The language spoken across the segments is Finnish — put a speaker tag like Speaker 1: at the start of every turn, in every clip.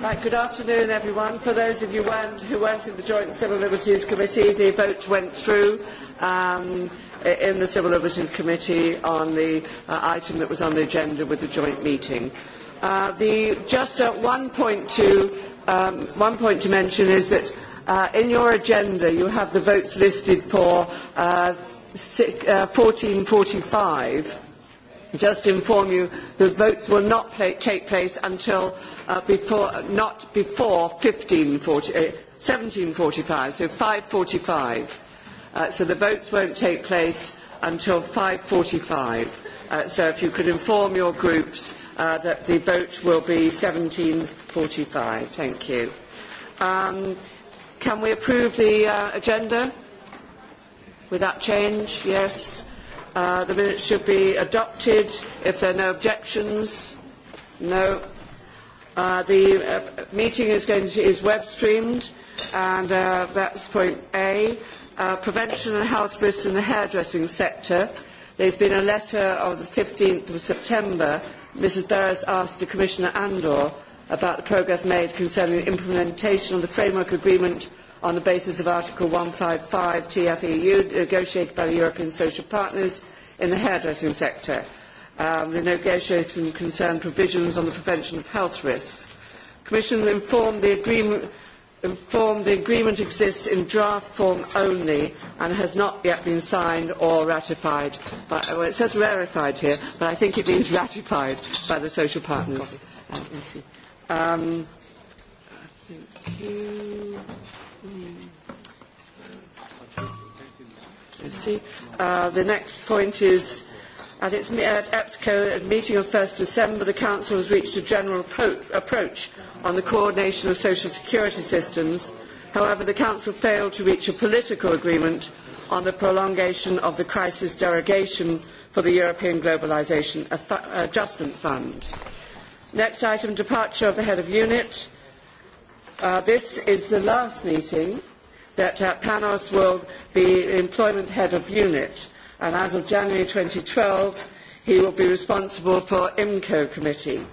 Speaker 1: Right, good afternoon everyone. For those of you weren't, who weren't in the Joint Civil Liberties Committee, the vote went through um, in the Civil Liberties Committee on the uh, item that was on the agenda with the joint meeting. Uh, the, just uh, one, point to, um, one point to mention is that uh, in your agenda you have the votes listed for uh, six, uh, 1445. Just to inform you the votes will not play, take place until uh, before, not before 1540, uh, 1745, so 545. Uh, so the votes won't take place until 5.45. Uh, so if you could inform your groups uh, that the vote will be 17.45. Thank you. Um, can we approve the uh, agenda with that change? Yes. Uh, the minutes should be adopted if there are no objections. No. Uh, the uh, meeting is, going to, is web streamed, and uh, that's point A. Uh, prevention and health risks in the hairdressing sector. There's been a letter of the 15th of September. Mrs. Burris asked the Commissioner Andor about the progress made concerning the implementation of the framework agreement on the basis of Article 155 TFEU negotiated by the European Social Partners in the hairdressing sector um, the negotiating concern provisions on the prevention of health risks. Commission informed the agreement informed the agreement exists in draft form only and has not yet been signed or ratified. By, well, it says rarefied here, but I think it means ratified by the social partners. Uh, um, thank you. Hmm. Uh, the next point is At its at EPSCO meeting on 1st December, the Council has reached a general approach on the coordination of social security systems. However, the Council failed to reach a political agreement on the prolongation of the crisis derogation for the European Globalisation Adjustment Fund. Next item, departure of the head of unit. Uh, this is the last meeting that uh, PANOS will be employment head of unit and as of January 2012, he will be responsible for IMCO committee.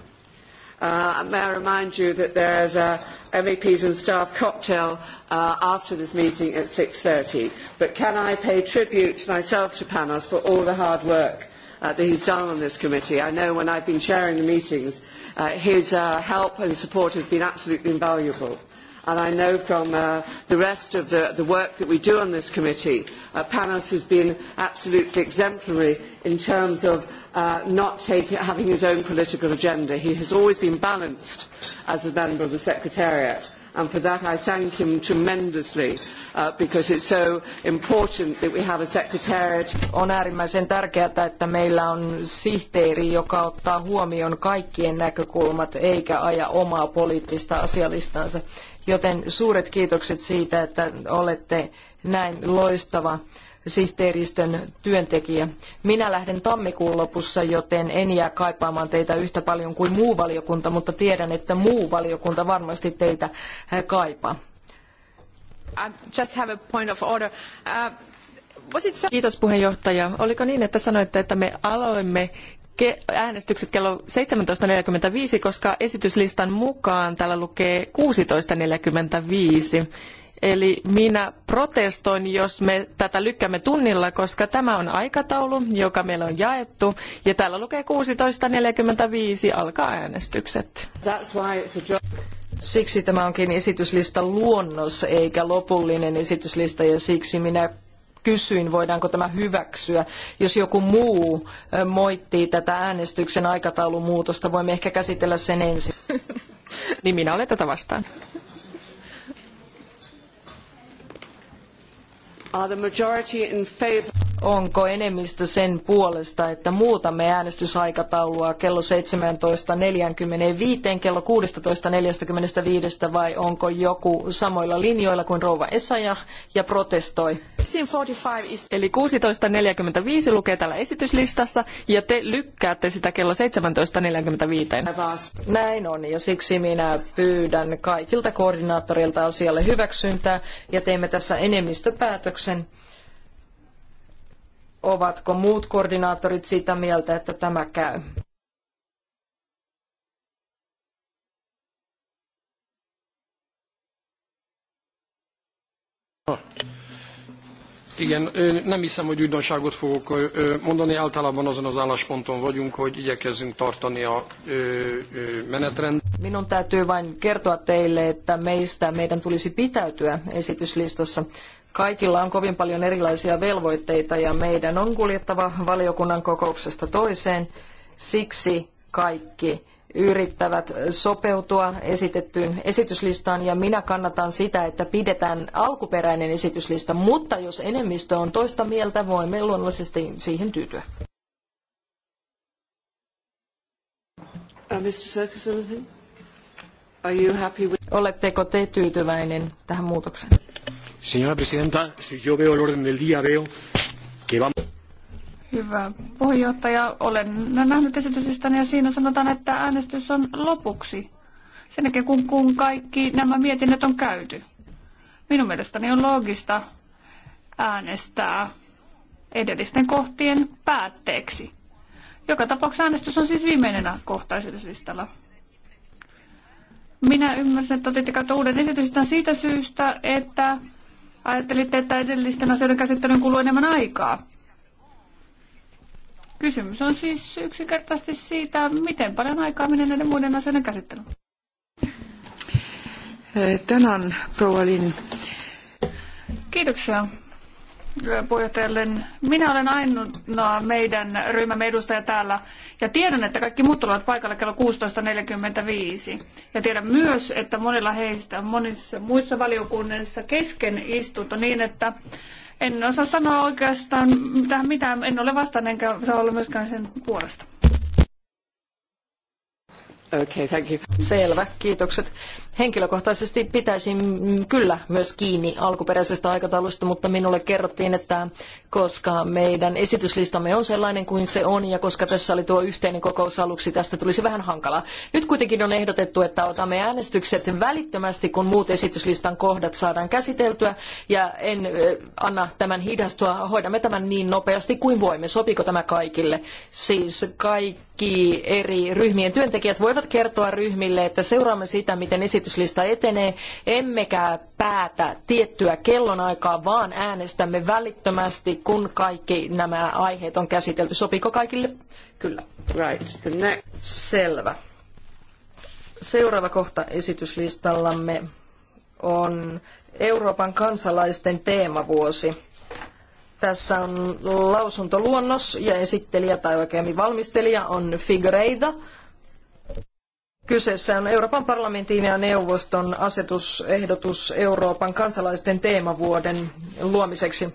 Speaker 1: Uh, may I remind you that there is a MEPs and staff cocktail uh, after this meeting at 6.30. But can I pay tribute to myself to Panos for all the hard work uh, that he's done on this committee. I know when I've been chairing the meetings, uh, his uh, help and support has been absolutely invaluable and I know from uh, the rest of the, the work that we do on this committee, uh, Panos has been absolutely exemplary in terms of uh, not take, having his own political agenda. He has always been balanced as a member of the Secretariat. And for that I thank him tremendously, uh, because it's so important that we have a secretariat. On äärimmäisen tärkeää, että meillä on sihteeri,
Speaker 2: joka ottaa huomioon kaikkien näkökulmat eikä aja omaa poliittista asialistansa. Joten suuret kiitokset siitä, että olette näin loistava sihteeristön työntekijä. Minä lähden tammikuun lopussa, joten en jää kaipaamaan teitä yhtä paljon kuin muu valiokunta, mutta tiedän, että muu valiokunta varmasti
Speaker 3: teitä kaipaa. Kiitos puheenjohtaja. Oliko niin, että sanoitte, että me aloimme äänestykset kello 17.45, koska esityslistan mukaan täällä lukee 16.45. Eli minä protestoin, jos me tätä lykkäämme tunnilla, koska tämä on aikataulu, joka meillä on jaettu. Ja täällä lukee 16.45 alkaa äänestykset.
Speaker 1: Siksi
Speaker 2: tämä onkin esityslistan luonnos eikä lopullinen esityslista ja siksi minä kysyin, voidaanko tämä hyväksyä. Jos joku muu moittii tätä äänestyksen aikataulun muutosta, voimme ehkä käsitellä sen ensin.
Speaker 3: niin minä olen tätä vastaan.
Speaker 1: Are the
Speaker 2: majority in favor? onko enemmistö sen puolesta, että muutamme äänestysaikataulua kello 17.45, kello 16.45 vai onko joku samoilla linjoilla kuin rouva Essayah ja protestoi?
Speaker 3: Eli 16.45 lukee täällä esityslistassa ja te lykkäätte sitä kello
Speaker 2: 17.45. Näin on ja siksi minä pyydän kaikilta koordinaattorilta asialle hyväksyntää ja teemme tässä enemmistöpäätöksen. Ovatko muut koordinaattorit sitä mieltä, että tämä käy?
Speaker 4: Igen, nem hiszem, hogy újdonságot fogok mondani. Általában azon az állásponton vagyunk, hogy
Speaker 1: igyekezzünk tartani a menetrend.
Speaker 2: Minun täytyy vain kertoa teille, että meistä meidän tulisi pitäytyä esityslistassa. Kaikilla on kovin paljon erilaisia velvoitteita ja meidän on kuljettava valiokunnan kokouksesta toiseen. Siksi kaikki yrittävät sopeutua esitettyyn esityslistaan ja minä kannatan sitä, että pidetään alkuperäinen esityslista, mutta jos enemmistö on toista mieltä, voimme luonnollisesti siihen tyytyä. Uh, Oletteko te tyytyväinen tähän muutokseen?
Speaker 1: Señora presidenta, si yo veo el orden del
Speaker 2: día, veo que vamos...
Speaker 4: Hyvä puheenjohtaja, olen nähnyt esitysistäni ja siinä sanotaan, että äänestys on lopuksi. Sen jälkeen kun, kun kaikki nämä mietinnöt on käyty. Minun mielestäni on loogista äänestää edellisten kohtien päätteeksi. Joka tapauksessa äänestys on siis viimeinen kohta esityslistalla. Minä ymmärsin, että otitte uuden esitystän siitä syystä, että Ajattelitte, että edellisten asioiden käsittelyyn kuluu enemmän aikaa. Kysymys on siis yksinkertaisesti siitä, miten paljon aikaa menee näiden muiden asioiden käsittelyyn.
Speaker 1: Tänään, Provalin Lin.
Speaker 4: Kiitoksia puheenjohtajalle. Minä olen ainoa meidän ryhmämme edustaja täällä, ja tiedän, että kaikki muut tulevat paikalla kello 16.45. Ja tiedän myös, että monilla heistä monissa muissa valiokunnissa kesken istunto niin, että en osaa sanoa oikeastaan tähän mitään. En ole vastaan enkä saa olla myöskään sen puolesta.
Speaker 2: Okay, thank you. Selvä, kiitokset. Henkilökohtaisesti pitäisin kyllä myös kiinni alkuperäisestä aikataulusta, mutta minulle kerrottiin, että koska meidän esityslistamme on sellainen kuin se on ja koska tässä oli tuo yhteinen kokous aluksi, tästä tulisi vähän hankalaa. Nyt kuitenkin on ehdotettu, että otamme äänestykset välittömästi, kun muut esityslistan kohdat saadaan käsiteltyä ja en anna tämän hidastua. Hoidamme tämän niin nopeasti kuin voimme. Sopiiko tämä kaikille? Siis kaikki eri ryhmien työntekijät voivat kertoa ryhmille, että seuraamme sitä, miten esityslista etenee, emmekä päätä tiettyä kellonaikaa, vaan äänestämme välittömästi kun kaikki nämä aiheet on käsitelty. Sopiiko kaikille? Kyllä. Right. The next. Selvä. Seuraava kohta esityslistallamme on Euroopan kansalaisten teemavuosi. Tässä on lausuntoluonnos ja esittelijä tai oikeammin valmistelija on Figureida. Kyseessä on Euroopan parlamentin ja neuvoston asetusehdotus Euroopan kansalaisten teemavuoden luomiseksi.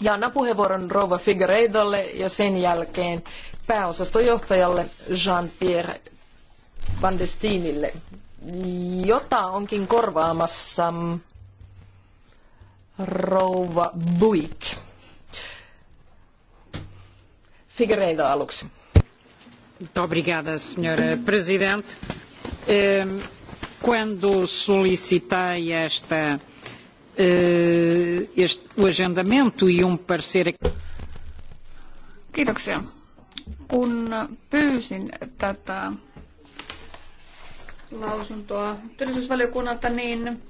Speaker 2: Ja annan puheenvuoron Rova Figueiredolle ja sen jälkeen pääosastojohtajalle Jean-Pierre Van Destinille, jota onkin korvaamassa Rouva Buick. Figueiredo aluksi.
Speaker 4: Obrigada, senhora Presidente. Ehm, quando solicitei esta Eh, este, o agendamento
Speaker 2: e um parecer...
Speaker 4: Kiitoksia. Kun pyysin tätä lausuntoa työllisyysvaliokunnalta, niin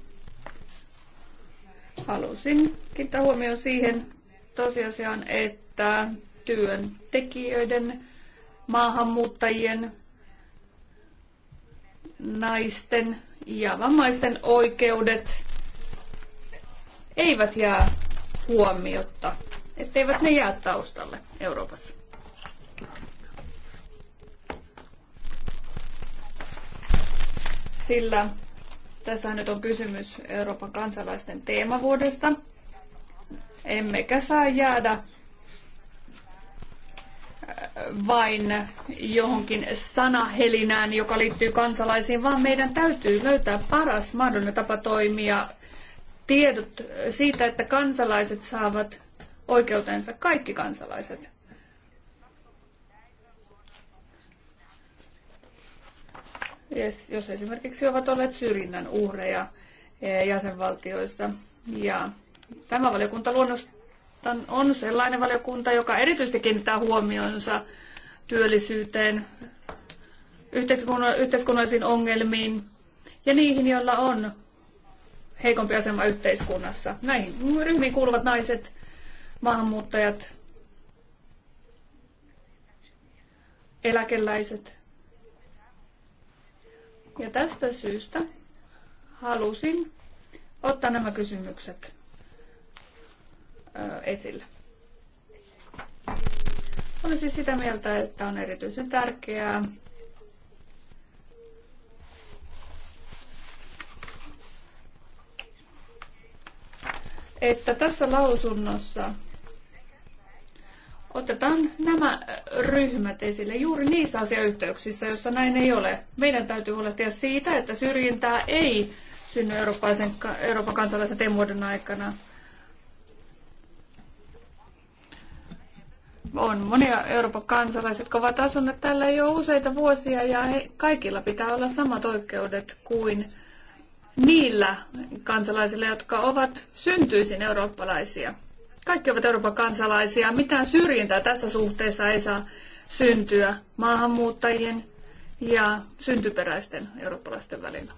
Speaker 4: halusin kiinnittää huomioon siihen tosiasiaan, että työntekijöiden, maahanmuuttajien, naisten ja vammaisten oikeudet eivät jää huomiotta, etteivät ne jää taustalle Euroopassa. Sillä tässä nyt on kysymys Euroopan kansalaisten teemavuodesta. Emmekä saa jäädä vain johonkin sanahelinään, joka liittyy kansalaisiin, vaan meidän täytyy löytää paras mahdollinen tapa toimia tiedot siitä, että kansalaiset saavat oikeutensa, kaikki kansalaiset. Yes, jos esimerkiksi ovat olleet syrjinnän uhreja eh, jäsenvaltioista. Ja tämä valiokunta luonnostaan on sellainen valiokunta, joka erityisesti kiinnittää huomionsa työllisyyteen, yhteiskunnallisiin ongelmiin ja niihin, joilla on heikompi asema yhteiskunnassa. Näihin ryhmiin kuuluvat naiset, maahanmuuttajat, eläkeläiset. Ja tästä syystä halusin ottaa nämä kysymykset esille. Olen siis sitä mieltä, että on erityisen tärkeää että tässä lausunnossa otetaan nämä ryhmät esille juuri niissä asiayhteyksissä, joissa näin ei ole. Meidän täytyy huolehtia siitä, että syrjintää ei synny Euroopan kansalaisen temuodon aikana. On monia Euroopan kansalaisia, jotka ovat asuneet täällä jo useita vuosia ja he, kaikilla pitää olla samat oikeudet kuin niillä kansalaisilla, jotka ovat syntyisin eurooppalaisia. Kaikki ovat Euroopan kansalaisia. Mitään syrjintää tässä suhteessa ei saa syntyä maahanmuuttajien ja syntyperäisten eurooppalaisten välillä.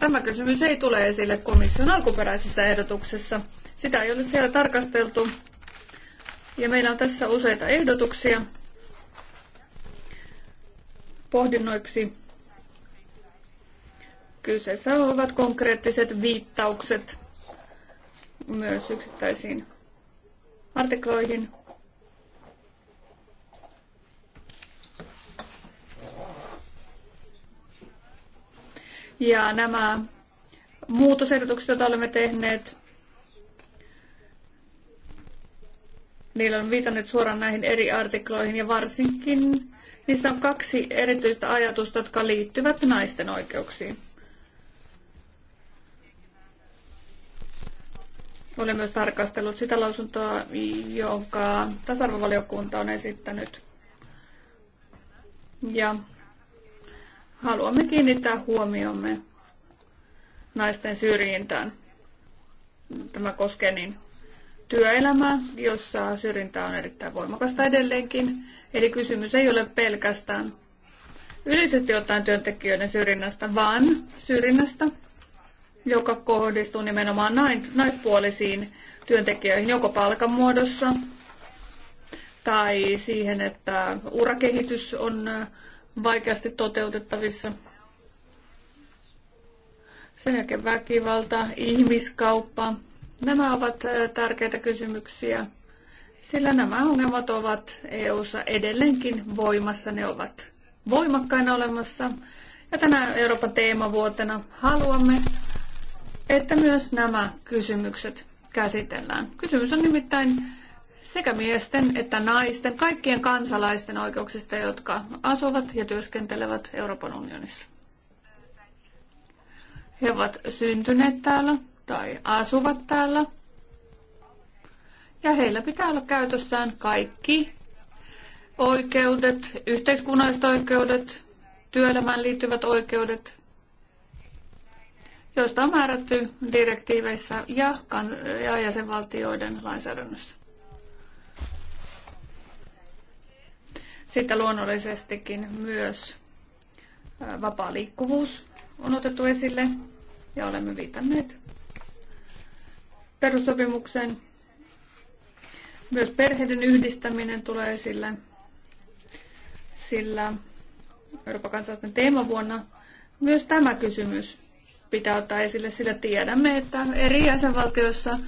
Speaker 4: Tämä kysymys ei tule esille komission alkuperäisessä ehdotuksessa. Sitä ei ole siellä tarkasteltu ja meillä on tässä useita ehdotuksia pohdinnoiksi. Kyseessä ovat konkreettiset viittaukset myös yksittäisiin artikloihin. Ja nämä muutosehdotukset, joita olemme tehneet, Niillä on viitannut suoraan näihin eri artikloihin ja varsinkin niissä on kaksi erityistä ajatusta, jotka liittyvät naisten oikeuksiin. Olen myös tarkastellut sitä lausuntoa, jonka tasa-arvovaliokunta on esittänyt. Ja haluamme kiinnittää huomiomme naisten syrjintään. Tämä koskee niin työelämää, jossa syrjintä on erittäin voimakasta edelleenkin. Eli kysymys ei ole pelkästään yleisesti ottaen työntekijöiden syrjinnästä, vaan syrjinnästä, joka kohdistuu nimenomaan naispuolisiin työntekijöihin joko palkan muodossa tai siihen, että urakehitys on vaikeasti toteutettavissa. Sen jälkeen väkivalta, ihmiskauppa, Nämä ovat tärkeitä kysymyksiä, sillä nämä ongelmat ovat EU-ssa edelleenkin voimassa. Ne ovat voimakkaina olemassa. Ja tänä Euroopan teemavuotena haluamme, että myös nämä kysymykset käsitellään. Kysymys on nimittäin sekä miesten että naisten, kaikkien kansalaisten oikeuksista, jotka asuvat ja työskentelevät Euroopan unionissa. He ovat syntyneet täällä, tai asuvat täällä. Ja heillä pitää olla käytössään kaikki oikeudet, yhteiskunnalliset oikeudet, työelämään liittyvät oikeudet, joista on määrätty direktiiveissä ja, ja jäsenvaltioiden lainsäädännössä. Sitten luonnollisestikin myös vapaa liikkuvuus on otettu esille ja olemme viitanneet perussopimukseen. Myös perheiden yhdistäminen tulee esille, sillä Euroopan kansalaisten teemavuonna myös tämä kysymys pitää ottaa esille, sillä tiedämme, että eri jäsenvaltioissa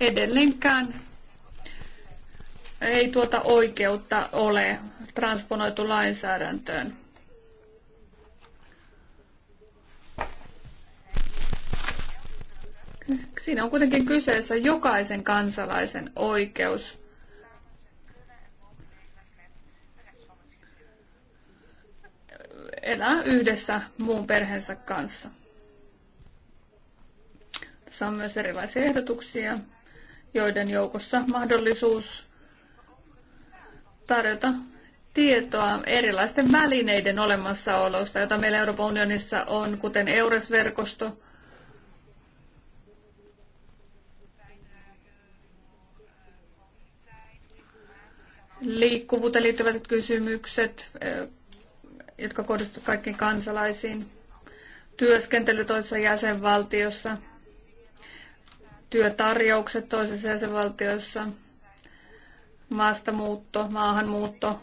Speaker 4: edelleenkään ei tuota oikeutta ole transponoitu lainsäädäntöön. Siinä on kuitenkin kyseessä jokaisen kansalaisen oikeus elää yhdessä muun perheensä kanssa. Tässä on myös erilaisia ehdotuksia, joiden joukossa mahdollisuus tarjota tietoa erilaisten välineiden olemassaolosta, jota meillä Euroopan unionissa on, kuten EURES-verkosto, liikkuvuuteen liittyvät kysymykset, eh, jotka kohdistuvat kaikkiin kansalaisiin, työskentely toisessa jäsenvaltiossa, työtarjoukset toisessa jäsenvaltiossa, maastamuutto, maahanmuutto,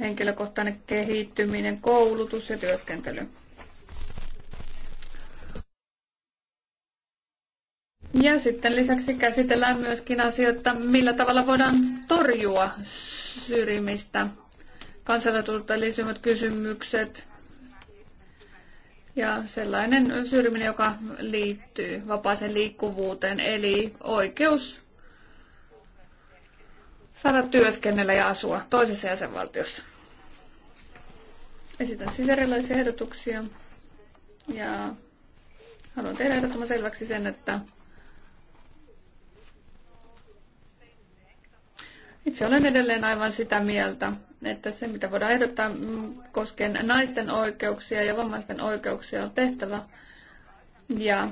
Speaker 4: henkilökohtainen kehittyminen, koulutus ja työskentely. Ja sitten lisäksi käsitellään myöskin asioita, millä tavalla voidaan torjua syrjimistä, kansalaisuuteen liittyvät kysymykset ja sellainen syrjiminen, joka liittyy vapaaseen liikkuvuuteen, eli oikeus saada työskennellä ja asua toisessa jäsenvaltiossa. Esitän siis erilaisia ehdotuksia ja haluan tehdä ehdottoman selväksi sen, että Itse olen edelleen aivan sitä mieltä, että se mitä voidaan ehdottaa mm, koskien naisten oikeuksia ja vammaisten oikeuksia on tehtävä. Ja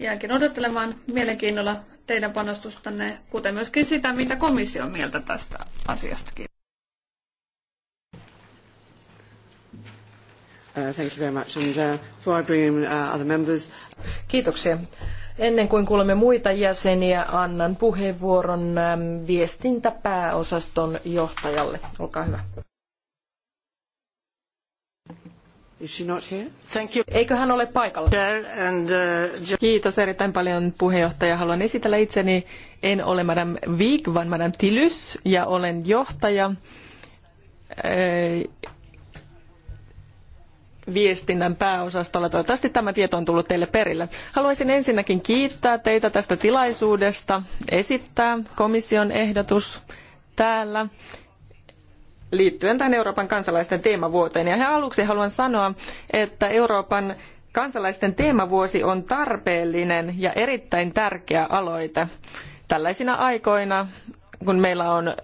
Speaker 4: jäänkin odottelemaan mielenkiinnolla teidän panostustanne, kuten myöskin sitä, mitä komissio on mieltä tästä asiastakin.
Speaker 1: Uh, uh, uh,
Speaker 2: Kiitoksia. Ennen kuin kuulemme muita jäseniä, annan puheenvuoron viestintäpääosaston johtajalle. Olkaa hyvä.
Speaker 3: Eikö hän ole paikalla? Uh, Kiitos erittäin paljon puheenjohtaja. Haluan esitellä itseni. En ole Madame Wig, vaan Madame Tilys ja olen johtaja äh, viestinnän pääosastolla. Toivottavasti tämä tieto on tullut teille perille. Haluaisin ensinnäkin kiittää teitä tästä tilaisuudesta esittää komission ehdotus täällä liittyen tähän Euroopan kansalaisten teemavuoteen. Ja ihan aluksi haluan sanoa, että Euroopan kansalaisten teemavuosi on tarpeellinen ja erittäin tärkeä aloite. Tällaisina aikoina, kun meillä on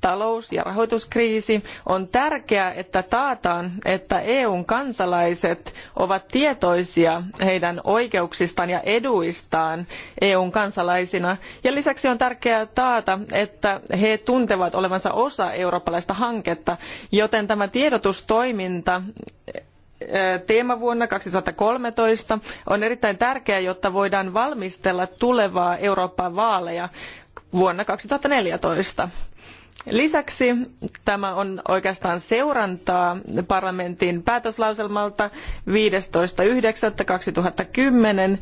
Speaker 3: talous- ja rahoituskriisi, on tärkeää, että taataan, että EUn kansalaiset ovat tietoisia heidän oikeuksistaan ja eduistaan EUn kansalaisina. Ja lisäksi on tärkeää taata, että he tuntevat olevansa osa eurooppalaista hanketta, joten tämä tiedotustoiminta teemavuonna 2013 on erittäin tärkeää, jotta voidaan valmistella tulevaa Euroopan vaaleja vuonna 2014 Lisäksi tämä on oikeastaan seurantaa parlamentin päätöslauselmalta 15.9.2010,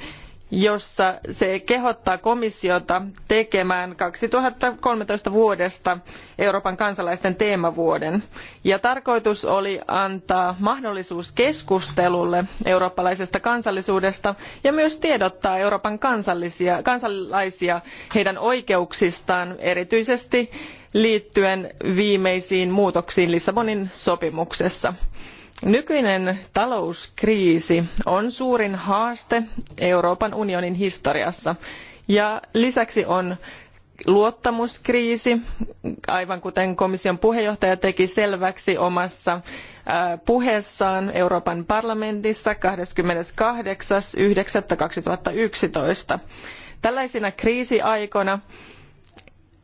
Speaker 3: jossa se kehottaa komissiota tekemään 2013 vuodesta Euroopan kansalaisten teemavuoden. Ja tarkoitus oli antaa mahdollisuus keskustelulle eurooppalaisesta kansallisuudesta ja myös tiedottaa Euroopan kansallisia, kansalaisia heidän oikeuksistaan, erityisesti liittyen viimeisiin muutoksiin Lissabonin sopimuksessa. Nykyinen talouskriisi on suurin haaste Euroopan unionin historiassa ja lisäksi on luottamuskriisi, aivan kuten komission puheenjohtaja teki selväksi omassa puheessaan Euroopan parlamentissa 28.9.2011. Tällaisina kriisiaikoina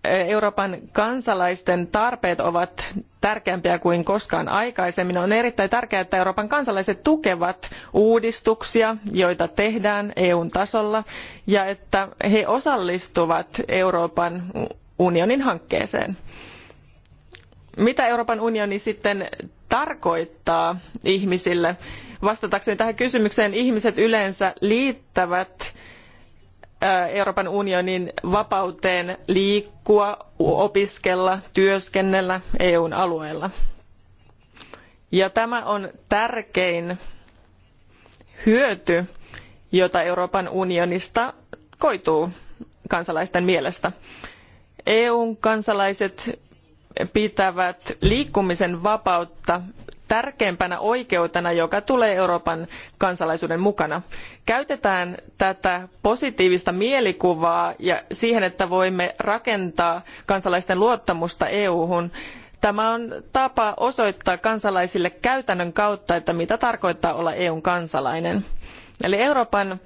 Speaker 3: Euroopan kansalaisten tarpeet ovat tärkeämpiä kuin koskaan aikaisemmin. On erittäin tärkeää, että Euroopan kansalaiset tukevat uudistuksia, joita tehdään EUn tasolla, ja että he osallistuvat Euroopan unionin hankkeeseen. Mitä Euroopan unioni sitten tarkoittaa ihmisille? Vastatakseni tähän kysymykseen ihmiset yleensä liittävät Äh, Euroopan unionin vapauteen liikkua, opiskella, työskennellä EUn alueella. Ja tämä on tärkein hyöty, jota Euroopan unionista koituu kansalaisten mielestä. EUn kansalaiset pitävät liikkumisen vapautta tärkeimpänä oikeutena, joka tulee Euroopan kansalaisuuden mukana. Käytetään tätä positiivista mielikuvaa ja siihen, että voimme rakentaa kansalaisten luottamusta EU-hun. Tämä on tapa osoittaa kansalaisille käytännön kautta, että mitä tarkoittaa olla EUn kansalainen. Eli Euroopan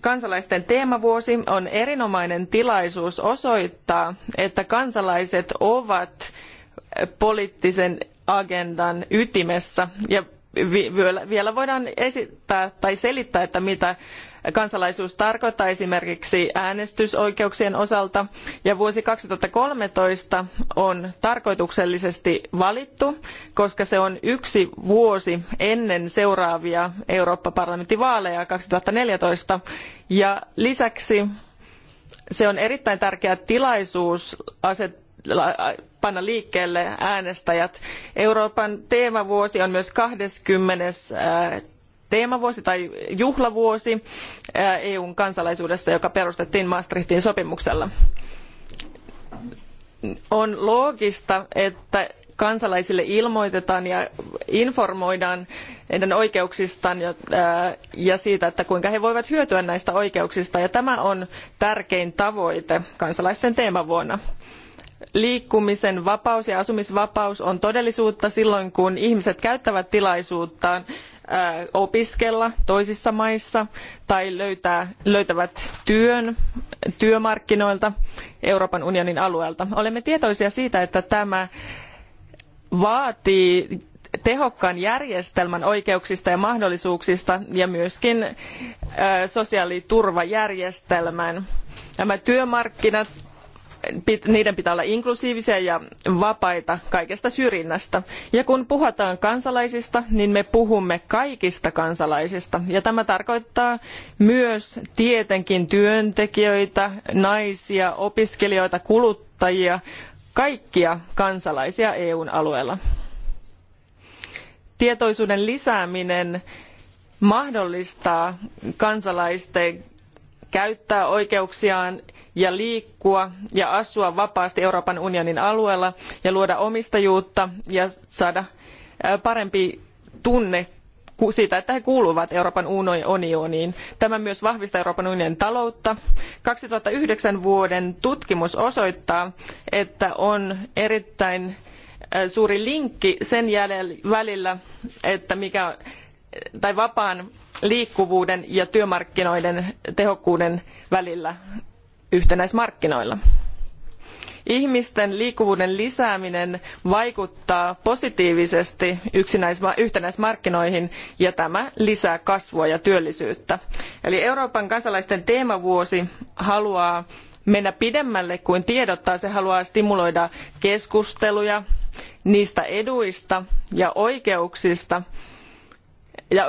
Speaker 3: kansalaisten teemavuosi on erinomainen tilaisuus osoittaa, että kansalaiset ovat poliittisen agendan ytimessä. Ja vielä voidaan esittää tai selittää, että mitä kansalaisuus tarkoittaa esimerkiksi äänestysoikeuksien osalta. Ja vuosi 2013 on tarkoituksellisesti valittu, koska se on yksi vuosi ennen seuraavia eurooppa parlamentin vaaleja 2014. Ja lisäksi se on erittäin tärkeä tilaisuus asettaa panna liikkeelle äänestäjät. Euroopan teemavuosi on myös 20 teemavuosi tai juhlavuosi EUn kansalaisuudessa, joka perustettiin Maastrichtin sopimuksella. On loogista, että kansalaisille ilmoitetaan ja informoidaan heidän oikeuksistaan ja siitä, että kuinka he voivat hyötyä näistä oikeuksista. Ja tämä on tärkein tavoite kansalaisten teemavuonna. vuonna liikkumisen vapaus ja asumisvapaus on todellisuutta silloin, kun ihmiset käyttävät tilaisuuttaan äh, opiskella toisissa maissa tai löytävät työn työmarkkinoilta Euroopan unionin alueelta. Olemme tietoisia siitä, että tämä vaatii tehokkaan järjestelmän oikeuksista ja mahdollisuuksista ja myöskin äh, sosiaaliturvajärjestelmän. Nämä työmarkkinat niiden pitää olla inklusiivisia ja vapaita kaikesta syrjinnästä. Ja kun puhutaan kansalaisista, niin me puhumme kaikista kansalaisista. Ja tämä tarkoittaa myös tietenkin työntekijöitä, naisia, opiskelijoita, kuluttajia, kaikkia kansalaisia EUn alueella. Tietoisuuden lisääminen mahdollistaa kansalaisten käyttää oikeuksiaan ja liikkua ja asua vapaasti Euroopan unionin alueella ja luoda omistajuutta ja saada parempi tunne siitä, että he kuuluvat Euroopan unioniin. Tämä myös vahvistaa Euroopan unionin taloutta. 2009 vuoden tutkimus osoittaa, että on erittäin suuri linkki sen välillä, että mikä, tai vapaan liikkuvuuden ja työmarkkinoiden tehokkuuden välillä yhtenäismarkkinoilla. Ihmisten liikkuvuuden lisääminen vaikuttaa positiivisesti yhtenäismarkkinoihin ja tämä lisää kasvua ja työllisyyttä. Eli Euroopan kansalaisten teemavuosi haluaa mennä pidemmälle kuin tiedottaa. Se haluaa stimuloida keskusteluja niistä eduista ja oikeuksista, ja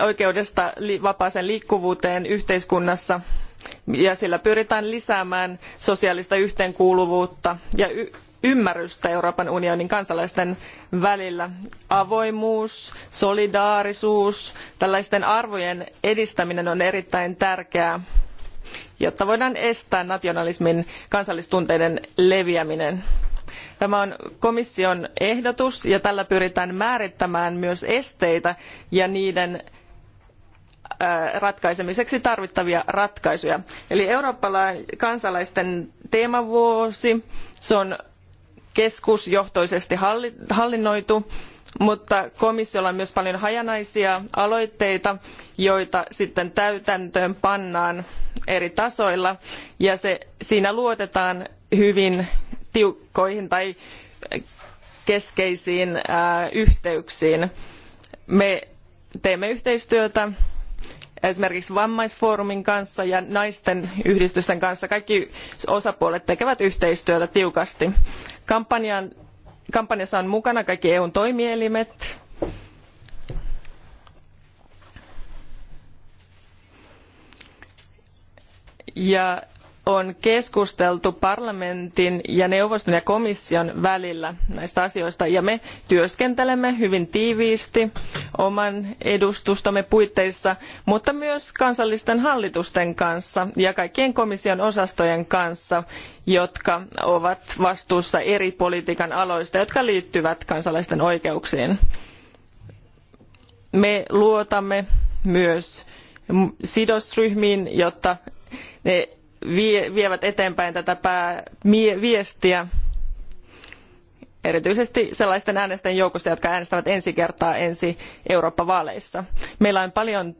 Speaker 3: oikeudesta vapaaseen liikkuvuuteen yhteiskunnassa ja sillä pyritään lisäämään sosiaalista yhteenkuuluvuutta ja ymmärrystä Euroopan unionin kansalaisten välillä. Avoimuus, solidaarisuus, tällaisten arvojen edistäminen on erittäin tärkeää, jotta voidaan estää nationalismin kansallistunteiden leviäminen. Tämä on komission ehdotus ja tällä pyritään määrittämään myös esteitä ja niiden ratkaisemiseksi tarvittavia ratkaisuja. Eli eurooppalainen kansalaisten teemavuosi, se on keskusjohtoisesti hallinnoitu, mutta komissiolla on myös paljon hajanaisia aloitteita, joita sitten täytäntöön pannaan eri tasoilla ja se, siinä luotetaan hyvin tiukkoihin tai keskeisiin yhteyksiin. Me teemme yhteistyötä esimerkiksi vammaisfoorumin kanssa ja naisten yhdistysten kanssa. Kaikki osapuolet tekevät yhteistyötä tiukasti. Kampanjan, kampanjassa on mukana kaikki EUn toimielimet, ja on keskusteltu parlamentin ja neuvoston ja komission välillä näistä asioista ja me työskentelemme hyvin tiiviisti oman edustustamme puitteissa, mutta myös kansallisten hallitusten kanssa ja kaikkien komission osastojen kanssa, jotka ovat vastuussa eri politiikan aloista, jotka liittyvät kansalaisten oikeuksiin. Me luotamme myös sidosryhmiin, jotta ne vievät eteenpäin tätä pää, viestiä erityisesti sellaisten äänestäjien joukossa, jotka äänestävät ensi kertaa ensi Eurooppa-vaaleissa. Meillä on paljon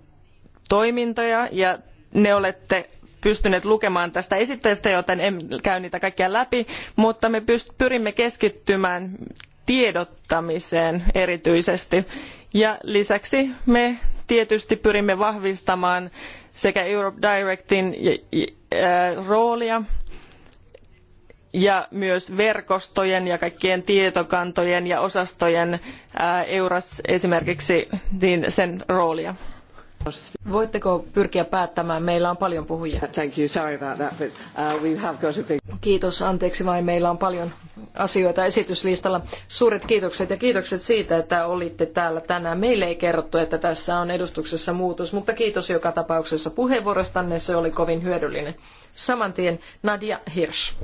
Speaker 3: toimintoja ja ne olette pystyneet lukemaan tästä esitteestä, joten en käy niitä kaikkia läpi, mutta me pyrimme keskittymään tiedottamiseen erityisesti. Ja lisäksi me tietysti pyrimme vahvistamaan sekä Europe Directin äh, roolia ja myös verkostojen ja kaikkien tietokantojen ja osastojen äh, EURAS esimerkiksi niin sen roolia. Voitteko pyrkiä päättämään? Meillä on paljon
Speaker 2: puhujia. Thank you. Sorry about that, but uh, we have got a big... Kiitos, anteeksi vain. Meillä on paljon asioita esityslistalla. Suuret kiitokset ja kiitokset siitä, että olitte täällä tänään. Meille ei kerrottu, että tässä on edustuksessa muutos, mutta kiitos joka tapauksessa puheenvuorostanne. Se oli kovin hyödyllinen. Samantien, Nadia Hirsch.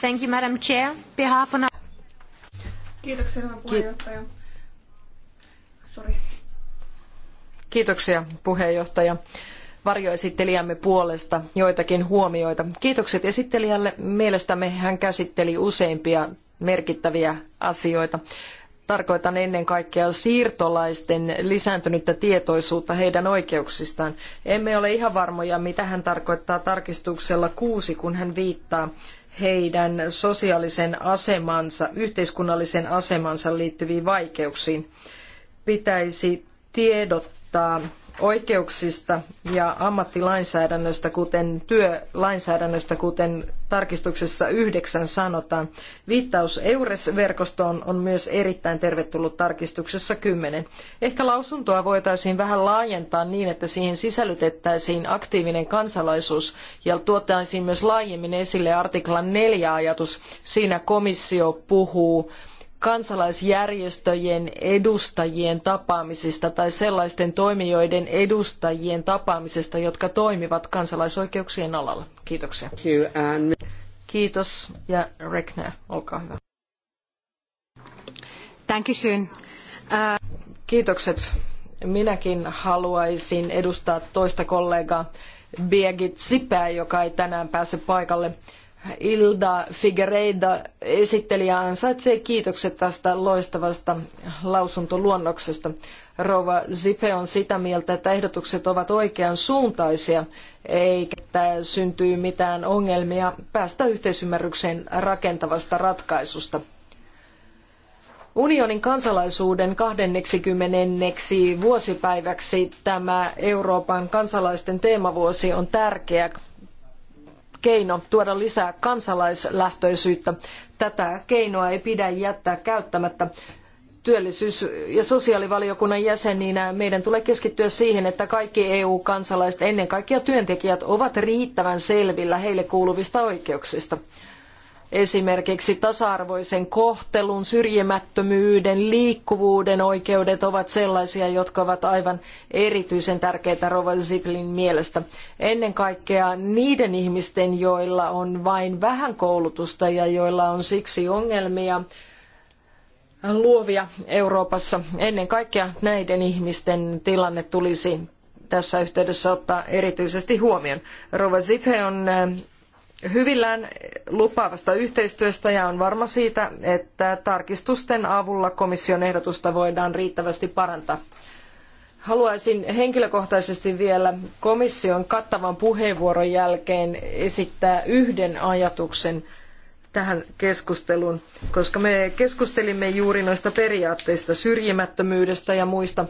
Speaker 2: Thank you, Madam Chair. Behalf on...
Speaker 4: Kiitoksia, hyvä puheenjohtaja. Sorry.
Speaker 2: Kiitoksia puheenjohtaja varjoesittelijämme puolesta joitakin huomioita. Kiitokset esittelijälle. Mielestämme hän käsitteli useimpia merkittäviä asioita. Tarkoitan ennen kaikkea siirtolaisten lisääntynyttä tietoisuutta heidän oikeuksistaan. Emme ole ihan varmoja, mitä hän tarkoittaa tarkistuksella kuusi, kun hän viittaa heidän sosiaalisen asemansa, yhteiskunnallisen asemansa liittyviin vaikeuksiin. Pitäisi tiedot ilmoittaa oikeuksista ja ammattilainsäädännöstä, kuten työlainsäädännöstä, kuten tarkistuksessa yhdeksän sanotaan. Viittaus EURES-verkostoon on myös erittäin tervetullut tarkistuksessa kymmenen. Ehkä lausuntoa voitaisiin vähän laajentaa niin, että siihen sisällytettäisiin aktiivinen kansalaisuus ja tuotaisiin myös laajemmin esille artiklan neljä ajatus. Siinä komissio puhuu kansalaisjärjestöjen edustajien tapaamisista tai sellaisten toimijoiden edustajien tapaamisesta, jotka toimivat kansalaisoikeuksien alalla. Kiitoksia. Kiitos ja Rekner, olkaa hyvä. Dankeschön. Uh, Kiitokset. Minäkin haluaisin edustaa toista kollegaa Birgit Sipää, joka ei tänään pääse paikalle. Ilda esitteli ja ansaitsee kiitokset tästä loistavasta lausuntoluonnoksesta. Rova Zipe on sitä mieltä, että ehdotukset ovat oikean suuntaisia, eikä syntyy mitään ongelmia päästä yhteisymmärrykseen rakentavasta ratkaisusta. Unionin kansalaisuuden 20. vuosipäiväksi tämä Euroopan kansalaisten teemavuosi on tärkeä keino tuoda lisää kansalaislähtöisyyttä. Tätä keinoa ei pidä jättää käyttämättä työllisyys- ja sosiaalivaliokunnan jäseninä meidän tulee keskittyä siihen, että kaikki EU-kansalaiset, ennen kaikkea työntekijät, ovat riittävän selvillä heille kuuluvista oikeuksista. Esimerkiksi tasa-arvoisen kohtelun, syrjimättömyyden, liikkuvuuden oikeudet ovat sellaisia, jotka ovat aivan erityisen tärkeitä Rova Ziplin mielestä. Ennen kaikkea niiden ihmisten, joilla on vain vähän koulutusta ja joilla on siksi ongelmia, luovia Euroopassa. Ennen kaikkea näiden ihmisten tilanne tulisi tässä yhteydessä ottaa erityisesti huomioon. Rova Zipe on hyvillään lupaavasta yhteistyöstä ja on varma siitä, että tarkistusten avulla komission ehdotusta voidaan riittävästi parantaa. Haluaisin henkilökohtaisesti vielä komission kattavan puheenvuoron jälkeen esittää yhden ajatuksen tähän keskusteluun, koska me keskustelimme juuri noista periaatteista, syrjimättömyydestä ja muista,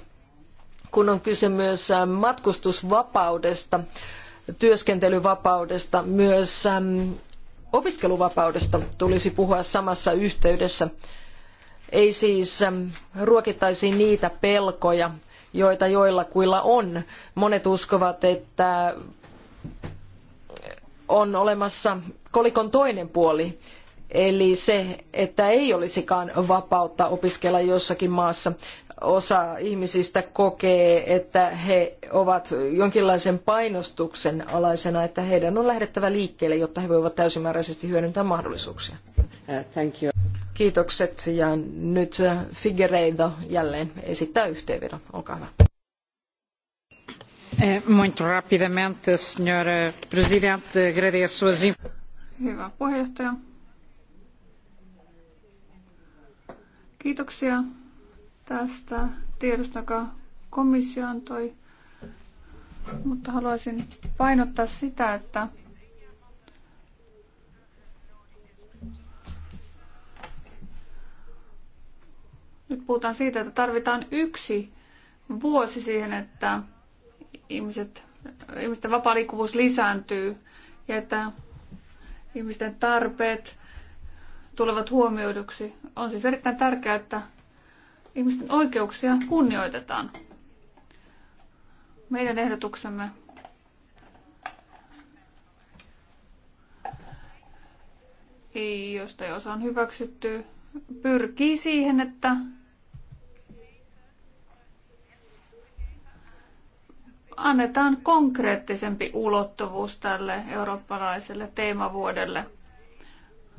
Speaker 2: kun on kyse myös matkustusvapaudesta työskentelyvapaudesta, myös opiskeluvapaudesta tulisi puhua samassa yhteydessä. Ei siis ruokittaisi niitä pelkoja, joita joillakuilla on. Monet uskovat, että on olemassa kolikon toinen puoli, eli se, että ei olisikaan vapautta opiskella jossakin maassa osa ihmisistä kokee, että he ovat jonkinlaisen painostuksen alaisena, että heidän on lähdettävä liikkeelle, jotta he voivat täysimääräisesti hyödyntää mahdollisuuksia. Uh, thank you. Kiitokset ja nyt Figueiredo jälleen esittää yhteenvedon. Olkaa hyvä.
Speaker 5: Eh, muito rapidamente, senhora Presidente, agradeço as...
Speaker 4: Hyvä puheenjohtaja. Kiitoksia tästä tiedosta, joka komissio antoi, mutta haluaisin painottaa sitä, että nyt puhutaan siitä, että tarvitaan yksi vuosi siihen, että ihmiset, ihmisten vapaa liikkuvuus lisääntyy ja että ihmisten tarpeet tulevat huomioiduksi. On siis erittäin tärkeää, että ihmisten oikeuksia kunnioitetaan. Meidän ehdotuksemme josta jos on hyväksytty, pyrkii siihen, että annetaan konkreettisempi ulottuvuus tälle eurooppalaiselle teemavuodelle.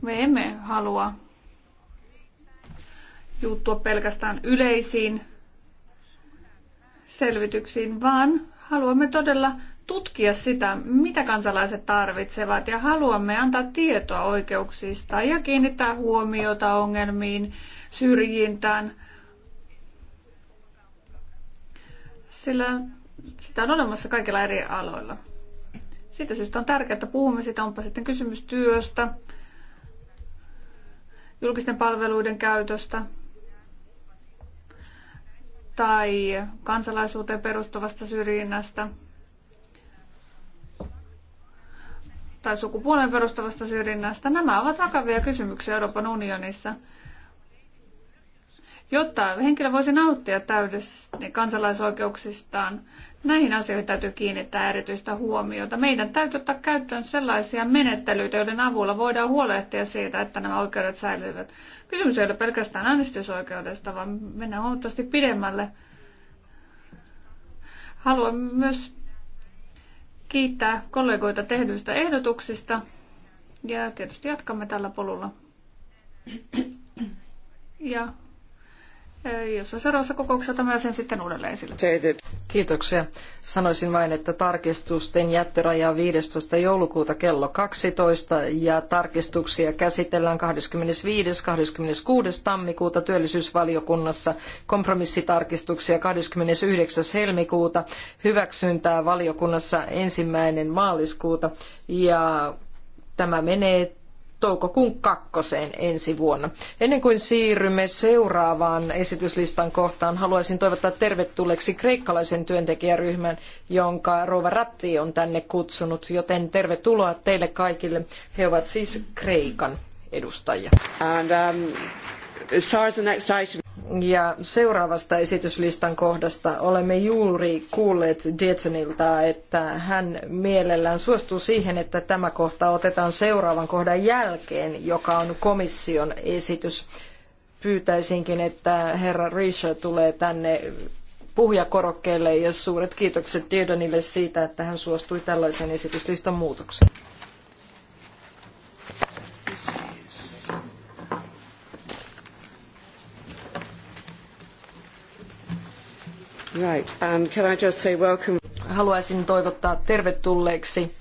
Speaker 4: Me emme halua juuttua pelkästään yleisiin selvityksiin, vaan haluamme todella tutkia sitä, mitä kansalaiset tarvitsevat ja haluamme antaa tietoa oikeuksista ja kiinnittää huomiota ongelmiin, syrjintään, sillä sitä on olemassa kaikilla eri aloilla. Siitä syystä on tärkeää, että puhumme siitä, onpa sitten kysymys työstä, julkisten palveluiden käytöstä tai kansalaisuuteen perustuvasta syrjinnästä tai sukupuolen perustuvasta syrjinnästä. Nämä ovat vakavia kysymyksiä Euroopan unionissa. Jotta henkilö voisi nauttia täydellisesti kansalaisoikeuksistaan, näihin asioihin täytyy kiinnittää erityistä huomiota. Meidän täytyy ottaa käyttöön sellaisia menettelyitä, joiden avulla voidaan huolehtia siitä, että nämä oikeudet säilyvät. Kysymys ei ole pelkästään äänestysoikeudesta, vaan mennään huomattavasti pidemmälle. Haluan myös kiittää kollegoita tehdyistä ehdotuksista ja tietysti jatkamme tällä polulla. Ja Jossain
Speaker 2: seuraavassa kokouksessa tämä sen sitten uudelleen esille. Kiitoksia. Sanoisin vain, että tarkistusten jättöraja on 15. joulukuuta kello 12 ja tarkistuksia käsitellään 25. 26. tammikuuta työllisyysvaliokunnassa, kompromissitarkistuksia 29. helmikuuta, hyväksyntää valiokunnassa ensimmäinen maaliskuuta ja tämä menee toukokuun kakkoseen ensi vuonna. Ennen kuin siirrymme seuraavaan esityslistan kohtaan, haluaisin toivottaa tervetulleeksi kreikkalaisen työntekijäryhmän, jonka Rova Ratti on tänne kutsunut, joten tervetuloa teille kaikille. He ovat siis Kreikan
Speaker 1: edustajia. And, um, as far as the next item...
Speaker 2: Ja seuraavasta esityslistan kohdasta olemme juuri kuulleet Dietzonilta, että hän mielellään suostuu siihen, että tämä kohta otetaan seuraavan kohdan jälkeen, joka on komission esitys. Pyytäisinkin, että herra Risha tulee tänne puhujakorokkeelle ja suuret kiitokset Dietonille siitä, että hän suostui tällaisen esityslistan muutokseen.
Speaker 1: Right, and um, can I just say welcome? Haluaisin toivottaa
Speaker 2: tervetulleeksi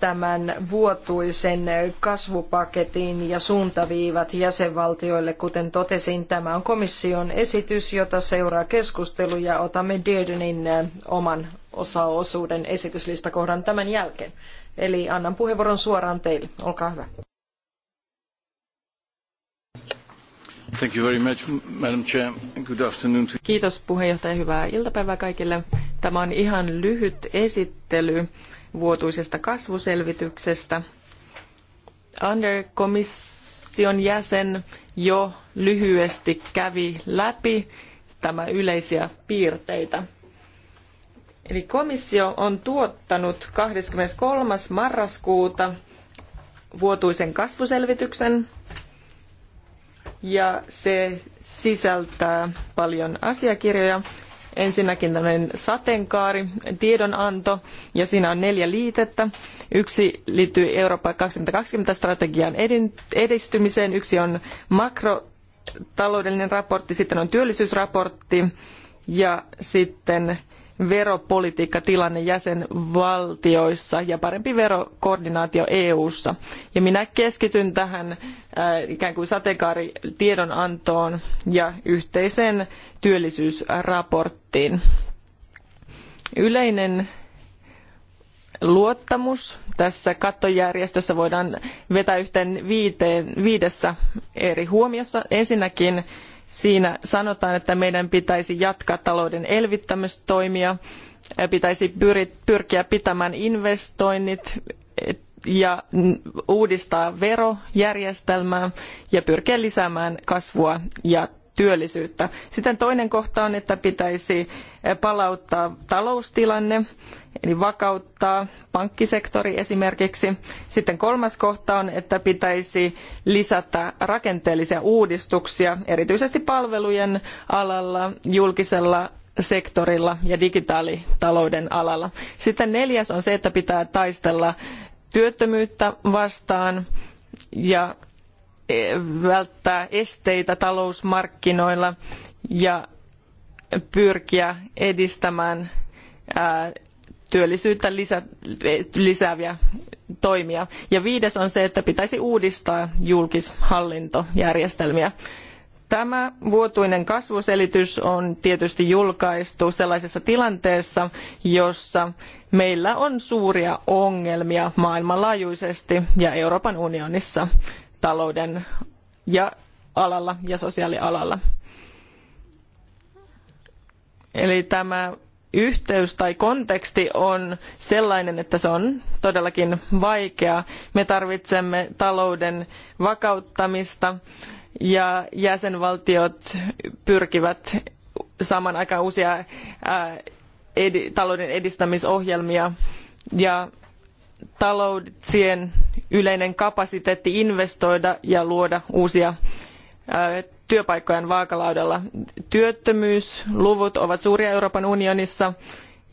Speaker 2: tämän vuotuisen kasvupaketin ja suuntaviivat jäsenvaltioille. Kuten totesin, tämä on komission esitys, jota seuraa keskustelu ja otamme Deardenin oman osaosuuden esityslistakohdan tämän jälkeen. Eli annan puheenvuoron suoraan teille. Olkaa hyvä.
Speaker 3: Thank you very much, Madam Chair. Good afternoon to... Kiitos puheenjohtaja, hyvää iltapäivää kaikille. Tämä on ihan lyhyt esittely vuotuisesta kasvuselvityksestä. Under komission jäsen jo lyhyesti kävi läpi tämä yleisiä piirteitä. Eli komissio on tuottanut 23. marraskuuta vuotuisen kasvuselvityksen ja se sisältää paljon asiakirjoja. Ensinnäkin tämmöinen sateenkaari, tiedonanto, ja siinä on neljä liitettä. Yksi liittyy Eurooppa 2020-strategian edistymiseen, yksi on makrotaloudellinen raportti, sitten on työllisyysraportti, ja sitten veropolitiikkatilanne jäsenvaltioissa ja parempi verokoordinaatio EU:ssa. Ja minä keskityn tähän äh, ikään kuin sateenkaaritiedonantoon ja yhteiseen työllisyysraporttiin. Yleinen luottamus tässä kattojärjestössä voidaan vetää yhteen viiteen, viidessä eri huomiossa. Ensinnäkin Siinä sanotaan, että meidän pitäisi jatkaa talouden elvyttämistoimia, pitäisi pyrkiä pitämään investoinnit ja uudistaa verojärjestelmää ja pyrkiä lisäämään kasvua ja työllisyyttä. Sitten toinen kohta on, että pitäisi palauttaa taloustilanne eli vakauttaa pankkisektori esimerkiksi. Sitten kolmas kohta on, että pitäisi lisätä rakenteellisia uudistuksia, erityisesti palvelujen alalla, julkisella sektorilla ja digitaalitalouden alalla. Sitten neljäs on se, että pitää taistella työttömyyttä vastaan ja e, välttää esteitä talousmarkkinoilla ja pyrkiä edistämään työllisyyttä lisä, eh, lisääviä toimia. Ja viides on se, että pitäisi uudistaa julkishallintojärjestelmiä. Tämä vuotuinen kasvuselitys on tietysti julkaistu sellaisessa tilanteessa, jossa meillä on suuria ongelmia maailmanlaajuisesti ja Euroopan unionissa talouden ja alalla ja sosiaalialalla. Eli tämä yhteys tai konteksti on sellainen, että se on todellakin vaikea. Me tarvitsemme talouden vakauttamista ja jäsenvaltiot pyrkivät saamaan aikaan uusia edi, talouden edistämisohjelmia ja talouksien yleinen kapasiteetti investoida ja luoda uusia työpaikkojen vaakalaudalla. Työttömyysluvut ovat suuria Euroopan unionissa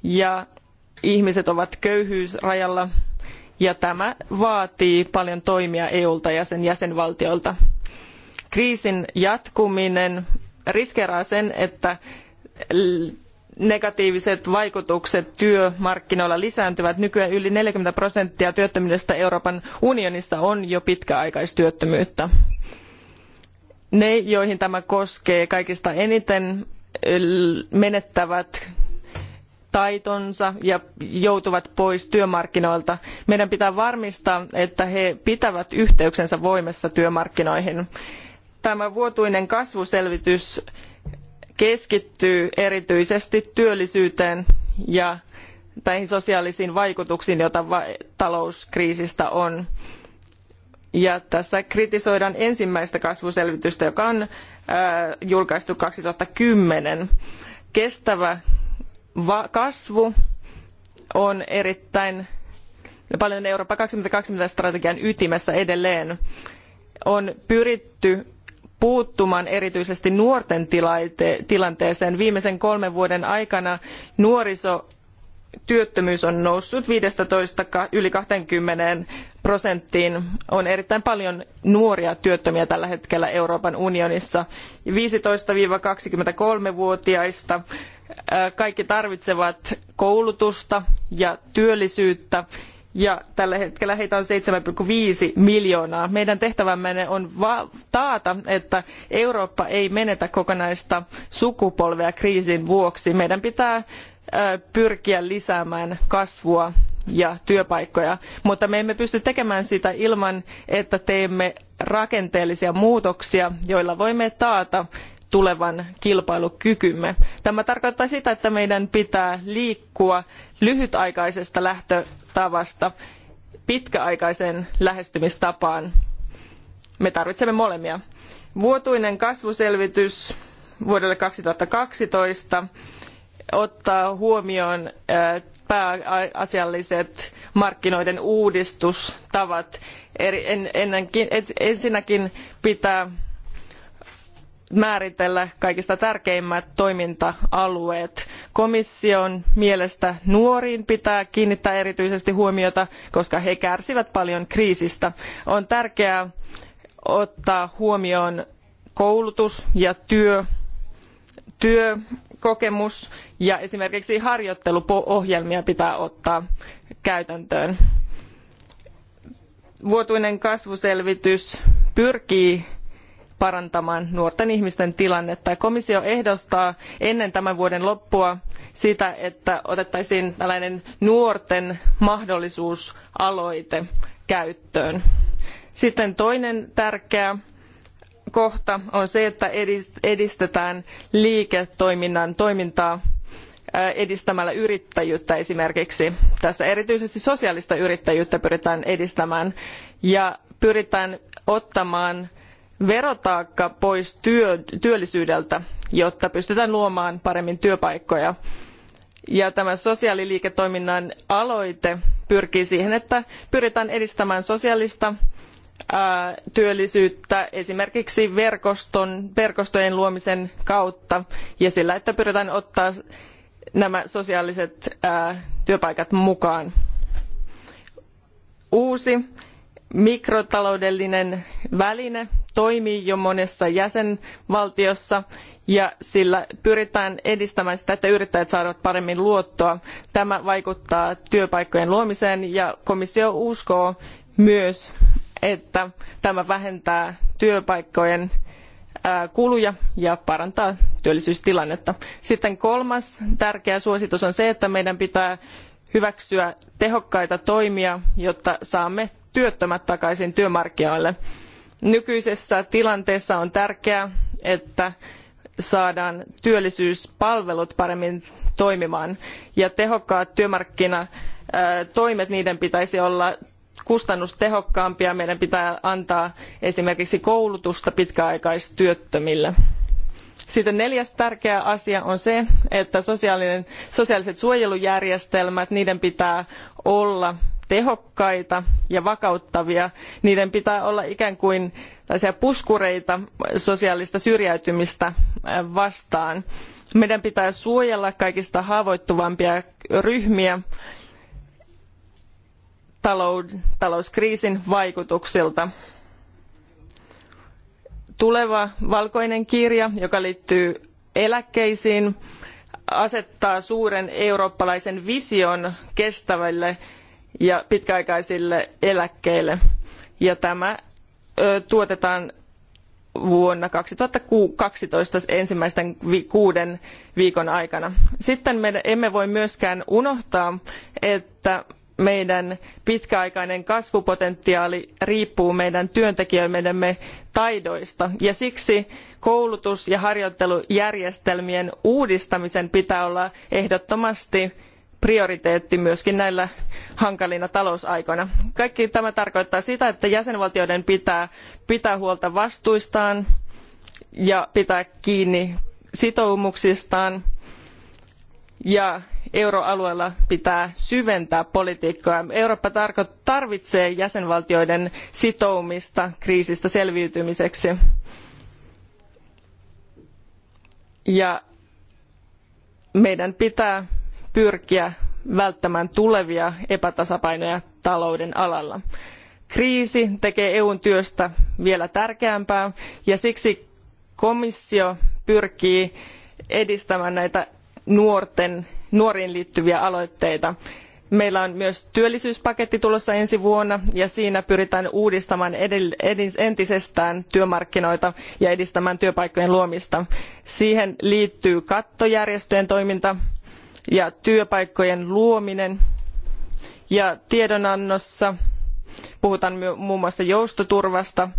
Speaker 3: ja ihmiset ovat köyhyysrajalla ja tämä vaatii paljon toimia EUlta ja sen jäsenvaltioilta. Kriisin jatkuminen riskeeraa sen, että negatiiviset vaikutukset työmarkkinoilla lisääntyvät. Nykyään yli 40 prosenttia työttömyydestä Euroopan unionissa on jo pitkäaikaistyöttömyyttä. Ne, joihin tämä koskee kaikista eniten, menettävät taitonsa ja joutuvat pois työmarkkinoilta. Meidän pitää varmistaa, että he pitävät yhteytensä voimassa työmarkkinoihin. Tämä vuotuinen kasvuselvitys keskittyy erityisesti työllisyyteen ja näihin sosiaalisiin vaikutuksiin, joita talouskriisistä on ja tässä kritisoidaan ensimmäistä kasvuselvitystä, joka on julkaistu julkaistu 2010. Kestävä kasvu on erittäin paljon Eurooppa 2020 strategian ytimessä edelleen. On pyritty puuttumaan erityisesti nuorten tilanteeseen. Viimeisen kolmen vuoden aikana nuoriso työttömyys on noussut 15 yli 20 prosenttiin. On erittäin paljon nuoria työttömiä tällä hetkellä Euroopan unionissa. 15-23-vuotiaista kaikki tarvitsevat koulutusta ja työllisyyttä ja tällä hetkellä heitä on 7,5 miljoonaa. Meidän tehtävämme on taata, että Eurooppa ei menetä kokonaista sukupolvea kriisin vuoksi. Meidän pitää pyrkiä lisäämään kasvua ja työpaikkoja, mutta me emme pysty tekemään sitä ilman, että teemme rakenteellisia muutoksia, joilla voimme taata tulevan kilpailukykymme. Tämä tarkoittaa sitä, että meidän pitää liikkua lyhytaikaisesta lähtötavasta pitkäaikaiseen lähestymistapaan. Me tarvitsemme molemmia. Vuotuinen kasvuselvitys vuodelle kaksitoista ottaa huomioon pääasialliset markkinoiden uudistustavat. Ensinnäkin pitää määritellä kaikista tärkeimmät toiminta alueet. komission mielestä nuoriin pitää kiinnittää erityisesti huomiota koska he kärsivät paljon kriisistä. on tärkeää ottaa huomioon koulutus ja työ, työ kokemus ja esimerkiksi harjoitteluohjelmia pitää ottaa käytäntöön. Vuotuinen kasvuselvitys pyrkii parantamaan nuorten ihmisten tilannetta. Komissio ehdostaa ennen tämän vuoden loppua sitä, että otettaisiin tällainen nuorten mahdollisuusaloite käyttöön. Sitten toinen tärkeä kohta on se, että edistetään liiketoiminnan toimintaa äh, edistämällä yrittäjyyttä esimerkiksi. Tässä erityisesti sosiaalista yrittäjyyttä pyritään edistämään ja pyritään ottamaan verotaakka pois työ, työllisyydeltä, jotta pystytään luomaan paremmin työpaikkoja. Ja tämä sosiaaliliiketoiminnan aloite pyrkii siihen, että pyritään edistämään sosiaalista työllisyyttä esimerkiksi verkostojen luomisen kautta ja sillä, että pyritään ottaa nämä sosiaaliset työpaikat mukaan. Uusi mikrotaloudellinen väline toimii jo monessa jäsenvaltiossa ja sillä pyritään edistämään sitä, että yrittäjät saavat paremmin luottoa. Tämä vaikuttaa työpaikkojen luomiseen ja komissio uskoo myös että tämä vähentää työpaikkojen kuluja ja parantaa työllisyystilannetta. Sitten kolmas tärkeä suositus on se, että meidän pitää hyväksyä tehokkaita toimia, jotta saamme työttömät takaisin työmarkkinoille. Nykyisessä tilanteessa on tärkeää, että saadaan työllisyyspalvelut paremmin toimimaan ja tehokkaat työmarkkinatoimet niiden pitäisi olla kustannustehokkaampia. Meidän pitää antaa esimerkiksi koulutusta pitkäaikaistyöttömille. Sitten neljäs tärkeä asia on se, että sosiaaliset suojelujärjestelmät, niiden pitää olla tehokkaita ja vakauttavia. Niiden pitää olla ikään kuin puskureita sosiaalista syrjäytymistä vastaan. Meidän pitää suojella kaikista haavoittuvimpia ryhmiä talouskriisin vaikutuksilta. Tuleva valkoinen kirja, joka liittyy eläkkeisiin, asettaa suuren eurooppalaisen vision kestäville ja pitkäaikaisille eläkkeille. Ja tämä ö, tuotetaan vuonna 2012 ensimmäisten kuuden viikon aikana. Sitten me emme voi myöskään unohtaa, että meidän pitkäaikainen kasvupotentiaali riippuu meidän työntekijöidemme taidoista ja siksi koulutus ja harjoittelujärjestelmien uudistamisen pitää olla ehdottomasti prioriteetti myös näinä hankalina talousaikoina. kaikki tämä tarkoittaa sitä että jäsenvaltioiden pitää pitää huolta vastuistaan ja pitää kiinni sitoumuksistaan ja euroalueella pitää syventää politiikkaa. Eurooppa tarvitsee jäsenvaltioiden sitoumista kriisistä selviytymiseksi. Ja meidän pitää pyrkiä välttämään tulevia epätasapainoja talouden alalla. kriisi tekee eun työstä vielä tärkeämpää ja siksi komissio pyrkii edistämään näitä nuorten nuoriin liittyviä aloitteita. meillä on myös työllisyyspaketti tulossa ensi vuonna ja siinä pyritään uudistamaan entisestään työmarkkinoita ja edistämään työpaikkojen luomista. siihen liittyy kattojärjestöjen toiminta ja työpaikkojen luominen ja tiedonannossa puhutaan muun muassa joustoturvasta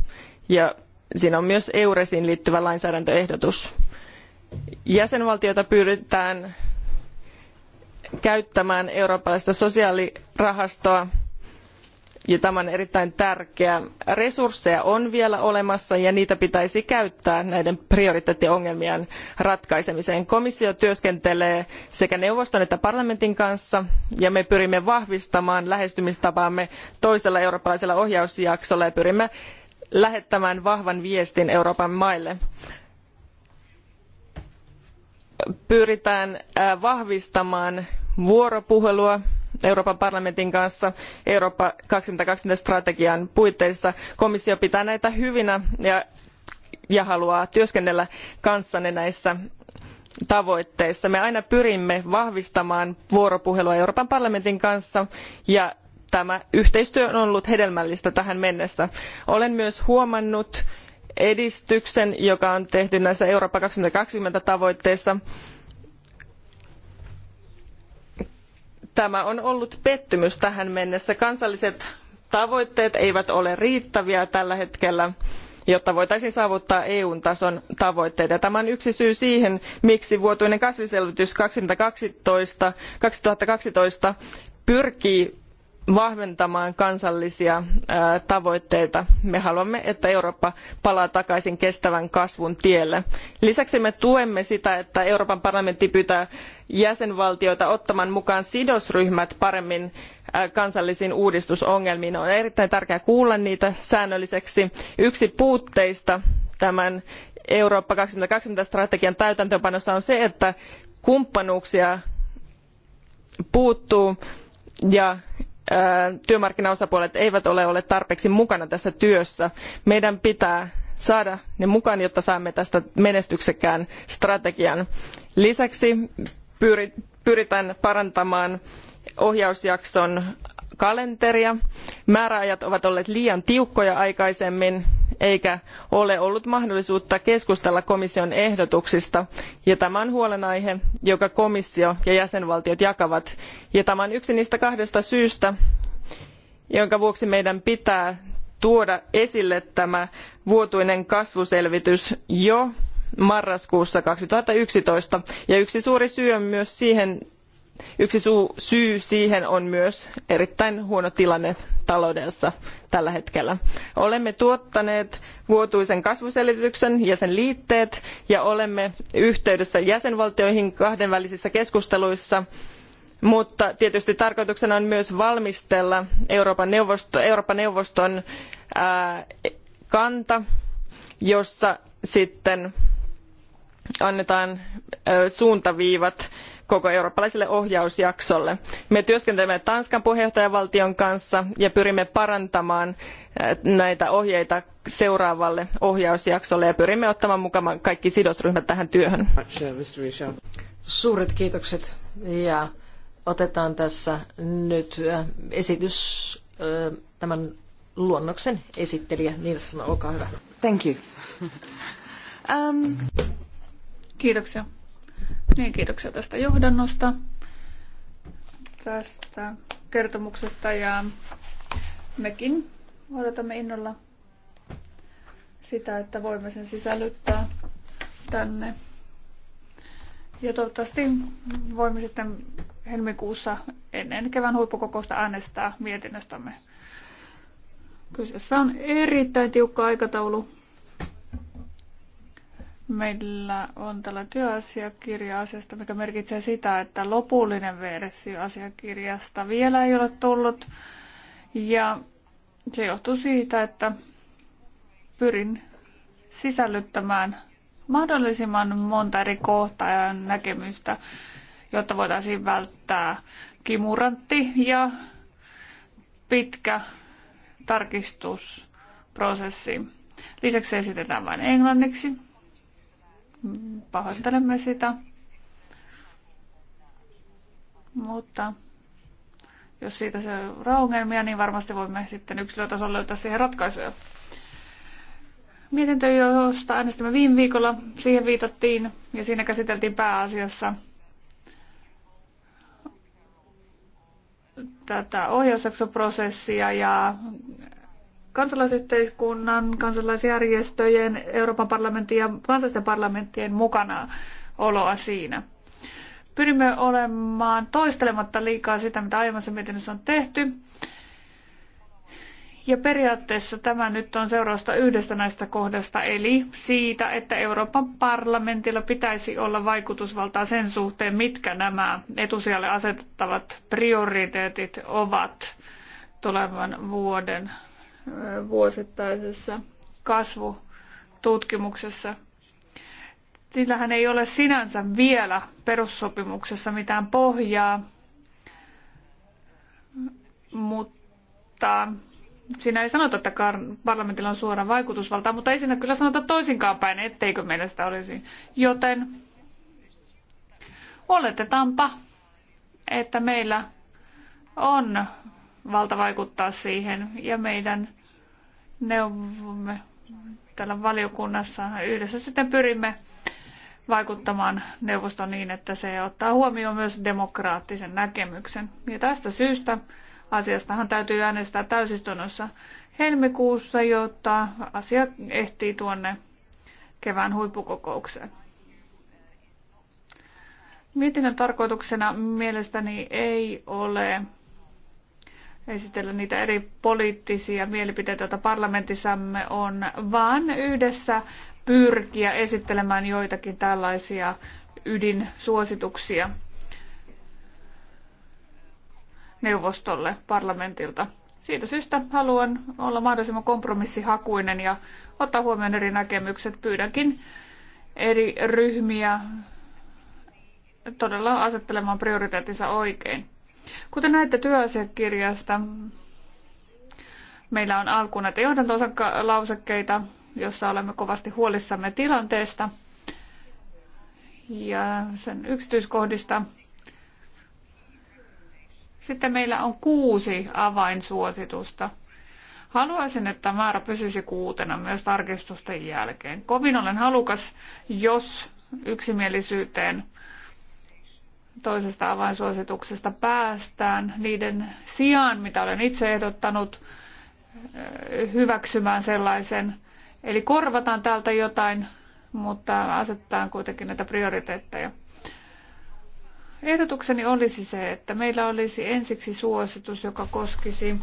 Speaker 3: ja siinä on myös euresiin liittyvä lainsäädäntöehdotus. jäsenvaltioita pyydetään käyttämään eurooppalaista sosiaalirahastoa ja tämä on erittäin tärkeää. Resursseja on vielä olemassa ja niitä pitäisi käyttää näiden prioriteettiongelmien ratkaisemiseen. Komissio työskentelee sekä neuvoston että parlamentin kanssa ja me pyrimme vahvistamaan lähestymistapaamme toisella eurooppalaisella ohjausjaksolla ja pyrimme lähettämään vahvan viestin Euroopan maille pyritään vahvistamaan vuoropuhelua euroopan parlamentin kanssa eurooppa kaksituhatta kaksikymmentä strategian puitteissa. komissio pitää näitä hyvinä ja, haluaa työskennellä kanssanne näissä tavoitteissa. me aina pyrimme vahvistamaan vuoropuhelua euroopan parlamentin kanssa ja tämä yhteistyö on ollut hedelmällistä tähän mennessä. olen myös huomannut edistyksen, joka on tehty näissä Eurooppa 2020 tavoitteissa. Tämä on ollut pettymys tähän mennessä. Kansalliset tavoitteet eivät ole riittäviä tällä hetkellä jotta voitaisiin saavuttaa e n tason tavoitteet. Ja tämä on yksi syy siihen, miksi vuotuinen kasviselvitys kaksituhatta kaksitoista pyrkii vahventamaan kansallisia tavoitteita. Me haluamme, että Eurooppa palaa takaisin kestävän kasvun tielle. Lisäksi me tuemme sitä, että Euroopan parlamentti pyytää jäsenvaltioita ottamaan mukaan sidosryhmät paremmin kansallisiin uudistusongelmiin. On erittäin tärkeää kuulla niitä säännölliseksi. Yksi puutteista tämän Eurooppa 2020 strategian täytäntöönpanossa on se, että kumppanuuksia puuttuu ja työmarkkinaosapuolet eivät ole olleet tarpeeksi mukana tässä työssä. meidän pitää saada ne mukaan jotta saamme tästä menestyksekkään strategian. lisäksi pyritään parantamaan ohjausjakson kalenteria. määräajat ovat olleet liian tiukkoja aikaisemmin eikä ole ollut mahdollisuutta keskustella komission ehdotuksista ja tämä on huolenaihe jonka komissio ja jäsenvaltiot jakavat ja tämä on yksi niistä kahdesta syystä jonka vuoksi meidän pitää tuoda esille tämä vuotuinen kasvuselvitys jo marraskuussa kaksituhatta yksitoista ja yksi suuri syy on myös siihen Yksi syy siihen on myös erittäin huono tilanne taloudessa tällä hetkellä. Olemme tuottaneet vuotuisen kasvuselityksen ja sen liitteet ja olemme yhteydessä jäsenvaltioihin kahdenvälisissä keskusteluissa mutta tietysti tarkoituksena on myös valmistella Euroopan, neuvosto, Euroopan neuvoston ää, kanta, jossa sitten annetaan ää, suuntaviivat koko eurooppalaiselle ohjausjaksolle. Me työskentelemme Tanskan puheenjohtajavaltion kanssa ja pyrimme parantamaan eh, näitä ohjeita seuraavalle ohjausjaksolle ja pyrimme ottamaan mukaan kaikki sidosryhmät tähän työhön.
Speaker 2: Suuret kiitokset ja otetaan tässä nyt eh, esitys eh, tämän luonnoksen esittelijä Nilsson,
Speaker 1: olkaa hyvä. Thank you. Um...
Speaker 4: Kiitoksia. Niin, kiitoksia tästä johdannosta, tästä kertomuksesta ja mekin odotamme innolla sitä, että voimme sen sisällyttää tänne. Ja toivottavasti voimme sitten helmikuussa ennen kevään huippukokousta äänestää mietinnöstämme. Kyseessä on erittäin tiukka aikataulu. Meillä on tällä työasiakirja asiasta, mikä merkitsee sitä, että lopullinen versio asiakirjasta vielä ei ole tullut. Ja se johtuu siitä, että pyrin sisällyttämään mahdollisimman monta eri kohtaa ja näkemystä, jotta voitaisiin välttää kimurantti ja pitkä tarkistusprosessi. Lisäksi esitetään vain englanniksi, Pahoittelemme sitä. Mutta jos siitä on ongelmia, niin varmasti voimme sitten yksilötasolla löytää siihen ratkaisuja. Mietintö, josta äänestimme viime viikolla, siihen viitattiin ja siinä käsiteltiin pääasiassa tätä ohjausjaksoprosessia ja kansalaisyhteiskunnan, kansalaisjärjestöjen, Euroopan parlamentin ja kansallisten parlamenttien mukana oloa siinä. Pyrimme olemaan toistelematta liikaa sitä, mitä aiemmassa mietinnössä on tehty. Ja periaatteessa tämä nyt on seurausta yhdestä näistä kohdasta, eli siitä, että Euroopan parlamentilla pitäisi olla vaikutusvaltaa sen suhteen, mitkä nämä etusijalle asetettavat prioriteetit ovat tulevan vuoden vuosittaisessa kasvututkimuksessa. Sillähän ei ole sinänsä vielä perussopimuksessa mitään pohjaa, mutta siinä ei sanota, että parlamentilla on suora vaikutusvalta, mutta ei siinä kyllä sanota toisinkaan päin, etteikö meillä sitä olisi. Joten oletetaanpa, että meillä on valta vaikuttaa siihen ja meidän neuvomme täällä valiokunnassa. Yhdessä sitten pyrimme vaikuttamaan neuvostoon niin, että se ottaa huomioon myös demokraattisen näkemyksen. Ja tästä syystä asiastahan täytyy äänestää täysistunnossa helmikuussa, jotta asia ehtii tuonne kevään huippukokoukseen. Mietinnön tarkoituksena mielestäni ei ole esitellä niitä eri poliittisia mielipiteitä, joita parlamentissamme on, vaan yhdessä pyrkiä esittelemään joitakin tällaisia ydinsuosituksia neuvostolle parlamentilta. Siitä syystä haluan olla mahdollisimman kompromissihakuinen ja ottaa huomioon eri näkemykset. Pyydänkin eri ryhmiä todella asettelemaan prioriteettinsa oikein. Kuten näette työasiakirjasta, meillä on alkuun näitä johdantolausekkeita, jossa olemme kovasti huolissamme tilanteesta ja sen yksityiskohdista. Sitten meillä on kuusi avainsuositusta. Haluaisin, että määrä pysyisi kuutena myös tarkistusten jälkeen. Kovin olen halukas, jos yksimielisyyteen toisesta avainsuosituksesta päästään niiden sijaan, mitä olen itse ehdottanut, eh, hyväksymään sellaisen. Eli korvataan täältä jotain, mutta asetetaan kuitenkin näitä prioriteetteja. Ehdotukseni olisi se, että meillä olisi ensiksi suositus, joka koskisi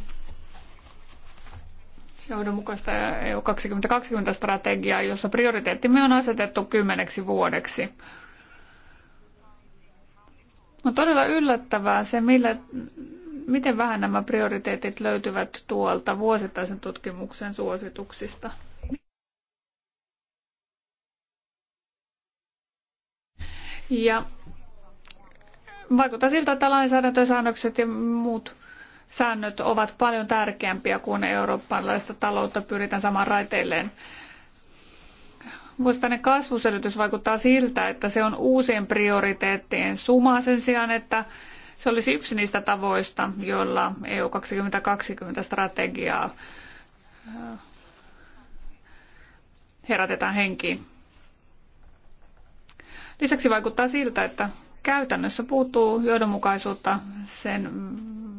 Speaker 4: johdonmukaista EU 2020 strategiaa, jossa prioriteettimme on asetettu kymmeneksi vuodeksi. On no, todella yllättävää se, millä, miten vähän nämä prioriteetit löytyvät tuolta vuosittaisen tutkimuksen suosituksista. Ja vaikuttaa siltä, että lainsäädäntösäännökset ja muut säännöt ovat paljon tärkeämpiä, kuin eurooppalaista taloutta pyritään saman raiteilleen. Vuosittainen kasvuselvitys vaikuttaa siltä, että se on uusien prioriteettien suma sen sijaan, että se olisi yksi niistä tavoista, joilla EU 2020-strategiaa äh, herätetään henkiin. Lisäksi vaikuttaa siltä, että käytännössä puuttuu johdonmukaisuutta sen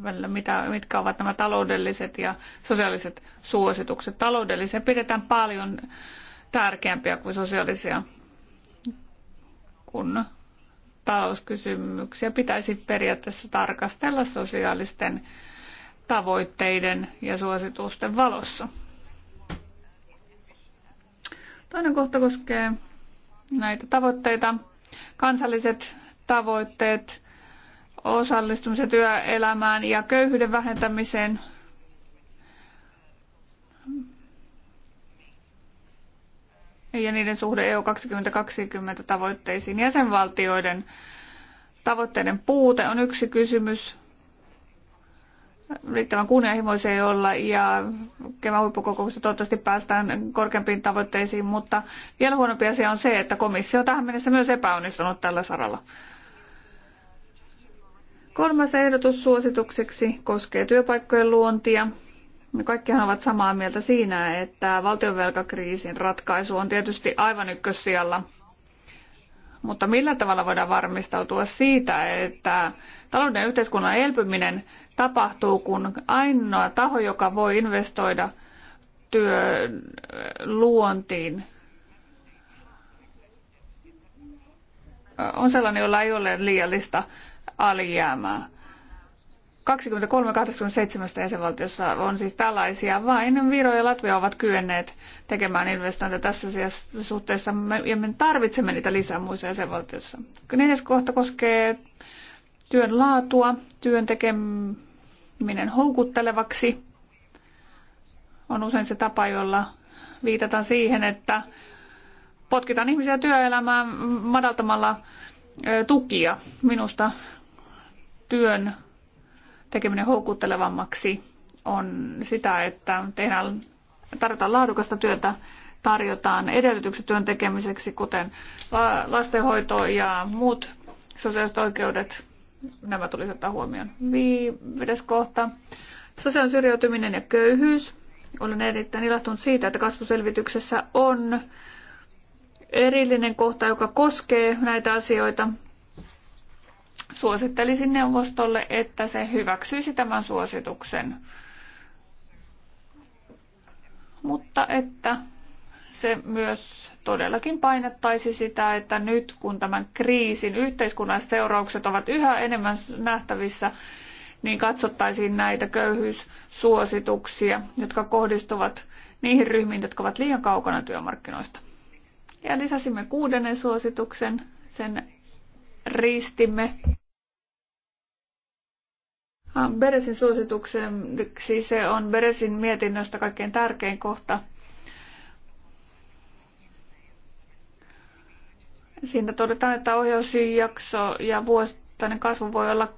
Speaker 4: välillä, mitä, mitkä ovat nämä taloudelliset ja sosiaaliset suositukset. Taloudelliseen pidetään paljon tärkeämpiä kuin sosiaalisia, kun talouskysymyksiä pitäisi periaatteessa tarkastella sosiaalisten tavoitteiden ja suositusten valossa. Toinen kohta koskee näitä tavoitteita. Kansalliset tavoitteet, osallistumisen työelämään ja köyhyyden vähentämiseen ja niiden suhde EU 2020 tavoitteisiin. Jäsenvaltioiden tavoitteiden puute on yksi kysymys. Riittävän kunnianhimoisia ei olla ja kevään huippukokouksessa toivottavasti päästään korkeampiin tavoitteisiin, mutta vielä huonompi asia on se, että komissio on tähän mennessä myös epäonnistunut tällä saralla. Kolmas ehdotus suosituksiksi koskee työpaikkojen luontia. Kaikkihan ovat samaa mieltä siinä, että valtionvelkakriisin ratkaisu on tietysti aivan ykkössijalla. Mutta millä tavalla voidaan varmistautua siitä, että talouden ja yhteiskunnan elpyminen tapahtuu, kun ainoa taho, joka voi investoida työn luontiin, on sellainen, jolla ei ole liiallista alijäämää. 23-27 jäsenvaltiossa on siis tällaisia. Vain Viro ja Latvia ovat kyenneet tekemään investointeja tässä suhteessa, ja me tarvitsemme niitä lisää muissa jäsenvaltioissa. Neljäs kohta koskee työn laatua, työn tekeminen houkuttelevaksi. On usein se tapa, jolla viitataan siihen, että potkitaan ihmisiä työelämään madaltamalla tukia. Minusta työn tekeminen houkuttelevammaksi on sitä, että tehdään, tarjotaan laadukasta työtä, tarjotaan edellytykset työn tekemiseksi, kuten lastenhoito ja muut sosiaaliset oikeudet. Nämä tulisi ottaa huomioon. Viides kohta. Sosiaalinen syrjäytyminen ja köyhyys. Olen erittäin ilahtunut siitä, että kasvuselvityksessä on erillinen kohta, joka koskee näitä asioita. Suosittelisin neuvostolle, että se hyväksyisi tämän suosituksen, mutta että se myös todellakin painettaisi sitä, että nyt kun tämän kriisin yhteiskunnalliset seuraukset ovat yhä enemmän nähtävissä, niin katsottaisiin näitä köyhyyssuosituksia, jotka kohdistuvat niihin ryhmiin, jotka ovat liian kaukana työmarkkinoista. Ja lisäsimme kuudennen suosituksen. Sen ristimme. Ah, Beresin suositukseksi se on Beresin mietinnöstä kaikkein tärkein kohta. Siinä todetaan, että ohjausjakso ja vuosittainen kasvu voi olla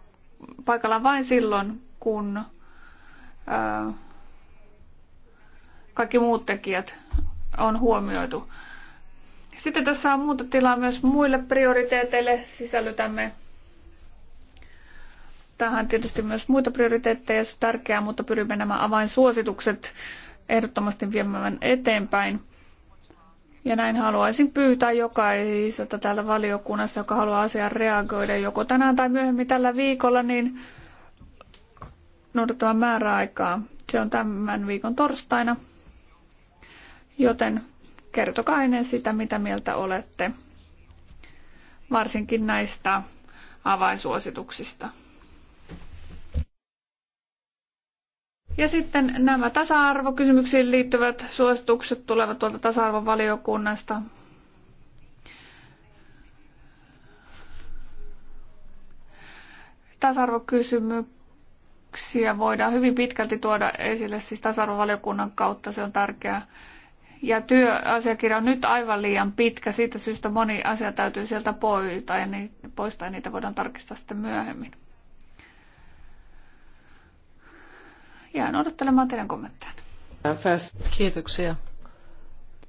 Speaker 4: paikallaan vain silloin, kun äh, kaikki muut tekijät on huomioitu. Sitten tässä on muuta tilaa myös muille prioriteeteille. Sisällytämme tähän tietysti myös muita prioriteetteja, jos on tärkeää, mutta pyrimme nämä avainsuositukset ehdottomasti viemään eteenpäin. Ja näin haluaisin pyytää jokaiselta täällä valiokunnassa, joka haluaa asiaan reagoida joko tänään tai myöhemmin tällä viikolla, niin noudattamaan määräaikaa. Se on tämän viikon torstaina, joten Kertokaa ennen sitä, mitä mieltä olette, varsinkin näistä avainsuosituksista. Ja sitten nämä tasa-arvokysymyksiin liittyvät suositukset tulevat tuolta tasa-arvovaliokunnasta. Tasa-arvokysymyksiä voidaan hyvin pitkälti tuoda esille, siis tasa-arvovaliokunnan kautta se on tärkeää ja työasiakirja on nyt aivan liian pitkä. Siitä syystä moni asia täytyy sieltä poistaa ja, poistaa, ja niitä voidaan tarkistaa sitten myöhemmin. Jään odottelemaan teidän kommentteja. Kiitoksia.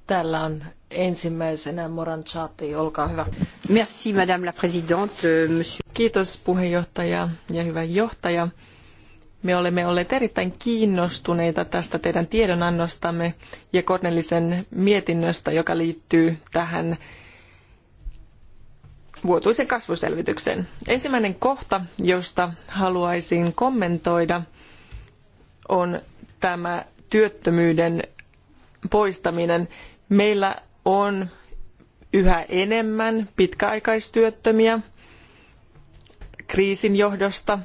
Speaker 3: Täällä on ensimmäisenä Moran Chatti, olkaa hyvä. Merci madame la présidente, euh, monsieur. Kiitos puheenjohtaja ja hyvä johtaja. Me olemme olleet erittäin kiinnostuneita tästä teidän tiedonannostamme ja Kornelisen mietinnöstä, joka liittyy tähän vuotuisen kasvuselvitykseen. Ensimmäinen kohta, josta haluaisin kommentoida, on tämä työttömyyden poistaminen. Meillä on yhä enemmän pitkäaikaistyöttömiä kriisin johdosta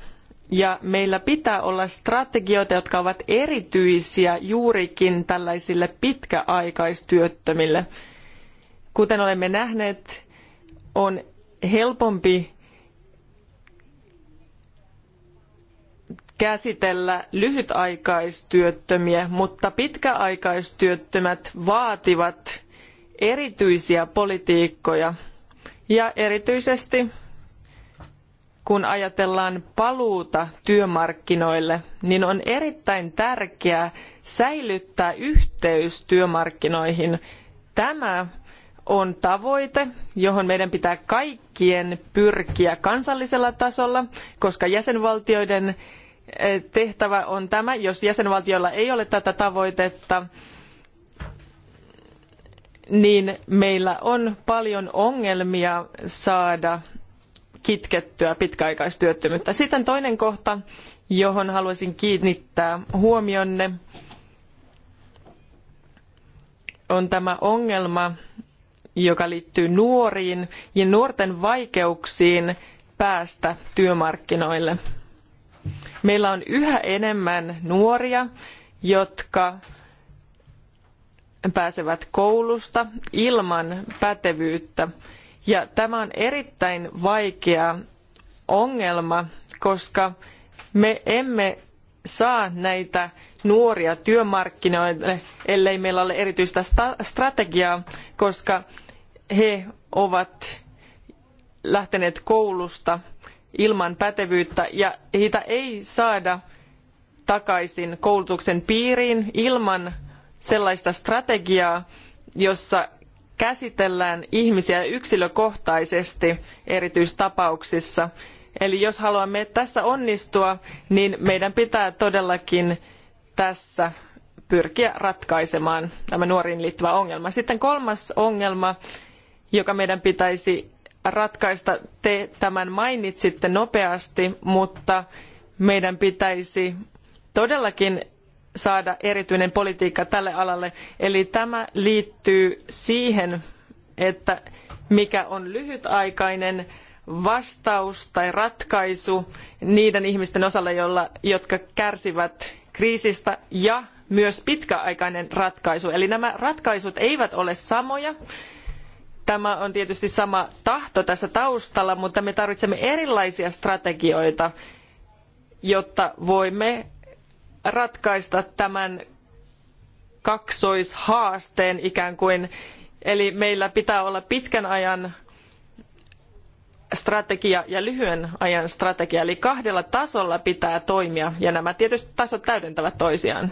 Speaker 3: ja meillä pitää olla strategioita, jotka ovat erityisiä juurikin tällaisille pitkäaikaistyöttömille. Kuten olemme nähneet, on helpompi käsitellä lyhytaikaistyöttömiä, mutta pitkäaikaistyöttömät vaativat erityisiä politiikkoja ja erityisesti kun ajatellaan paluuta työmarkkinoille, niin on erittäin tärkeää säilyttää yhteys työmarkkinoihin. Tämä on tavoite, johon meidän pitää kaikkien pyrkiä kansallisella tasolla, koska jäsenvaltioiden eh, tehtävä on tämä. Jos jäsenvaltioilla ei ole tätä tavoitetta, niin meillä on paljon ongelmia saada kitkettyä pitkäaikaistyöttömyyttä. Sitten toinen kohta, johon haluaisin kiinnittää huomionne, on tämä ongelma, joka liittyy nuoriin ja nuorten vaikeuksiin päästä työmarkkinoille. Meillä on yhä enemmän nuoria, jotka pääsevät koulusta ilman pätevyyttä ja tämä on erittäin vaikea ongelma, koska me emme saa näitä nuoria työmarkkinoille, ellei meillä ole erityistä strategiaa, koska he ovat lähteneet koulusta ilman pätevyyttä ja heitä ei saada takaisin koulutuksen piiriin ilman sellaista strategiaa, jossa käsitellään ihmisiä yksilökohtaisesti erityistapauksissa. Eli jos haluamme tässä onnistua, niin meidän pitää todellakin tässä pyrkiä ratkaisemaan tämä nuoriin liittyvä ongelma. Sitten kolmas ongelma, joka meidän pitäisi ratkaista, te tämän mainitsitte nopeasti, mutta meidän pitäisi todellakin saada erityinen politiikka tälle alalle. Eli tämä liittyy siihen, että mikä on lyhytaikainen vastaus tai ratkaisu niiden ihmisten osalle, jolla, jotka kärsivät kriisistä ja myös pitkäaikainen ratkaisu. Eli nämä ratkaisut eivät ole samoja. Tämä on tietysti sama tahto tässä taustalla, mutta me tarvitsemme erilaisia strategioita, jotta voimme ratkaista tämän kaksoishaasteen ikään kuin. Eli meillä pitää olla pitkän ajan strategia ja lyhyen ajan strategia, eli kahdella tasolla pitää toimia, ja nämä tietysti tasot täydentävät toisiaan.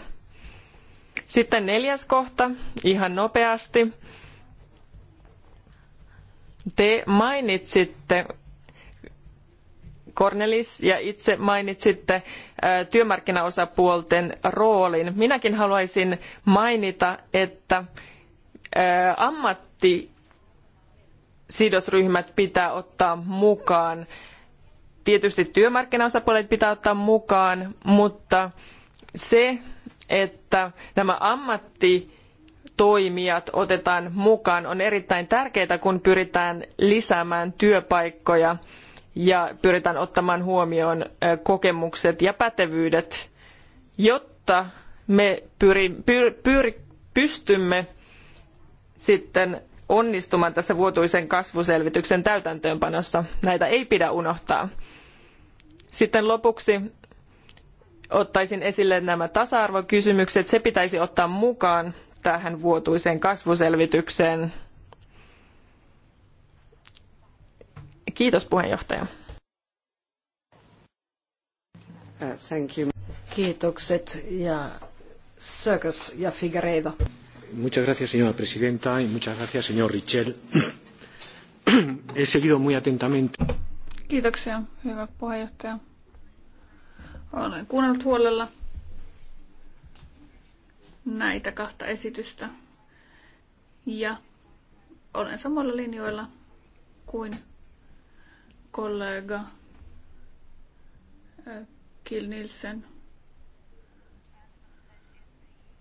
Speaker 3: Sitten neljäs kohta, ihan nopeasti. Te mainitsitte Cornelis ja itse mainitsitte työmarkkinaosapuolten roolin. Minäkin haluaisin mainita, että ammattisidosryhmät pitää ottaa mukaan. Tietysti työmarkkinaosapuolet pitää ottaa mukaan, mutta se, että nämä ammattitoimijat otetaan mukaan on erittäin tärkeää, kun pyritään lisäämään työpaikkoja – ja pyritään ottamaan huomioon kokemukset ja pätevyydet, jotta me pyri, pyr, pyr, pystymme sitten onnistumaan tässä vuotuisen kasvuselvityksen täytäntöönpanossa. Näitä ei pidä unohtaa. Sitten lopuksi ottaisin esille nämä tasa-arvokysymykset. Se pitäisi ottaa mukaan tähän vuotuiseen kasvuselvitykseen Kiitos
Speaker 1: puheenjohtaja.
Speaker 3: Uh, thank you.
Speaker 2: Kiitokset ja Sökös ja Figueiredo.
Speaker 1: Muchas gracias, señora presidenta, y muchas gracias, señor Richel. He seguido muy atentamente.
Speaker 4: Kiitoksia, hyvä puheenjohtaja. Olen kuunnellut huolella näitä kahta esitystä ja olen samalla linjoilla kuin kollega eh, Kill Nielsen.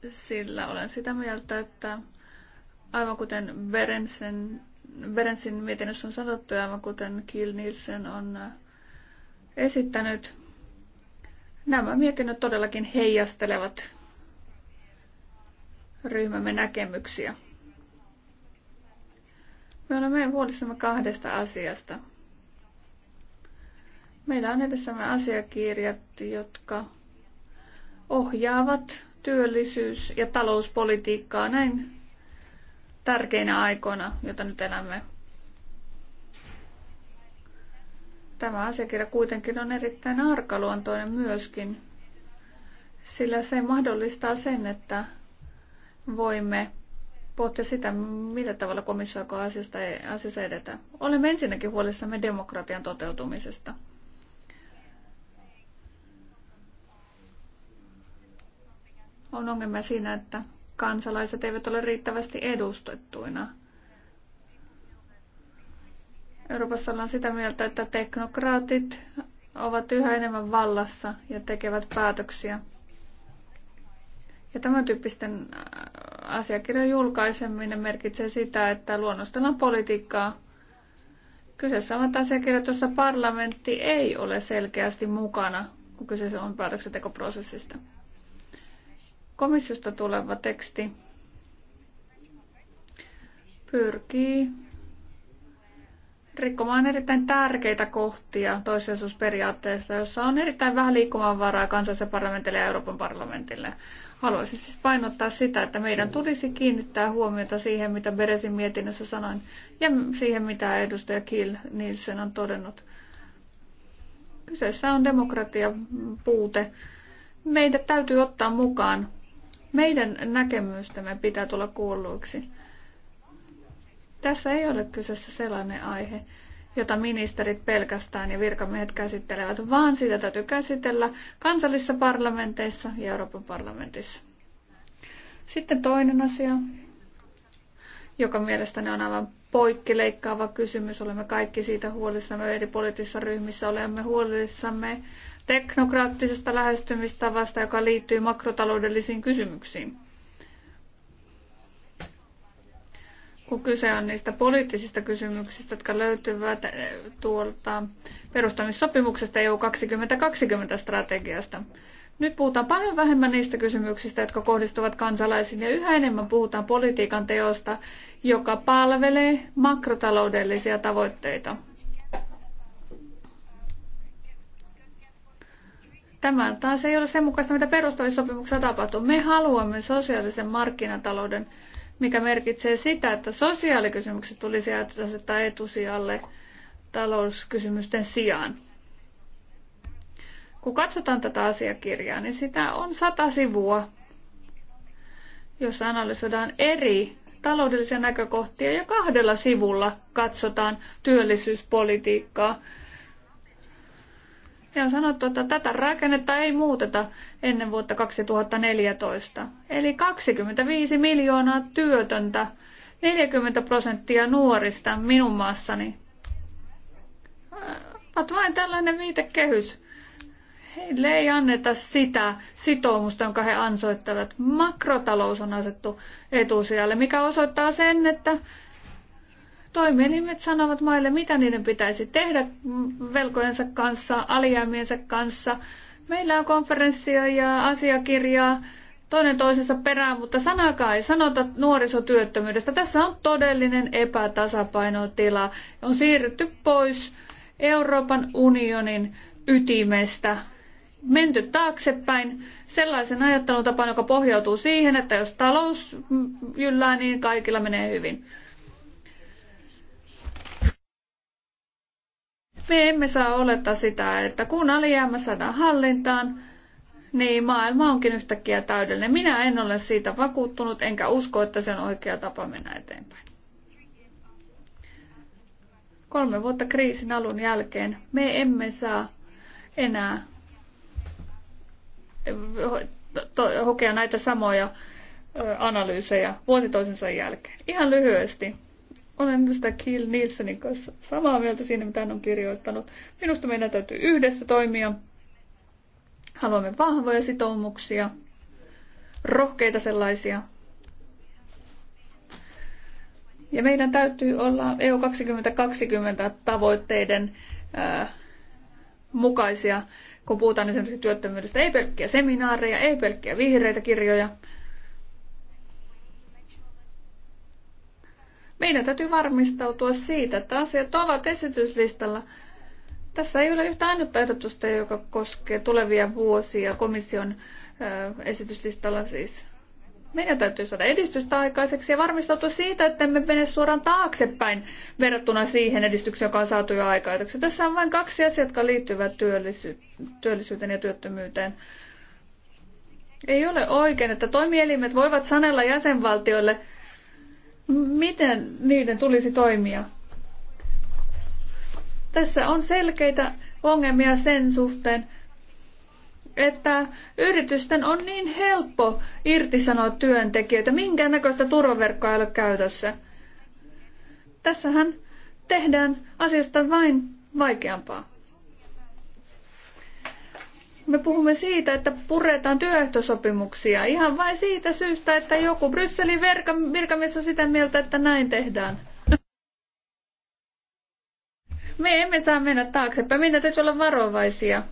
Speaker 4: Sillä olen sitä mieltä, että aivan kuten Berensen, Berensin mietinnössä on sanottu ja aivan kuten Kill Nielsen on eh, esittänyt, nämä mietinnöt todellakin heijastelevat ryhmämme näkemyksiä. Me olemme huolissamme kahdesta asiasta – Meillä on edessämme asiakirjat, jotka ohjaavat työllisyys- ja talouspolitiikkaa näin tärkeinä aikoina, jota nyt elämme. Tämä asiakirja kuitenkin on erittäin arkaluontoinen myöskin, sillä se mahdollistaa sen, että voimme pohtia sitä, millä tavalla komissio asiasta, asiassa edetä. Olemme ensinnäkin huolissamme demokratian toteutumisesta – on ongelmia siinä, että kansalaiset eivät ole riittävästi edustettuina. Euroopassa ollaan sitä mieltä, että teknokraatit ovat yhä enemmän vallassa ja tekevät päätöksiä. Ja tämän tyyppisten äh, asiakirjan julkaiseminen merkitsee sitä, että luonnostellaan politiikkaa. Kyseessä on asiakirjat, jossa parlamentti ei ole selkeästi mukana, kun kyseessä on päätöksentekoprosessista. Komissiosta tuleva teksti pyrkii rikkomaan erittäin tärkeitä kohtia toissijaisuusperiaatteessa, jossa on erittäin vähän liikkumavaraa kansallisen parlamentille ja Euroopan parlamentille. Haluaisin siis painottaa sitä, että meidän tulisi kiinnittää huomiota siihen, mitä Beresin mietinnössä sanoin, ja siihen, mitä edustaja Kiel Nielsen on todennut. Kyseessä on demokratia puute. Meidät täytyy ottaa mukaan meidän näkemystämme pitää tulla kuulluiksi. Tässä ei ole kyseessä sellainen aihe, jota ministerit pelkästään ja virkamiehet käsittelevät, vaan sitä täytyy käsitellä kansallisissa parlamenteissa ja Euroopan parlamentissa. Sitten toinen asia, joka mielestäni on aivan poikkileikkaava kysymys. Olemme kaikki siitä huolissamme eri poliittisissa ryhmissä, olemme huolissamme teknokraattisesta lähestymistavasta, joka liittyy makrotaloudellisiin kysymyksiin. kun kyse on niistä poliittisista kysymyksistä, jotka löytyvät eh, tuolta perustamissopimuksesta EU 2020 strategiasta. Nyt puhutaan paljon vähemmän niistä kysymyksistä, jotka kohdistuvat kansalaisiin, ja yhä enemmän puhutaan politiikan teosta, joka palvelee makrotaloudellisia tavoitteita. Tämä taas ei ole sen mukaista, mitä perustamissopimuksessa tapahtuu. Me haluamme sosiaalisen markkinatalouden, mikä merkitsee sitä, että sosiaalikysymykset tulisi asettaa etusijalle talouskysymysten sijaan. Kun katsotaan tätä asiakirjaa, niin sitä on sata sivua, jossa analysoidaan eri taloudellisia näkökohtia ja kahdella sivulla katsotaan työllisyyspolitiikkaa, ja on sanottu, että tätä rakennetta ei muuteta ennen vuotta 2014. Eli 25 miljoonaa työtöntä, 40 prosenttia nuorista minun maassani. Äh, Ovat vain tällainen viitekehys. Heille ei anneta sitä sitoumusta, jonka he ansoittavat. Makrotalous on asettu etusijalle, mikä osoittaa sen, että Toimielimet sanovat maille, mitä niiden pitäisi tehdä velkojensa kanssa, alijäämiensä kanssa. Meillä on konferenssia ja asiakirjaa toinen toisensa perään, mutta sanakaan ei sanota nuorisotyöttömyydestä. Tässä on todellinen epätasapainotila. On siirrytty pois Euroopan unionin ytimestä menty taaksepäin sellaisen ajattelutapaan, joka pohjautuu siihen, että jos talous jyllää, niin kaikilla menee hyvin. Me emme saa olettaa sitä, että kun alijäämä saadaan hallintaan, niin maailma onkin yhtäkkiä täydellinen. Minä en ole siitä vakuuttunut, enkä usko, että se on oikea tapa mennä eteenpäin. Kolme vuotta kriisin alun jälkeen me emme saa enää hokea näitä samoja analyysejä vuosi toisensa jälkeen. Ihan lyhyesti, olen tästä Kill Nielsenin kanssa samaa mieltä siinä, mitä hän on kirjoittanut. Minusta meidän täytyy yhdessä toimia. Haluamme vahvoja sitoumuksia, rohkeita sellaisia. Ja meidän täytyy olla EU 2020 tavoitteiden ää, äh, mukaisia, kun puhutaan esimerkiksi työttömyydestä. Ei pelkkiä seminaareja, ei pelkkiä vihreitä kirjoja, Meidän täytyy varmistautua siitä, että asiat ovat esityslistalla. Tässä ei ole yhtä ainutta ehdotusta, joka koskee tulevia vuosia komission esityslistalla siis. Meidän täytyy saada edistystä aikaiseksi ja varmistautua siitä, että me mene suoraan taaksepäin verrattuna siihen edistykseen, joka on saatu jo aikaiseksi. Tässä on vain kaksi asiaa, jotka liittyvät työllisy- työllisyyteen ja työttömyyteen. Ei ole oikein, että toimielimet voivat sanella jäsenvaltioille miten niiden tulisi toimia. Tässä on selkeitä ongelmia sen suhteen, että yritysten on niin helppo irtisanoa työntekijöitä, näköistä turvaverkkoa ei ole käytössä. Tässähän tehdään asiasta vain vaikeampaa. Me puhumme siitä, että puretaan työehtosopimuksia ihan vain siitä syystä, että joku Brysselin virkamies on sitä mieltä, että näin tehdään. Me emme saa mennä taaksepäin. Meidän täytyy olla varovaisia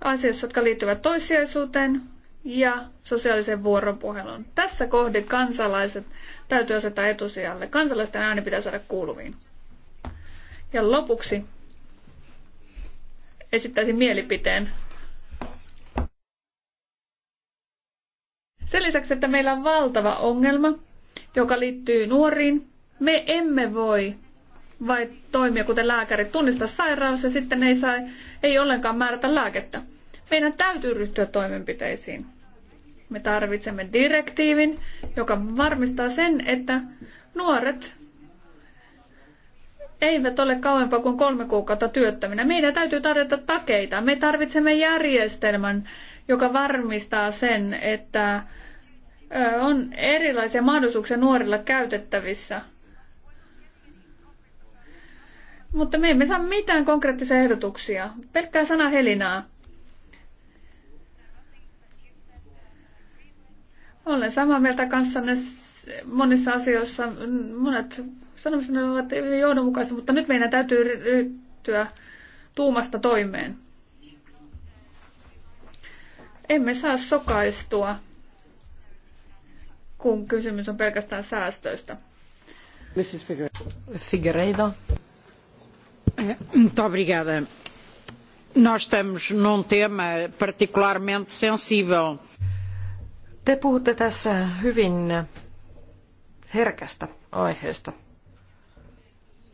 Speaker 4: asioissa, jotka liittyvät toissijaisuuteen ja sosiaaliseen vuoropuheluun. Tässä kohde kansalaiset täytyy asettaa etusijalle. Kansalaisten ääni pitää saada kuuluviin. Ja lopuksi esittäisin mielipiteen. Sen lisäksi, että meillä on valtava ongelma, joka liittyy nuoriin, me emme voi vai toimia kuten lääkäri, tunnistaa sairaus ja sitten ei, saa, ei ollenkaan määrätä lääkettä. Meidän täytyy ryhtyä toimenpiteisiin. Me tarvitsemme direktiivin, joka varmistaa sen, että nuoret eivät ole kauempaa kuin kolme kuukautta työttöminä. Meidän täytyy tarjota takeita. Me tarvitsemme järjestelmän, joka varmistaa sen, että on erilaisia mahdollisuuksia nuorilla käytettävissä. Mutta me emme saa mitään konkreettisia ehdotuksia. Pelkkää sana helinää. Olen samaa mieltä kanssanne monissa asioissa. Monet sanomisen ovat johdonmukaisia, mutta nyt meidän täytyy ryhtyä tuumasta toimeen. Emme saa sokaistua, kun kysymys on pelkästään säästöistä. Mrs.
Speaker 2: Figueiredo.
Speaker 4: Muito obrigada.
Speaker 2: Nós estamos num tema particularmente sensível. Te puhutte tässä hyvin herkästä aiheesta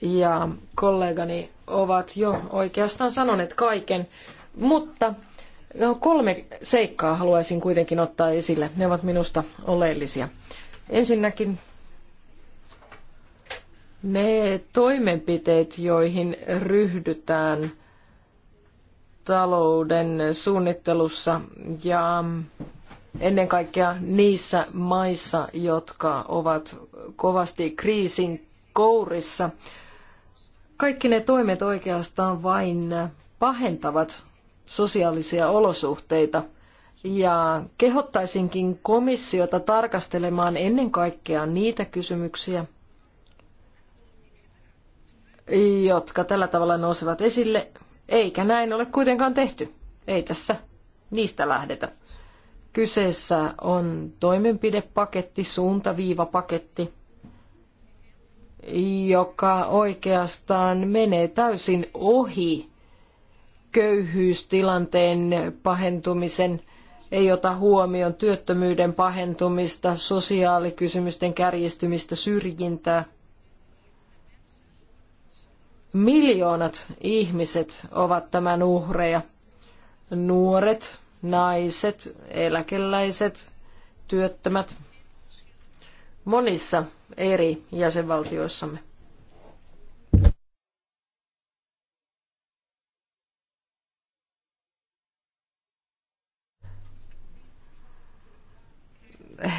Speaker 2: ja kollegani ovat jo oikeastaan sanoneet kaiken, mutta no, kolme seikkaa haluaisin kuitenkin ottaa esille. Ne ovat minusta oleellisia. Ensinnäkin ne toimenpiteet, joihin ryhdytään talouden suunnittelussa ja ennen kaikkea niissä maissa, jotka ovat kovasti kriisin kourissa, kaikki ne toimet oikeastaan vain pahentavat sosiaalisia olosuhteita ja kehottaisinkin komissiota tarkastelemaan ennen kaikkea niitä kysymyksiä, jotka tällä tavalla nousevat esille, eikä näin ole kuitenkaan tehty. Ei tässä niistä lähdetä. Kyseessä on toimenpidepaketti, suuntaviivapaketti, joka oikeastaan menee täysin ohi köyhyystilanteen pahentumisen, ei ota huomioon työttömyyden pahentumista, sosiaalikysymysten kärjistymistä, syrjintää. Miljoonat ihmiset ovat tämän uhreja. Nuoret, naiset, eläkeläiset, työttömät – monissa eri jäsenvaltioissamme.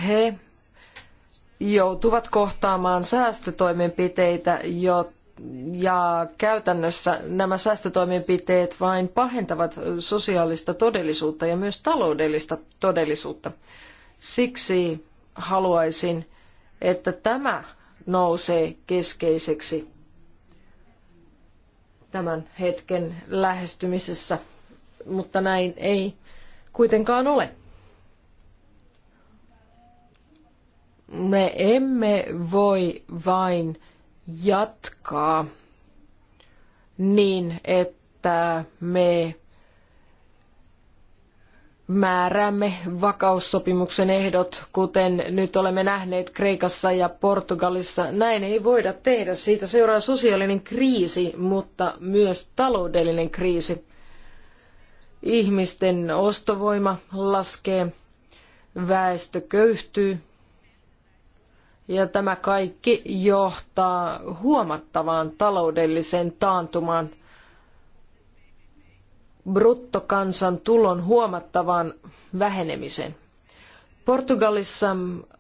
Speaker 2: He joutuvat kohtaamaan säästötoimenpiteitä, jotta ja käytännössä nämä säästötoimenpiteet vain pahentavat sosiaalista todellisuutta ja myös taloudellista todellisuutta. Siksi haluaisin että tämä nousee keskeiseksi tämän hetken lähestymisessä, mutta näin ei kuitenkaan ole. Me emme voi vain jatkaa niin, että me määräämme vakaussopimuksen ehdot, kuten nyt olemme nähneet Kreikassa ja Portugalissa. Näin ei voida tehdä. Siitä seuraa sosiaalinen kriisi, mutta myös taloudellinen kriisi. Ihmisten ostovoima laskee, väestö köyhtyy ja tämä kaikki johtaa huomattavaan taloudelliseen taantumaan – bruttokansantulon huomattavan vähenemisen. Portugalissa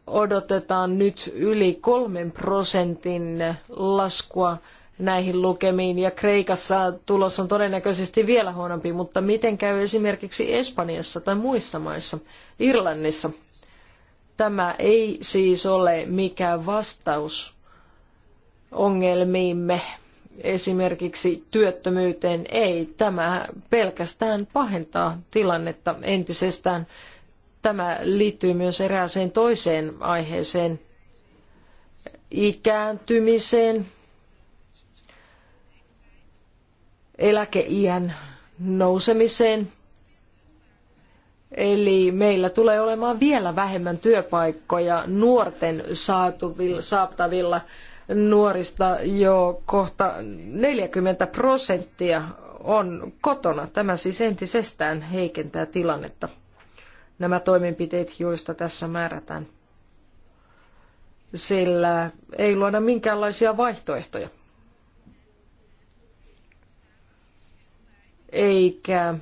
Speaker 2: odotetaan nyt yli kolmen prosentin laskua näihin lukemiin ja Kreikassa tulos on todennäköisesti vielä huonompi, mutta miten käy esimerkiksi Espanjassa tai muissa maissa, Irlannissa? Tämä ei siis ole mikään vastaus ongelmiimme esimerkiksi työttömyyteen. Ei, tämä pelkästään pahentaa tilannetta entisestään. Tämä liittyy myös erääseen toiseen aiheeseen, ikääntymiseen, eläkeiän nousemiseen. Eli meillä tulee olemaan vielä vähemmän työpaikkoja nuorten saatavilla nuorista jo kohta 40 prosenttia on kotona. Tämä siis entisestään heikentää tilannetta. Nämä toimenpiteet, joista tässä määrätään, sillä ei luoda minkäänlaisia vaihtoehtoja. Eikä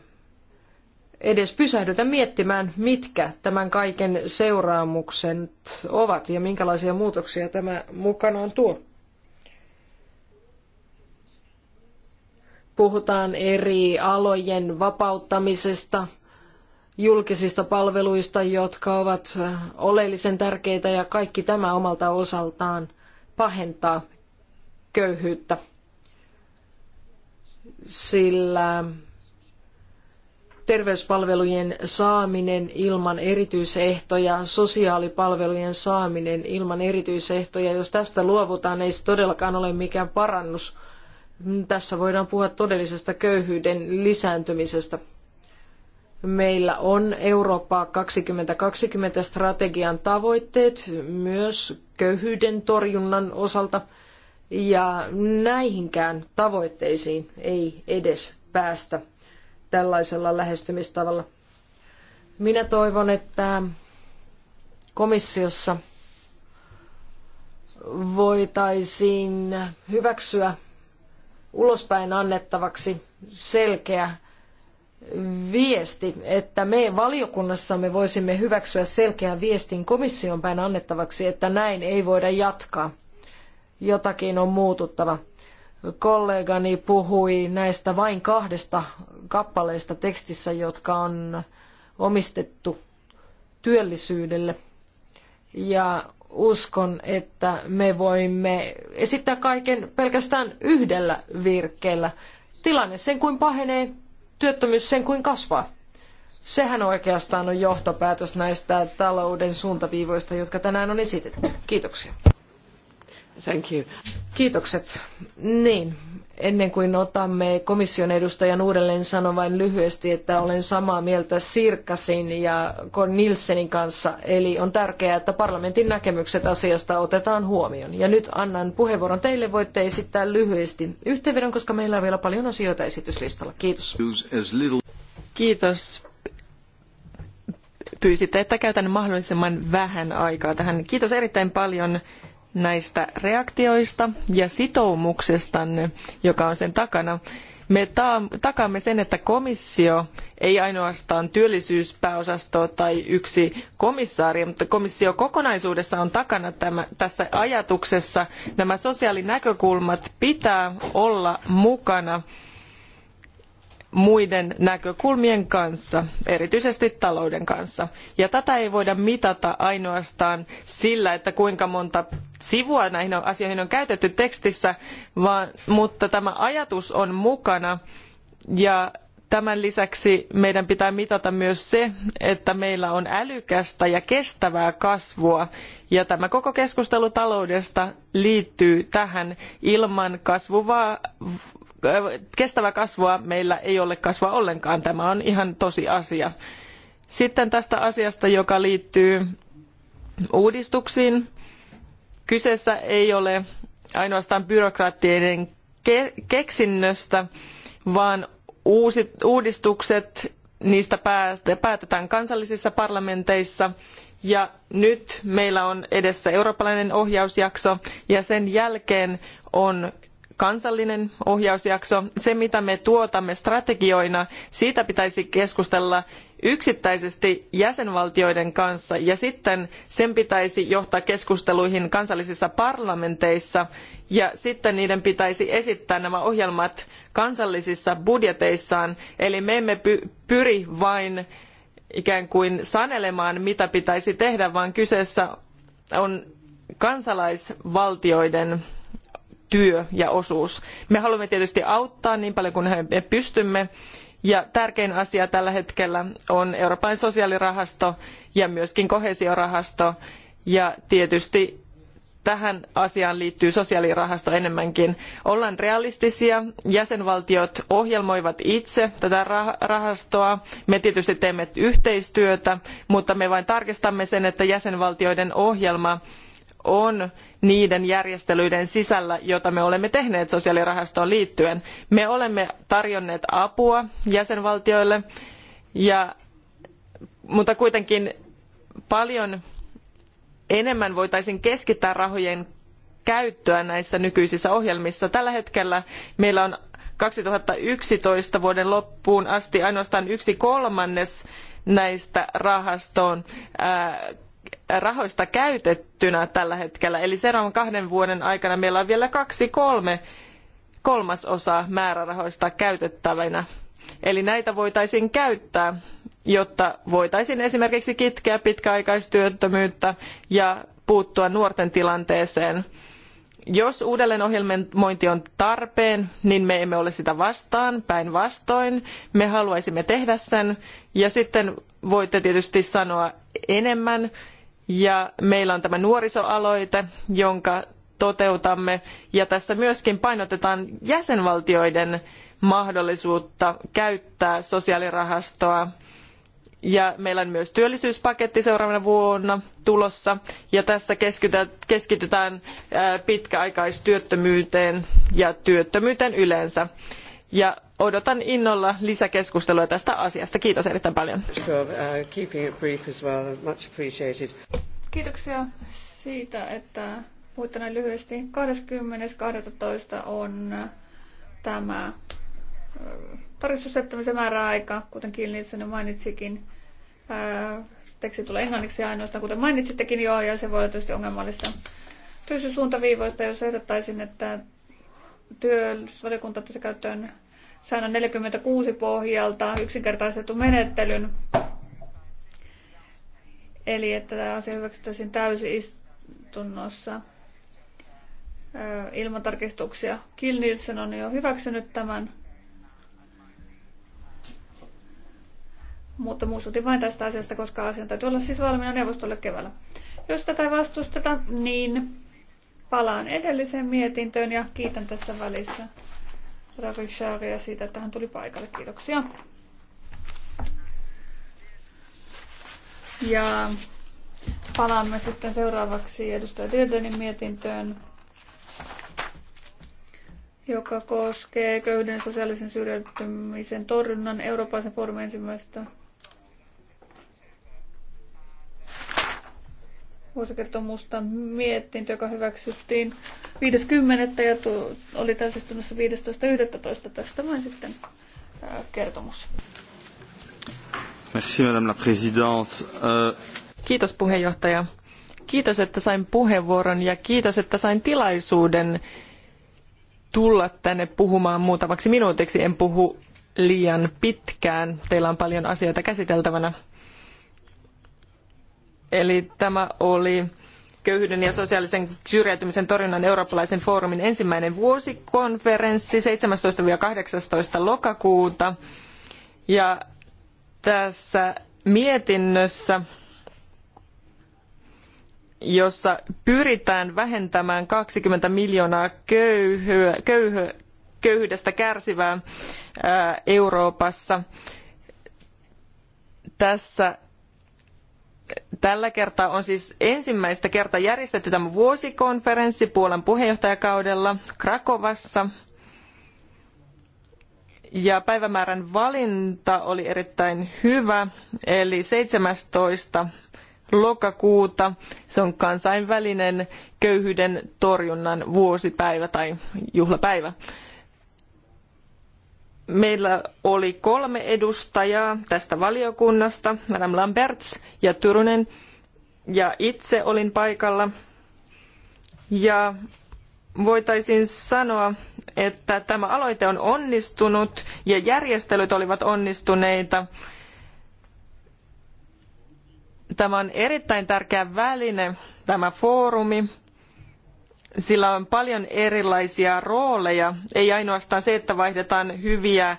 Speaker 2: edes pysähdytä miettimään, mitkä tämän kaiken seuraamukset ovat ja minkälaisia muutoksia tämä mukanaan tuo. Puhutaan eri alojen vapauttamisesta, julkisista palveluista, jotka ovat oleellisen tärkeitä ja kaikki tämä omalta osaltaan pahentaa köyhyyttä. Sillä terveyspalvelujen saaminen ilman erityisehtoja, sosiaalipalvelujen saaminen ilman erityisehtoja. Jos tästä luovutaan, ei se todellakaan ole mikään parannus. Tässä voidaan puhua todellisesta köyhyyden lisääntymisestä. Meillä on Eurooppa 2020 strategian tavoitteet myös köyhyyden torjunnan osalta ja näihinkään tavoitteisiin ei edes päästä tällaisella lähestymistavalla. Minä toivon, että komissiossa voitaisiin hyväksyä ulospäin annettavaksi selkeä viesti, että me valiokunnassamme voisimme hyväksyä selkeän viestin komission päin annettavaksi, että näin ei voida jatkaa. Jotakin on muututtava kollegani puhui näistä vain kahdesta kappaleesta tekstissä, jotka on omistettu työllisyydelle. Ja uskon, että me voimme esittää kaiken pelkästään yhdellä virkkeellä. Tilanne sen kuin pahenee, työttömyys sen kuin kasvaa. Sehän oikeastaan on johtopäätös näistä talouden suuntaviivoista, jotka tänään on esitetty. Kiitoksia. Thank you. Kiitokset. Niin, ennen kuin otamme komission edustajan uudelleen, sanon vain lyhyesti, että olen samaa mieltä Sirkasin ja Kon Nilsenin kanssa. Eli on tärkeää, että parlamentin näkemykset asiasta otetaan huomioon. Ja nyt annan puheenvuoron teille. Voitte esittää lyhyesti yhteenvedon, koska meillä on vielä paljon asioita
Speaker 3: esityslistalla. Kiitos. Kiitos. Pyysitte, että käytän mahdollisimman vähän aikaa tähän. Kiitos erittäin paljon näistä reaktioista ja sitoumuksestanne, joka on sen takana. Me takaamme sen, että komissio, ei ainoastaan työllisyyspääosasto tai yksi komissaari, mutta komissio kokonaisuudessaan on takana tämä, tässä ajatuksessa. Nämä sosiaalinäkökulmat pitää olla mukana muiden näkökulmien kanssa, erityisesti talouden kanssa. Ja tätä ei voida mitata ainoastaan sillä, että kuinka monta sivua näihin asioihin on käytetty tekstissä, vaan, mutta tämä ajatus on mukana ja tämän lisäksi meidän pitää mitata myös se, että meillä on älykästä ja kestävää kasvua. Ja tämä koko keskustelu taloudesta liittyy tähän ilman kasvuvaa kestävää kasvua meillä ei ole kasvaa ollenkaan. Tämä on ihan tosi asia. Sitten tästä asiasta, joka liittyy uudistuksiin. Kyseessä ei ole ainoastaan byrokraattien keksinnöstä, vaan uusit, uudistukset, niistä päätetään kansallisissa parlamenteissa ja nyt meillä on edessä eurooppalainen ohjausjakso ja sen jälkeen on kansallinen ohjausjakso. Se, mitä me tuotamme strategioina, siitä pitäisi keskustella yksittäisesti jäsenvaltioiden kanssa ja sitten sen pitäisi johtaa keskusteluihin kansallisissa parlamenteissa ja sitten niiden pitäisi esittää nämä ohjelmat kansallisissa budjeteissaan. Eli me emme pyri vain ikään kuin sanelemaan, mitä pitäisi tehdä, vaan kyseessä on kansalaisvaltioiden työ ja osuus. Me haluamme tietysti auttaa niin paljon kuin me pystymme ja tärkein asia tällä hetkellä on Euroopan sosiaalirahasto ja myöskin koheesiorahasto ja tietysti tähän asiaan liittyy sosiaalirahasto enemmänkin. Ollaan realistisia, jäsenvaltiot ohjelmoivat itse tätä rahastoa, me tietysti teemme yhteistyötä, mutta me vain tarkistamme sen, että jäsenvaltioiden ohjelma on niiden järjestelyiden sisällä, joita me olemme tehneet sosiaalirahastoon liittyen. Me olemme tarjonneet apua jäsenvaltioille, mutta kuitenkin paljon enemmän voitaisiin keskittää rahojen käyttöä näissä nykyisissä ohjelmissa. Tällä hetkellä meillä on 2011 vuoden loppuun asti ainoastaan yksi kolmannes näistä rahastoon rahoista käytettynä tällä hetkellä. Eli seuraavan kahden vuoden aikana meillä on vielä kaksi kolme kolmasosaa määrärahoista käytettävänä. Eli näitä voitaisiin käyttää, jotta voitaisiin esimerkiksi kitkeä pitkäaikaistyöttömyyttä ja puuttua nuorten tilanteeseen. Jos uudelleenohjelmointi on tarpeen, niin me emme ole sitä vastaan, päinvastoin. Me haluaisimme tehdä sen ja sitten voitte tietysti sanoa enemmän ja meillä on tämä nuorisoaloite, jonka toteutamme. Ja tässä myöskin painotetaan jäsenvaltioiden mahdollisuutta käyttää sosiaalirahastoa. Ja meillä on myös työllisyyspaketti seuraavana vuonna tulossa. Ja tässä keskitytään pitkäaikaistyöttömyyteen ja työttömyyteen yleensä. Ja odotan innolla lisäkeskustelua tästä asiasta. Kiitos erittäin paljon.
Speaker 1: Uh,
Speaker 4: Kiitoksia siitä, että puhuitte näin lyhyesti. 20.12. on uh, tämä uh, tarkistustettämisen määräaika, kuten Kilnilsen jo mainitsikin. Teksti tulee englanniksi ainoastaan, kuten mainitsittekin jo, ja se voi olla tietysti ongelmallista. Työllisyyssuuntaviivoista, jos ehdottaisin, että työvaliokunta ottaisi käyttöön 146 pohjalta yksinkertaistettu menettelyn. Eli että tämä asia hyväksyttäisiin täysistunnossa ilman tarkistuksia. Kill Nielsen on jo hyväksynyt tämän, mutta muistutin vain tästä asiasta, koska asian täytyy olla siis valmiina neuvostolle keväällä. Jos tätä vastusteta, niin palaan edelliseen mietintöön ja kiitän tässä välissä Ravisharia siitä, että hän tuli paikalle. Kiitoksia. Ja palaamme sitten seuraavaksi edustaja Dirdenin mietintöön, joka koskee köyhyyden sosiaalisen syrjäytymisen torjunnan Euroopan foorumin ensimmäistä vuosikertomusta mietintö, joka hyväksyttiin 50. ja tu- oli täysistunnossa 15.11. Tästä vain sitten
Speaker 3: kertomus.
Speaker 1: Merci, Madame la Présidente. Euh,
Speaker 3: kiitos puheenjohtaja. Kiitos, että sain puheenvuoron ja kiitos, että sain tilaisuuden tulla tänne puhumaan muutamaksi minuutiksi. En puhu liian pitkään. Teillä on paljon asioita käsiteltävänä. Eli tämä oli köyhyyden ja sosiaalisen syrjäytymisen torjunnan eurooppalaisen foorumin ensimmäinen vuosikonferenssi 17-18 lokakuuta. Ja tässä mietinnössä, jossa pyritään vähentämään 20 miljoonaa köyhyä, köyhy, köyhyydestä kärsivää Euroopassa, tässä tällä kertaa on siis ensimmäistä kertaa järjestetty tämä vuosikonferenssi Puolan puheenjohtajakaudella Krakovassa. Ja päivämäärän valinta oli erittäin hyvä, eli 17 lokakuuta. Se on kansainvälinen köyhyyden torjunnan vuosipäivä tai juhlapäivä meillä oli kolme edustajaa tästä valiokunnasta, Madame Lamberts ja Turunen, ja itse olin paikalla. Ja voitaisiin sanoa, että tämä aloite on onnistunut ja järjestelyt olivat onnistuneita. Tämä on erittäin tärkeä väline, tämä foorumi, sillä on paljon erilaisia rooleja. Ei ainoastaan se, että vaihdetaan hyviä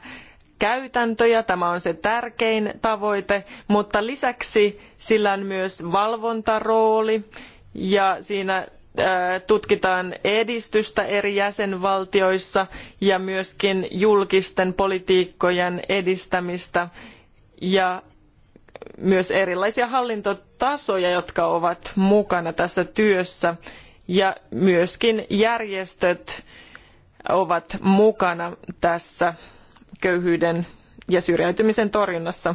Speaker 3: käytäntöjä, tämä on se tärkein tavoite, mutta lisäksi sillä on myös valvontarooli ja siinä tutkitaan edistystä eri jäsenvaltioissa ja myöskin julkisten politiikkojen edistämistä ja myös erilaisia hallintotasoja, jotka ovat mukana tässä työssä ja myöskin järjestöt ovat mukana tässä köyhyyden ja syrjäytymisen torjunnassa.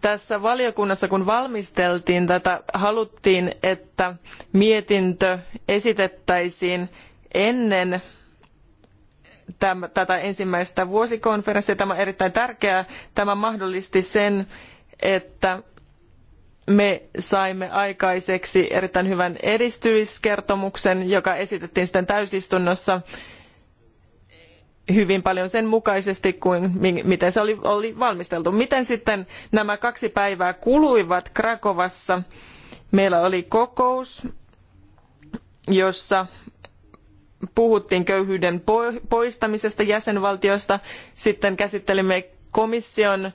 Speaker 3: Tässä valiokunnassa, kun valmisteltiin tätä, haluttiin, että mietintö esitettäisiin ennen tätä ensimmäistä vuosikonferenssia. Tämä on erittäin tärkeää. Tämä mahdollisti sen, että me saimme aikaiseksi erittäin hyvän edistymiskertomuksen, joka esitettiin sitten täysistunnossa hyvin paljon sen mukaisesti kuin miten se oli, oli valmisteltu. Miten sitten nämä kaksi päivää kuluivat Krakovassa? Meillä oli kokous, jossa puhuttiin köyhyyden poistamisesta jäsenvaltioista. Sitten käsittelimme komission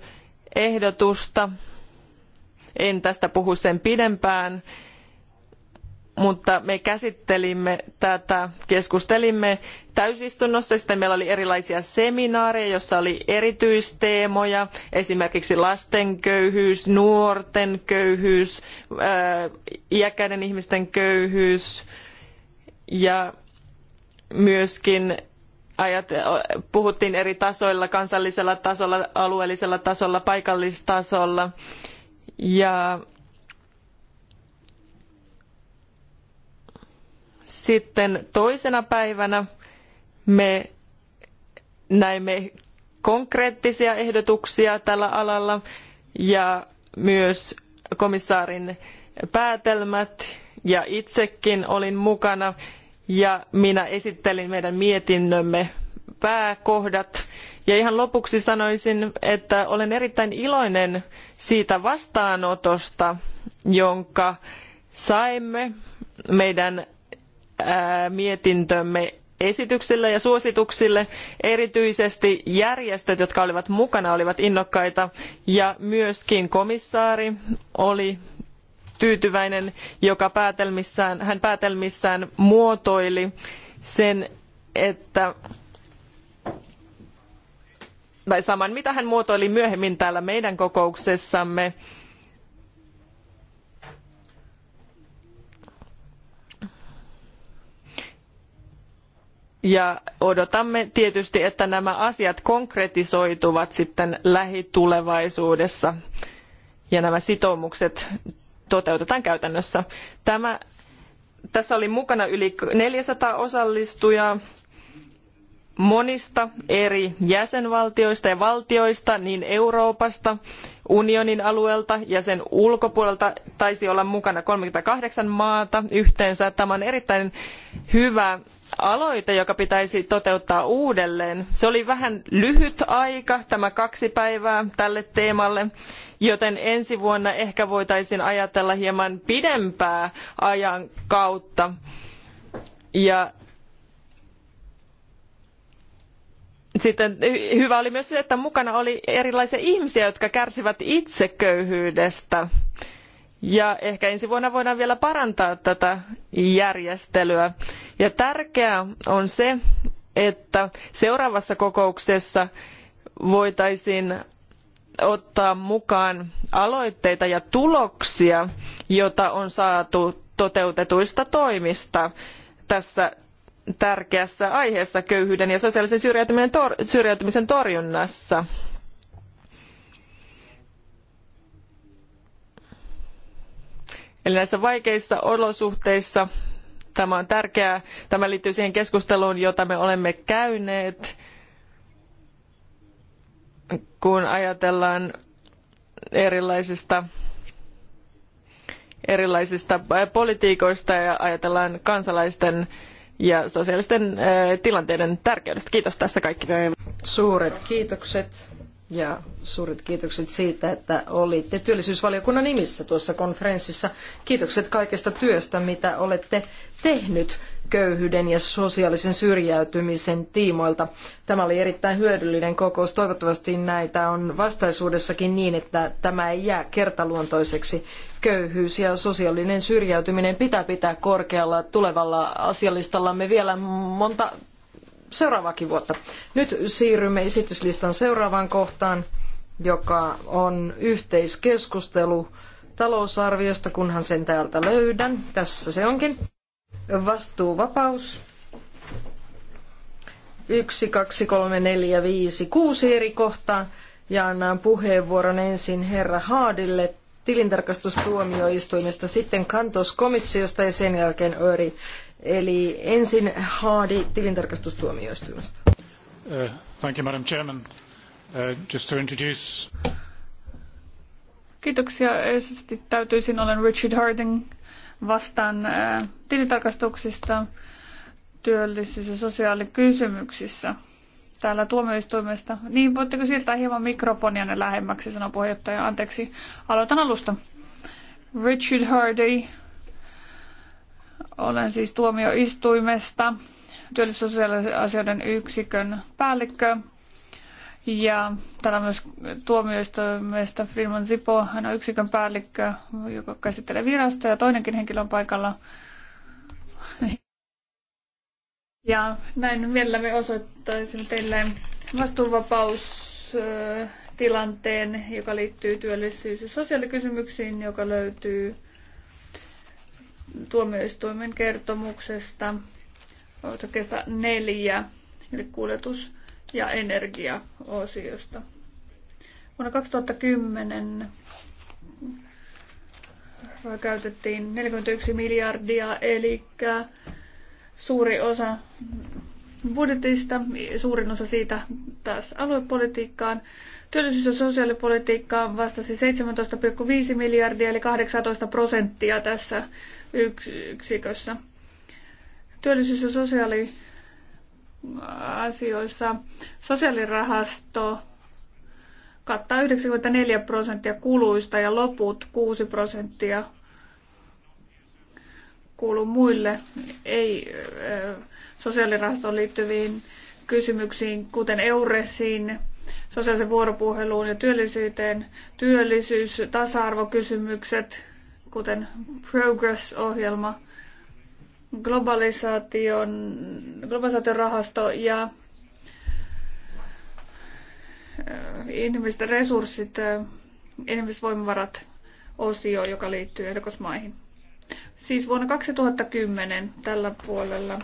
Speaker 3: ehdotusta en tästä puhu sen pidempään, mutta me käsittelimme tätä, keskustelimme täysistunnossa. Sitten meillä oli erilaisia seminaareja, joissa oli erityisteemoja, esimerkiksi lasten köyhyys, nuorten köyhyys, ää, äh, iäkkäiden ihmisten köyhyys ja myöskin puhuttiin eri tasoilla, kansallisella tasolla, alueellisella tasolla, paikallistasolla. tasolla ja sitten toisena päivänä me näimme konkreettisia ehdotuksia tällä alalla ja myös komissaarin päätelmät ja itsekin olin mukana ja minä esittelin meidän mietinnömme pääkohdat ja ihan lopuksi sanoisin, että olen erittäin iloinen siitä vastaanotosta, jonka saimme meidän mietintömme esityksille ja suosituksille. Erityisesti järjestöt, jotka olivat mukana, olivat innokkaita ja myöskin komissaari oli tyytyväinen, joka päätelmissään, hän päätelmissään muotoili sen, että tai saman, mitä hän muotoili myöhemmin täällä meidän kokouksessamme. Ja odotamme tietysti, että nämä asiat konkretisoituvat sitten lähitulevaisuudessa ja nämä sitoumukset toteutetaan käytännössä. Tämä, tässä oli mukana yli 400 osallistujaa monista eri jäsenvaltioista ja valtioista, niin Euroopasta, unionin alueelta ja sen ulkopuolelta taisi olla mukana 38 maata yhteensä. Tämä on erittäin hyvä aloite, joka pitäisi toteuttaa uudelleen. Se oli vähän lyhyt aika, tämä kaksi päivää tälle teemalle, joten ensi vuonna ehkä voitaisiin ajatella hieman pidempää ajan kautta. Ja sitten hyvä oli myös se, että mukana oli erilaisia ihmisiä, jotka kärsivät itse köyhyydestä. Ja ehkä ensi vuonna voidaan vielä parantaa tätä järjestelyä. Ja tärkeää on se, että seuraavassa kokouksessa voitaisiin ottaa mukaan aloitteita ja tuloksia, joita on saatu toteutetuista toimista tässä tärkeässä aiheessa köyhyyden ja sosiaalisen syrjäytymisen, tor syrjäytymisen torjunnassa. Eli näissä vaikeissa olosuhteissa tämä on tärkeää. Tämä liittyy siihen keskusteluun, jota me olemme käyneet, kun ajatellaan erilaisista erilaisista politiikoista ja ajatellaan kansalaisten ja sosiaalisten eh, tilanteiden tärkeydestä. Kiitos tässä kaikki. Suuret kiitokset ja suuret
Speaker 2: kiitokset siitä, että olitte työllisyysvaliokunnan nimissä tuossa konferenssissa. Kiitokset kaikesta työstä, mitä olette tehnyt köyhyyden ja sosiaalisen syrjäytymisen tiimoilta. Tämä oli erittäin hyödyllinen kokous. Toivottavasti näitä on vastaisuudessakin niin, että tämä ei jää kertaluontoiseksi. Köyhyys ja sosiaalinen syrjäytyminen pitää pitää korkealla tulevalla asialistallamme vielä monta seuraavaakin vuotta. Nyt siirrymme esityslistan seuraavaan kohtaan, joka on yhteiskeskustelu talousarviosta, kunhan sen täältä löydän. Tässä se onkin. Vastuuvapaus. Yksi, kaksi, kolme, neljä, viisi, kuusi eri kohtaa. Ja annan puheenvuoron ensin herra Haadille tilintarkastustuomioistuimesta, sitten kantos komissiosta ja sen jälkeen Öri Eli ensin Haadi tilintarkastustuomioistuimesta.
Speaker 4: Uh, thank you, Madam Chairman. Uh, just to introduce... Kiitoksia. Ensisesti täytyisin olen Richard Harding vastaan uh, tilintarkastuksista työllisyys- ja sosiaalikysymyksissä täällä tuomioistuimesta. Niin, voitteko siirtää hieman mikrofonianne lähemmäksi, sanoi puheenjohtaja. Anteeksi, aloitan alusta. Richard Hardy, olen siis tuomioistuimesta työllisyysasioiden yksikön päällikkö. Ja täällä on myös tuomioistuimesta Freeman Zipo, hän on yksikön päällikkö, joka käsittelee virastoja. Toinenkin henkilö on paikalla. Ja näin mielellämme osoittaisin teille vastuunvapaustilanteen, joka liittyy työllisyys- ja sosiaalikysymyksiin, joka löytyy tuomioistuimen kertomuksesta oikeastaan neljä, eli kuljetus- ja energiaosiosta. Vuonna 2010 käytettiin 41 miljardia, eli suuri osa budjetista, suurin osa siitä taas aluepolitiikkaan. Työllisyys- ja sosiaalipolitiikkaan vastasi 17,5 miljardia, eli 18 prosenttia tässä yksikössä. Työllisyys- ja sosiaaliasioissa sosiaalirahasto kattaa 94 prosenttia kuluista ja loput 6 prosenttia kuuluu muille ei sosiaalirahastoon liittyviin kysymyksiin, kuten Euresiin, sosiaalisen vuoropuheluun ja työllisyyteen, työllisyys, tasa-arvokysymykset, kuten Progress-ohjelma, globalisaation, globalisaation rahasto ja äh, ihmisten resurssit, äh, ihmisten voimavarat osio, joka liittyy ehdokasmaihin. Siis vuonna 2010 tällä puolella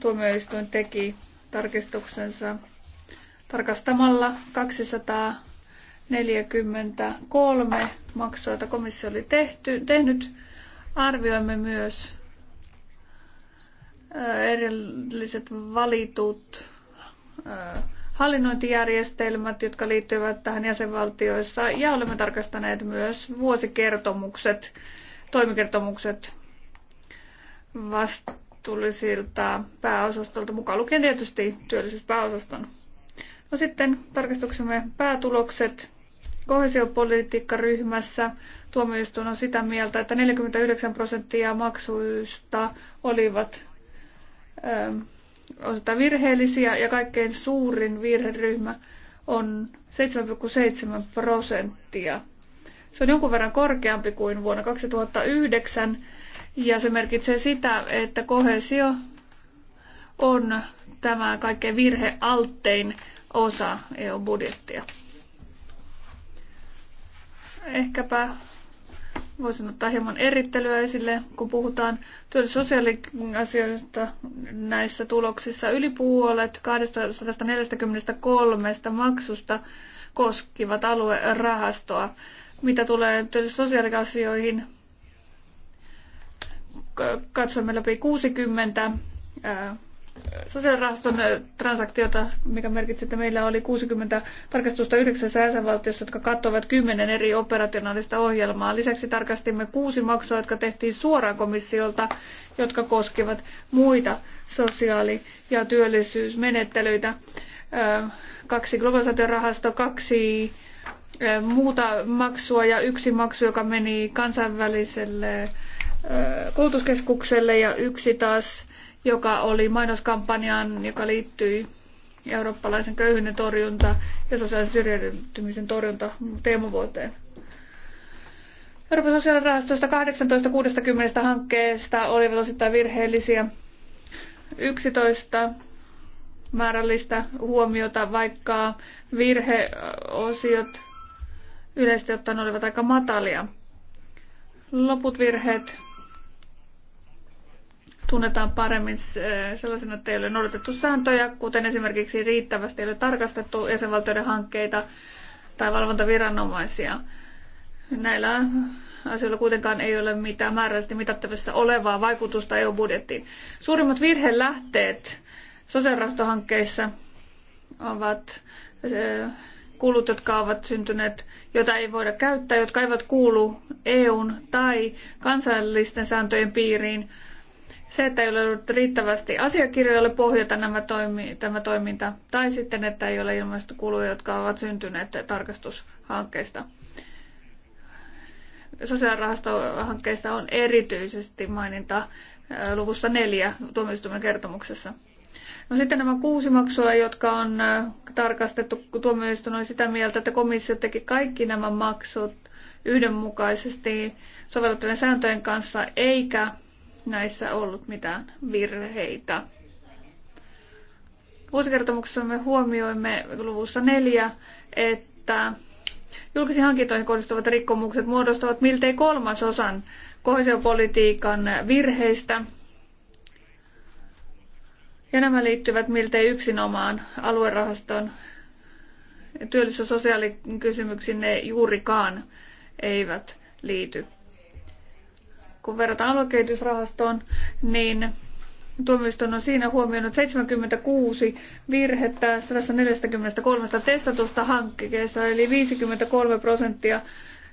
Speaker 4: tuomioistuin teki tarkistuksensa tarkastamalla 200 43 maksua, komissio oli tehty, tehnyt. Arvioimme myös erilliset valitut hallinnointijärjestelmät, jotka liittyvät tähän jäsenvaltioissa, ja olemme tarkastaneet myös vuosikertomukset, toimikertomukset vastuullisilta pääosastolta, mukaan lukien tietysti työllisyyspääosaston. No sitten tarkastuksemme päätulokset. Kohesiopolitiikkaryhmässä tuomioistuin on sitä mieltä, että 49 prosenttia maksuista olivat ähm, osittain virheellisiä ja kaikkein suurin virheryhmä on 7,7 prosenttia. Se on jonkun verran korkeampi kuin vuonna 2009 ja se merkitsee sitä, että kohesio on tämä kaikkein virhealttein osa EU-budjettia. Ehkäpä voisin ottaa hieman erittelyä esille, kun puhutaan työllisyys- sosiaaliasioista näissä tuloksissa. Yli puolet 243 maksusta koskivat aluerahastoa. Mitä tulee työllisyys- sosiaaliasioihin, katsoimme läpi 60 sosiaalirahaston eh, transaktiota, mikä merkitsi, että meillä oli 60 tarkastusta yhdeksässä jäsenvaltiossa, jotka katsoivat kymmenen eri operationaalista ohjelmaa. Lisäksi tarkastimme kuusi maksua, jotka tehtiin suoraan komissiolta, jotka koskivat muita sosiaali- ja työllisyysmenettelyitä. Eh, kaksi globalisaatiorahasto, kaksi eh, muuta maksua ja yksi maksu, joka meni kansainväliselle koulutuskeskukselle ja yksi taas joka oli mainoskampanjaan, joka liittyi eurooppalaisen köyhyyden torjunta ja sosiaalisen syrjäytymisen torjunta teemavuoteen. Euroopan sosiaalirahastosta 18-60 hankkeesta oli osittain virheellisiä. 11 määrällistä huomiota, vaikka virheosiot yleisesti ottaen olivat aika matalia. Loput virheet tunnetaan paremmin sellaisena, että ei ole noudatettu sääntöjä, kuten esimerkiksi riittävästi ei ole tarkastettu jäsenvaltioiden hankkeita tai valvontaviranomaisia. Näillä asioilla kuitenkaan ei ole mitään määräisesti mitattavissa olevaa vaikutusta EU-budjettiin. Suurimmat virhelähteet sosiaalirahastohankkeissa ovat kulut, jotka ovat syntyneet, joita ei voida käyttää, jotka eivät kuulu EUn tai kansallisten sääntöjen piiriin – se, että ei ole ollut riittävästi asiakirjoille pohjata nämä toimi, tämä toiminta, tai sitten, että ei ole ilmaistu kuluja, jotka ovat syntyneet tarkastushankkeista. Sosiaalirahastohankkeista on erityisesti maininta äh, luvussa neljä tuomioistuimen kertomuksessa. No sitten nämä kuusi maksua, jotka on äh, tarkastettu, tuomioistuin on sitä mieltä, että komissio teki kaikki nämä maksut yhdenmukaisesti sovellettujen sääntöjen kanssa, eikä näissä ollut mitään virheitä. Vuosikertomuksessamme huomioimme luvussa neljä, että julkisiin hankintoihin kohdistuvat rikkomukset muodostavat miltei kolmasosan kohesiopolitiikan virheistä. Ja nämä liittyvät miltei yksinomaan aluerahaston työllisyys- ja sosiaalikysymyksiin ne juurikaan eivät liity kun verrataan aluekehitysrahastoon, niin tuomioistuin on siinä huomioinut 76 virhettä 143 testatusta hankkeessa, eli 53 prosenttia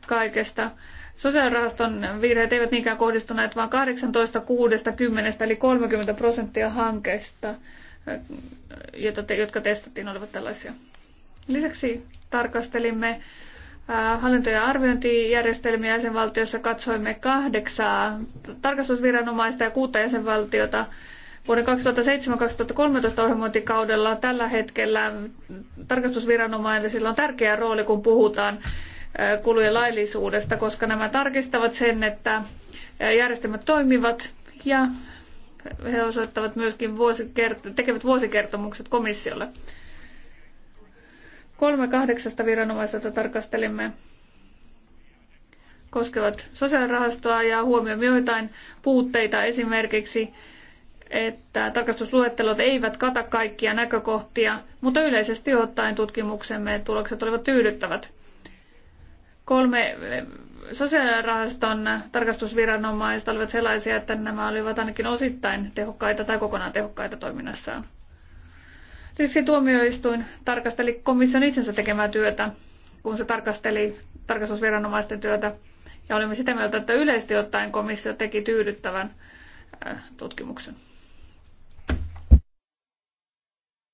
Speaker 4: kaikesta. Sosiaalirahaston virheet eivät niinkään kohdistuneet, vaan 18 60, eli 30 prosenttia hankkeista, jotka testattiin, olivat tällaisia. Lisäksi tarkastelimme hallinto- ja arviointijärjestelmiä jäsenvaltiossa katsoimme kahdeksaa tarkastusviranomaista ja kuutta jäsenvaltiota vuoden 2007-2013 ohjelmointikaudella. Tällä hetkellä tarkastusviranomaisilla on tärkeä rooli, kun puhutaan kulujen laillisuudesta, koska nämä tarkistavat sen, että järjestelmät toimivat ja he osoittavat myöskin vuosikert- tekevät vuosikertomukset komissiolle. Kolme kahdeksasta viranomaisesta tarkastelimme koskevat sosiaalirahastoa ja huomioimme joitain puutteita esimerkiksi, että tarkastusluettelot eivät kata kaikkia näkökohtia, mutta yleisesti ottaen tutkimuksemme tulokset olivat tyydyttävät. Kolme eh, sosiaalirahaston tarkastusviranomaista olivat sellaisia, että nämä olivat ainakin osittain tehokkaita tai kokonaan tehokkaita toiminnassaan. Siksi tuomioistuin tarkasteli komission itsensä tekemää työtä, kun se tarkasteli tarkastusviranomaisten työtä. Ja olimme sitä mieltä, että yleisesti ottaen komissio teki tyydyttävän äh, tutkimuksen.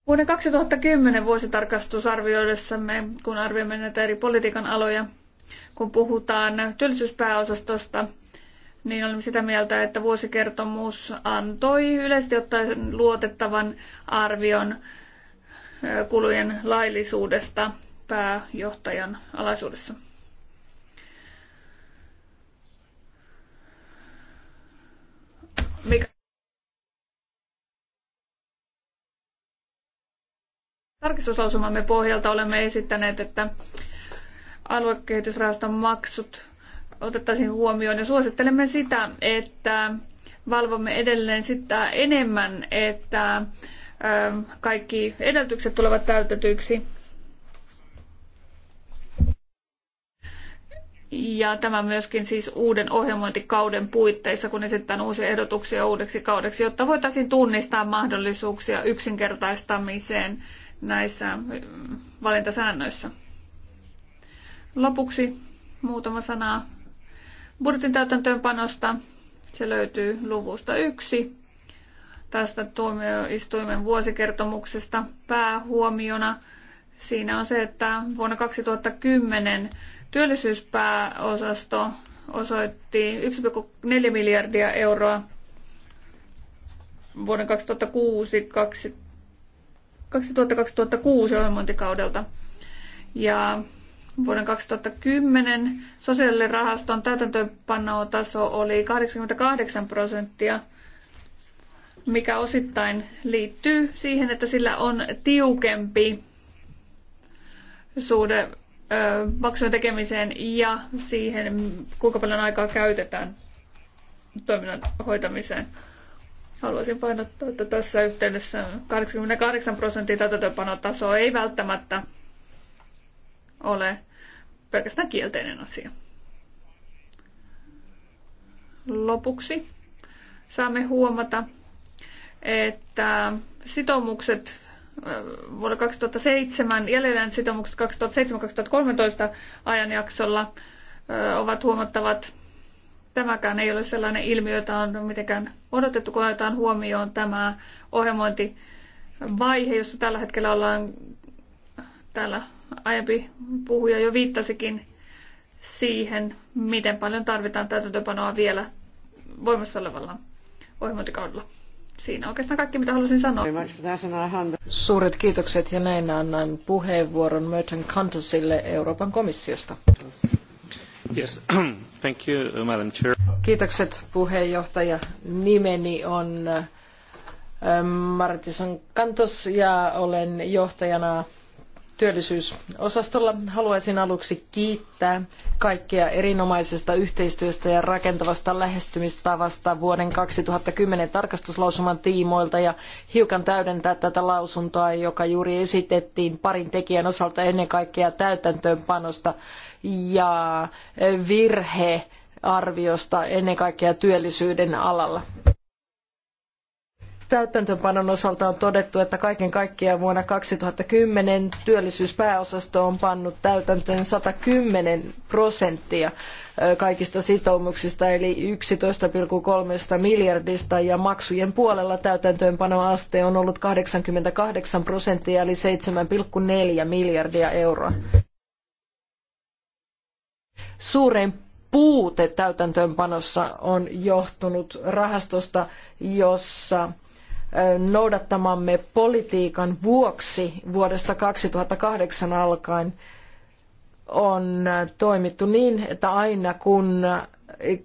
Speaker 4: Vuoden 2010 vuositarkastusarvioidessamme, kun arvioimme näitä eri politiikan aloja, kun puhutaan työllisyyspääosastosta, niin olimme sitä mieltä, että vuosikertomus antoi yleisesti ottaen luotettavan arvion kulujen laillisuudesta pääjohtajan alaisuudessa. Mikä tarkistuslausumamme pohjalta olemme esittäneet, että aluekehitysrahaston maksut otettaisiin huomioon ja suosittelemme sitä, että valvomme edelleen sitä enemmän, että Ähm, kaikki edellytykset tulevat täytetyiksi. Ja tämä myöskin siis uuden ohjelmointikauden puitteissa, kun esitetään uusia ehdotuksia uudeksi kaudeksi, jotta voitaisiin tunnistaa mahdollisuuksia yksinkertaistamiseen näissä mm, valintasäännöissä. Lopuksi muutama sana budjetin täytäntöönpanosta. Se löytyy luvusta yksi tästä tuomioistuimen vuosikertomuksesta päähuomiona. Siinä on se, että vuonna 2010 työllisyyspääosasto osoitti 1,4 miljardia euroa vuoden 2006, 2000-2006 ohjelmointikaudelta. Ja vuoden 2010 sosiaalirahaston täytäntöönpanotaso oli 88 prosenttia – mikä osittain liittyy siihen, että sillä on tiukempi suhde maksujen tekemiseen ja siihen, kuinka paljon aikaa käytetään toiminnan hoitamiseen. Haluaisin painottaa, että tässä yhteydessä 88 prosentin täytäntöönpanotaso ei välttämättä ole pelkästään kielteinen asia. Lopuksi saamme huomata, että sitoumukset äh, vuonna 2007, jäljellä sitoumukset 2007-2013 ajanjaksolla äh, ovat huomattavat. Tämäkään ei ole sellainen ilmiö, jota on mitenkään odotettu, kun otetaan huomioon tämä ohjelmointivaihe, jossa tällä hetkellä ollaan täällä aiempi puhuja jo viittasikin siihen, miten paljon tarvitaan täytäntöpanoa vielä voimassa olevalla ohjelmointikaudella. Siinä oikeastaan kaikki, mitä halusin sanoa.
Speaker 2: Suuret kiitokset ja näin annan puheenvuoron Merton Kantosille Euroopan
Speaker 5: komissiosta. Yes. Thank you, Madam Chair.
Speaker 2: Kiitokset puheenjohtaja. Nimeni on ähm, Martison Kantos ja olen johtajana työllisyysosastolla. Haluaisin aluksi kiittää kaikkia erinomaisesta yhteistyöstä ja rakentavasta lähestymistavasta vuoden 2010 tarkastuslausuman tiimoilta ja hiukan täydentää tätä lausuntoa, joka juuri esitettiin parin tekijän osalta ennen kaikkea täytäntöönpanosta ja virhearviosta ennen kaikkea työllisyyden alalla. Täytäntöönpanon osalta on todettu, että kaiken kaikkiaan vuonna 2010 työllisyyspääosasto on pannut täytäntöön 110 prosenttia kaikista sitoumuksista, eli 11,3 miljardista, ja maksujen puolella täytäntöönpanoaste on ollut 88 prosenttia, eli 7,4 miljardia euroa. Suurin puute täytäntöönpanossa on johtunut rahastosta, jossa noudattamamme politiikan vuoksi vuodesta 2008 alkaen on toimittu niin, että aina kun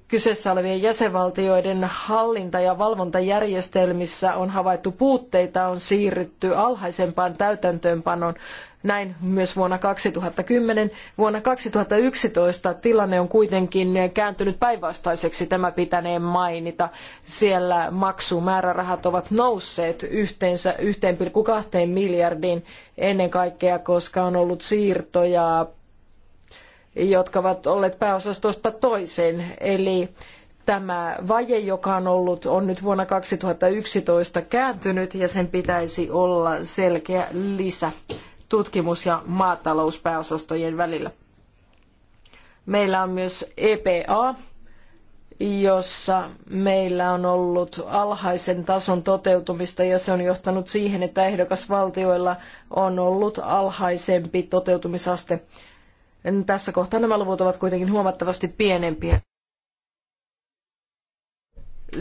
Speaker 2: kyseessä olevien jäsenvaltioiden hallinta- ja valvontajärjestelmissä on havaittu puutteita, on siirrytty alhaisempaan täytäntöönpanon näin myös vuonna 2010. Vuonna 2011 tilanne on kuitenkin kääntynyt päinvastaiseksi, tämä pitäneen mainita. Siellä maksumäärärahat ovat nousseet yhteensä 1,2 miljardin ennen kaikkea, koska on ollut siirtoja, jotka ovat olleet pääosastosta toiseen. Eli tämä vaje, joka on ollut, on nyt vuonna 2011 kääntynyt ja sen pitäisi olla selkeä lisä tutkimus- ja maatalouspääosastojen välillä. Meillä on myös EPA, jossa meillä on ollut alhaisen tason toteutumista ja se on johtanut siihen, että ehdokasvaltioilla on ollut alhaisempi toteutumisaste. Tässä kohtaa nämä luvut ovat kuitenkin huomattavasti pienempiä.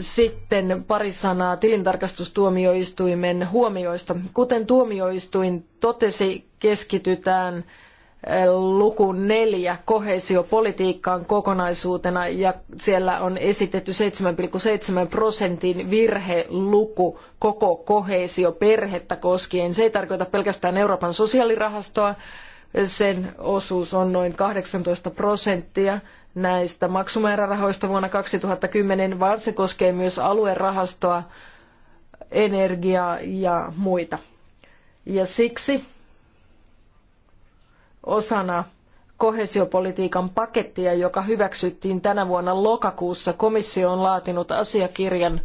Speaker 2: Sitten pari sanaa tilintarkastustuomioistuimen huomioista. Kuten tuomioistuin totesi, keskitytään eh, luku neljä koheesiopolitiikkaan kokonaisuutena ja siellä on esitetty 7,7 prosentin virheluku koko koheesioperhettä koskien. Se ei tarkoita pelkästään Euroopan sosiaalirahastoa, sen osuus on noin 18 prosenttia näistä maksumäärärahoista vuonna 2010, vaan se koskee myös aluerahastoa, energiaa ja muita. Ja siksi osana koheesiopolitiikan pakettia, joka hyväksyttiin tänä vuonna lokakuussa, komissio on laatinut asiakirjan,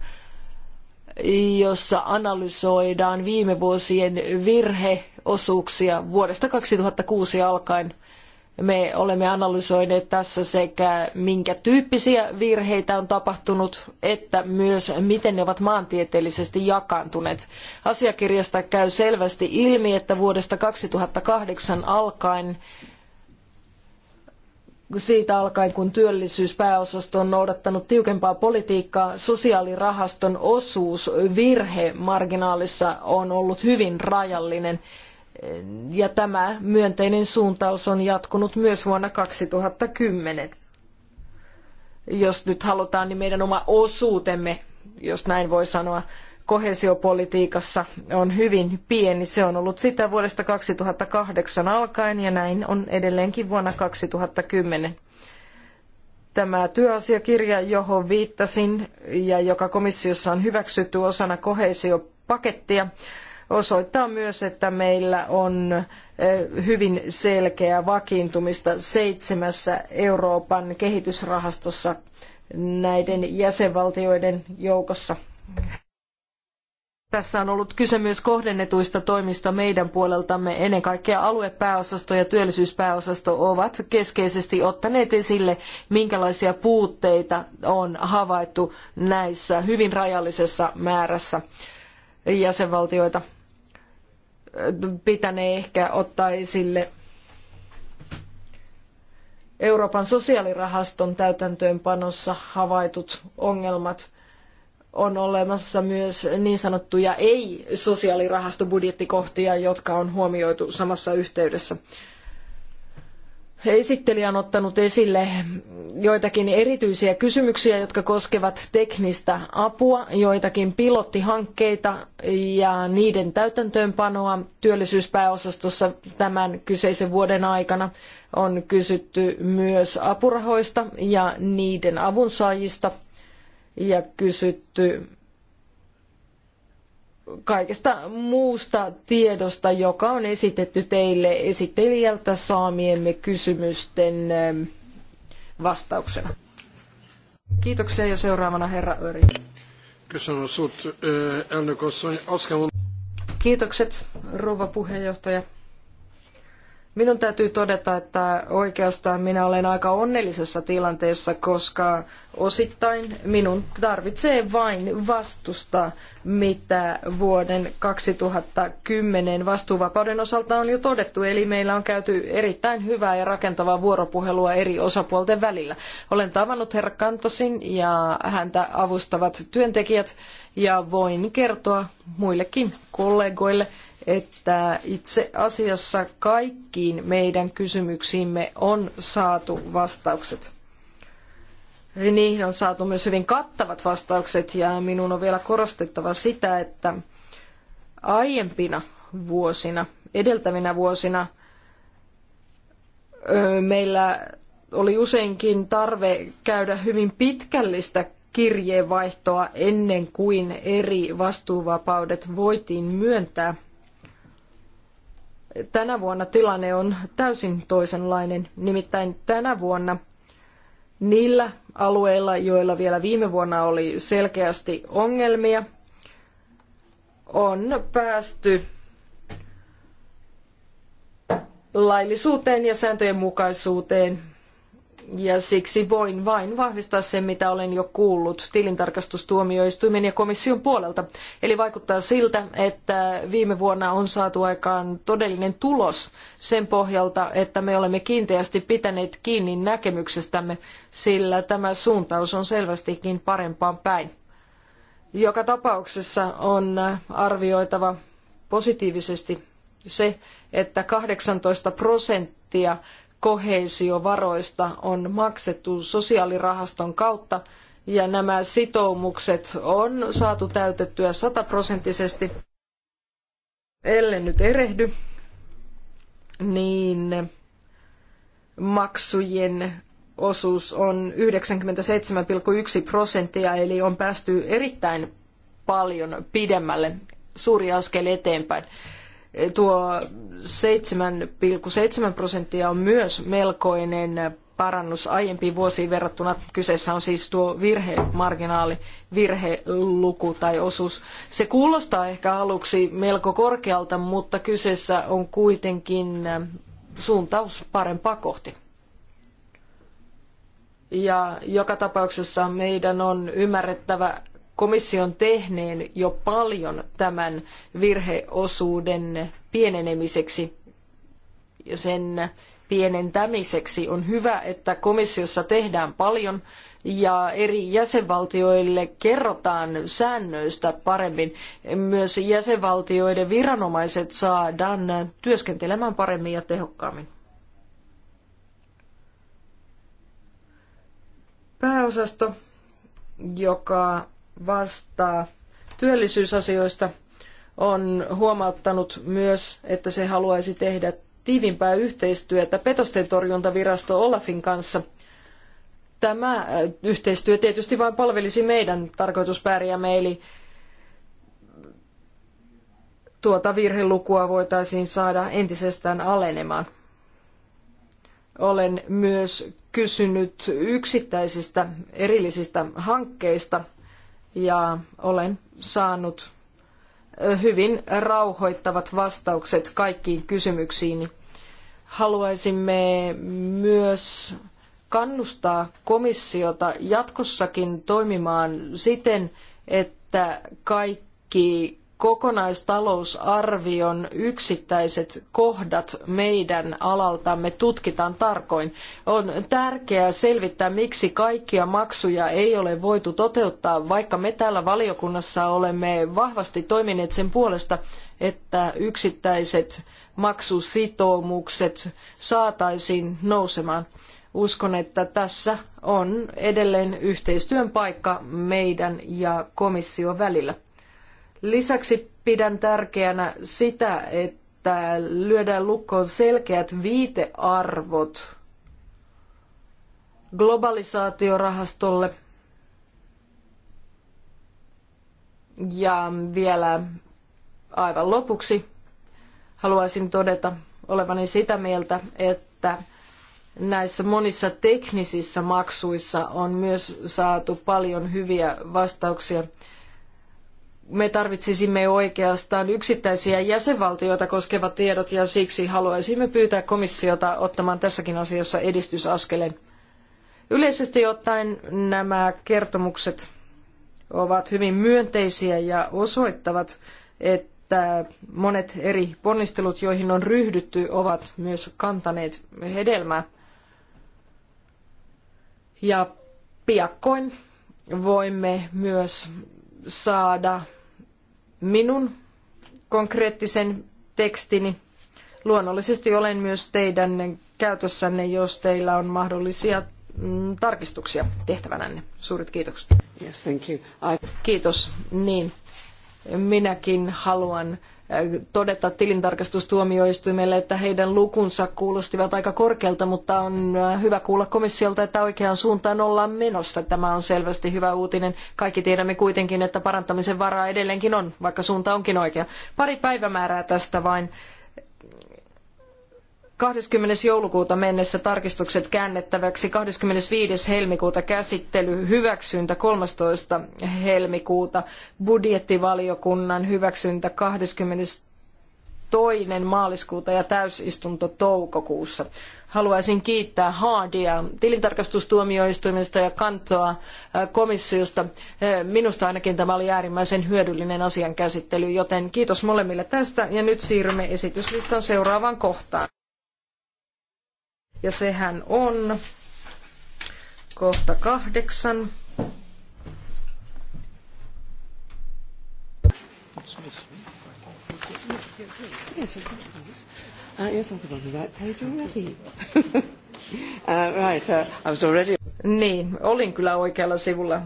Speaker 2: jossa analysoidaan viime vuosien virheosuuksia vuodesta 2006 alkaen – me olemme analysoineet tässä sekä minkä tyyppisiä virheitä on tapahtunut, että myös miten ne ovat maantieteellisesti jakaantuneet. Asiakirjasta käy selvästi ilmi, että vuodesta 2008 alkaen siitä alkaen, kun työllisyyspääosasto on noudattanut tiukempaa politiikkaa, sosiaalirahaston osuus virhemarginaalissa on ollut hyvin rajallinen ja tämä myönteinen suuntaus on jatkunut myös vuonna 2010. Jos nyt halutaan, niin meidän oma osuutemme, jos näin voi sanoa, koheesiopolitiikassa on hyvin pieni. Se on ollut sitä vuodesta 2008 alkaen ja näin on edelleenkin vuonna 2010. Tämä työasiakirja, johon viittasin ja joka komissiossa on hyväksytty osana koheesiopakettia, pakettia osoittaa myös, että meillä on eh, hyvin selkeää vakiintumista seitsemässä Euroopan kehitysrahastossa näiden jäsenvaltioiden joukossa. Tässä on ollut kyse myös kohdennetuista toimista meidän puoleltamme. Ennen kaikkea aluepääosasto ja työllisyyspääosasto ovat keskeisesti ottaneet esille, minkälaisia puutteita on havaittu näissä hyvin rajallisessa määrässä jäsenvaltioita pitänee ehkä ottaa esille Euroopan sosiaalirahaston täytäntöönpanossa havaitut ongelmat. On olemassa myös niin sanottuja ei-sosiaalirahastobudjettikohtia, jotka on huomioitu samassa yhteydessä. Esittelijä on ottanut esille joitakin erityisiä kysymyksiä, jotka koskevat teknistä apua, joitakin pilottihankkeita ja niiden täytäntöönpanoa työllisyyspääosastossa tämän kyseisen vuoden aikana. On kysytty myös apurahoista ja niiden avunsaajista ja kysytty kaikesta muusta tiedosta, joka on esitetty teille esittelijältä saamiemme kysymysten ähm, vastauksena. Kiitoksia ja seuraavana herra Öri. Kiitokset, rouva puheenjohtaja. Minun täytyy todeta, että oikeastaan minä olen aika onnellisessa tilanteessa, koska osittain minun tarvitsee vain vastustaa, mitä vuoden 2010 vastuuvapauden osalta on jo todettu. Eli meillä on käyty erittäin hyvää ja rakentavaa vuoropuhelua eri osapuolten välillä. Olen tavannut herra Kantosin ja häntä avustavat työntekijät ja voin kertoa muillekin kollegoille, että itse asiassa kaikkiin meidän kysymyksiimme on saatu vastaukset. Niihin on saatu myös hyvin kattavat vastaukset ja minun on vielä korostettava sitä, että aiempina vuosina, edeltävinä vuosina meillä oli useinkin tarve käydä hyvin pitkällistä kirjeenvaihtoa ennen kuin eri vastuuvapaudet voitiin myöntää – tänä vuonna tilanne on täysin toisenlainen. Nimittäin tänä vuonna niillä alueilla, joilla vielä viime vuonna oli selkeästi ongelmia, on päästy laillisuuteen ja sääntöjen mukaisuuteen ja siksi voin vain vahvistaa sen, mitä olen jo kuullut tilintarkastustuomioistuimen ja komission puolelta. Eli vaikuttaa siltä, että viime vuonna on saatu aikaan todellinen tulos sen pohjalta, että me olemme kiinteästi pitäneet kiinni näkemyksestämme, sillä tämä suuntaus on selvästikin parempaan päin. Joka tapauksessa on arvioitava positiivisesti se, että 18 prosenttia koheesiovaroista on maksettu sosiaalirahaston kautta ja nämä sitoumukset on saatu täytettyä sataprosenttisesti. Ellen nyt erehdy, niin maksujen osuus on 97,1 prosenttia, eli on päästy erittäin paljon pidemmälle, suuri askel eteenpäin. Tuo 7,7 prosenttia on myös melkoinen parannus aiempiin vuosiin verrattuna. Kyseessä on siis tuo virhemarginaali, virheluku tai osuus. Se kuulostaa ehkä aluksi melko korkealta, mutta kyseessä on kuitenkin suuntaus parempaa kohti. Ja joka tapauksessa meidän on ymmärrettävä komission tehneen jo paljon tämän virheosuuden pienenemiseksi ja sen pienentämiseksi. On hyvä, että komissiossa tehdään paljon ja eri jäsenvaltioille kerrotaan säännöistä paremmin. Myös jäsenvaltioiden viranomaiset saadaan työskentelemään paremmin ja tehokkaammin. Pääosasto, joka vastaa työllisyysasioista on huomauttanut myös, että se haluaisi tehdä tiivimpää yhteistyötä petosten torjuntavirasto Olafin kanssa. Tämä äh, yhteistyö tietysti vain palvelisi meidän tarkoitusperiämme, eli tuota virhelukua voitaisiin saada entisestään alenemaan. Olen myös kysynyt yksittäisistä erillisistä hankkeista – ja olen saanut hyvin rauhoittavat vastaukset kaikkiin kysymyksiini. Haluaisimme myös kannustaa komissiota jatkossakin toimimaan siten, että kaikki kokonaistalousarvion yksittäiset kohdat meidän alaltamme tutkitaan tarkoin. On tärkeää selvittää, miksi kaikkia maksuja ei ole voitu toteuttaa, vaikka me täällä valiokunnassa olemme vahvasti toimineet sen puolesta, että yksittäiset maksusitoumukset saataisiin nousemaan. Uskon, että tässä on edelleen yhteistyön paikka meidän ja komission välillä. Lisäksi pidän tärkeänä sitä, että lyödään lukkoon selkeät viitearvot globalisaatiorahastolle ja vielä aivan lopuksi haluaisin todeta olevani sitä mieltä, että näissä monissa teknisissä maksuissa on myös saatu paljon hyviä vastauksia me tarvitsisimme oikeastaan yksittäisiä jäsenvaltioita koskevat tiedot ja siksi haluaisimme pyytää komissiota ottamaan tässäkin asiassa edistysaskelen. Yleisesti ottaen nämä kertomukset ovat hyvin myönteisiä ja osoittavat, että monet eri ponnistelut, joihin on ryhdytty, ovat myös kantaneet hedelmää. Ja piakkoin voimme myös saada minun konkreettisen tekstini. Luonnollisesti olen myös teidän käytössänne, jos teillä on mahdollisia mm, tarkistuksia tehtävänänne. Suuret kiitokset. Yes, thank you. I... Kiitos. Niin, minäkin haluan todeta tilintarkastustuomioistuimelle, että heidän lukunsa kuulostivat aika korkealta, mutta on äh, hyvä kuulla komissiolta, että oikeaan suuntaan ollaan menossa. Tämä on selvästi hyvä uutinen. Kaikki tiedämme kuitenkin, että parantamisen varaa edelleenkin on, vaikka suunta onkin oikea. Pari päivämäärää tästä vain. 20. joulukuuta mennessä tarkistukset käännettäväksi, 25. helmikuuta käsittely, hyväksyntä 13. helmikuuta, budjettivaliokunnan hyväksyntä 22. maaliskuuta ja täysistunto toukokuussa. Haluaisin kiittää Haadia tilintarkastustuomioistuimesta ja kantoa komissiosta. Minusta ainakin tämä oli äärimmäisen hyödyllinen asian käsittely, joten kiitos molemmille tästä ja nyt siirrymme esityslistan seuraavaan kohtaan. Ja sehän on kohta kahdeksan. Niin, olin kyllä oikealla sivulla.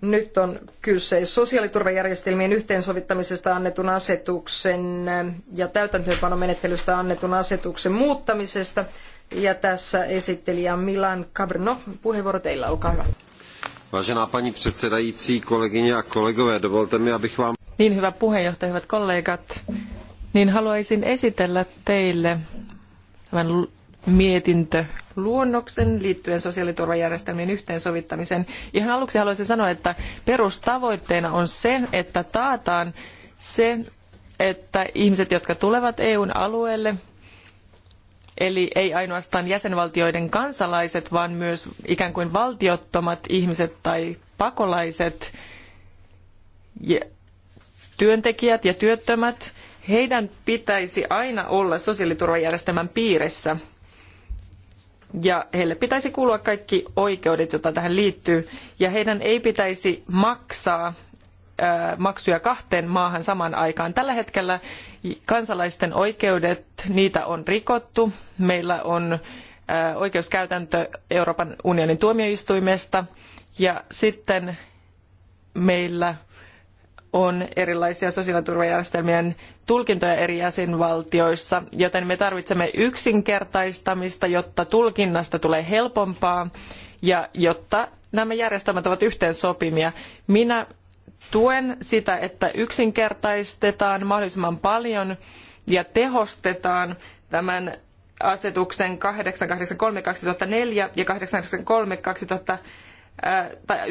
Speaker 2: Nyt on kyse sosiaaliturvajärjestelmien yhteensovittamisesta annetun asetuksen äh, ja täytäntöönpanomenettelystä annetun asetuksen muuttamisesta. Ja tässä esittelijä Milan Cabrno. Puheenvuoro teillä, olkaa hyvä.
Speaker 1: Vážená paní předsedající, kolegyně a kolegové, dovolte mi, abych vám...
Speaker 3: Niin hyvä puheenjohtaja, hyvät kollegat, niin haluaisin esitellä teille tämän mietintö luonnoksen liittyen sosiaaliturvajärjestelmien yhteensovittamiseen. Ihan aluksi haluaisin sanoa, että perustavoitteena on se, että taataan se, että ihmiset, jotka tulevat EUn alueelle, eli ei ainoastaan jäsenvaltioiden kansalaiset, vaan myös ikään kuin valtiottomat ihmiset tai pakolaiset, työntekijät ja työttömät, heidän pitäisi aina olla sosiaaliturvajärjestelmän piirissä – ja heille pitäisi kuulua kaikki oikeudet, joita tähän liittyy, ja heidän ei pitäisi maksaa maksuja kahteen maahan samaan aikaan. Tällä hetkellä kansalaisten oikeudet, niitä on rikottu. Meillä on oikeuskäytäntö Euroopan unionin tuomioistuimesta ja sitten meillä on erilaisia sosiaaliturvajärjestelmien tulkintoja eri jäsenvaltioissa, joten me tarvitsemme yksinkertaistamista, jotta tulkinnasta tulee helpompaa ja jotta nämä järjestelmät ovat yhteensopimia. Minä tuen sitä, että yksinkertaistetaan mahdollisimman paljon ja tehostetaan tämän asetuksen 883-2004 ja 883 tai 987-2009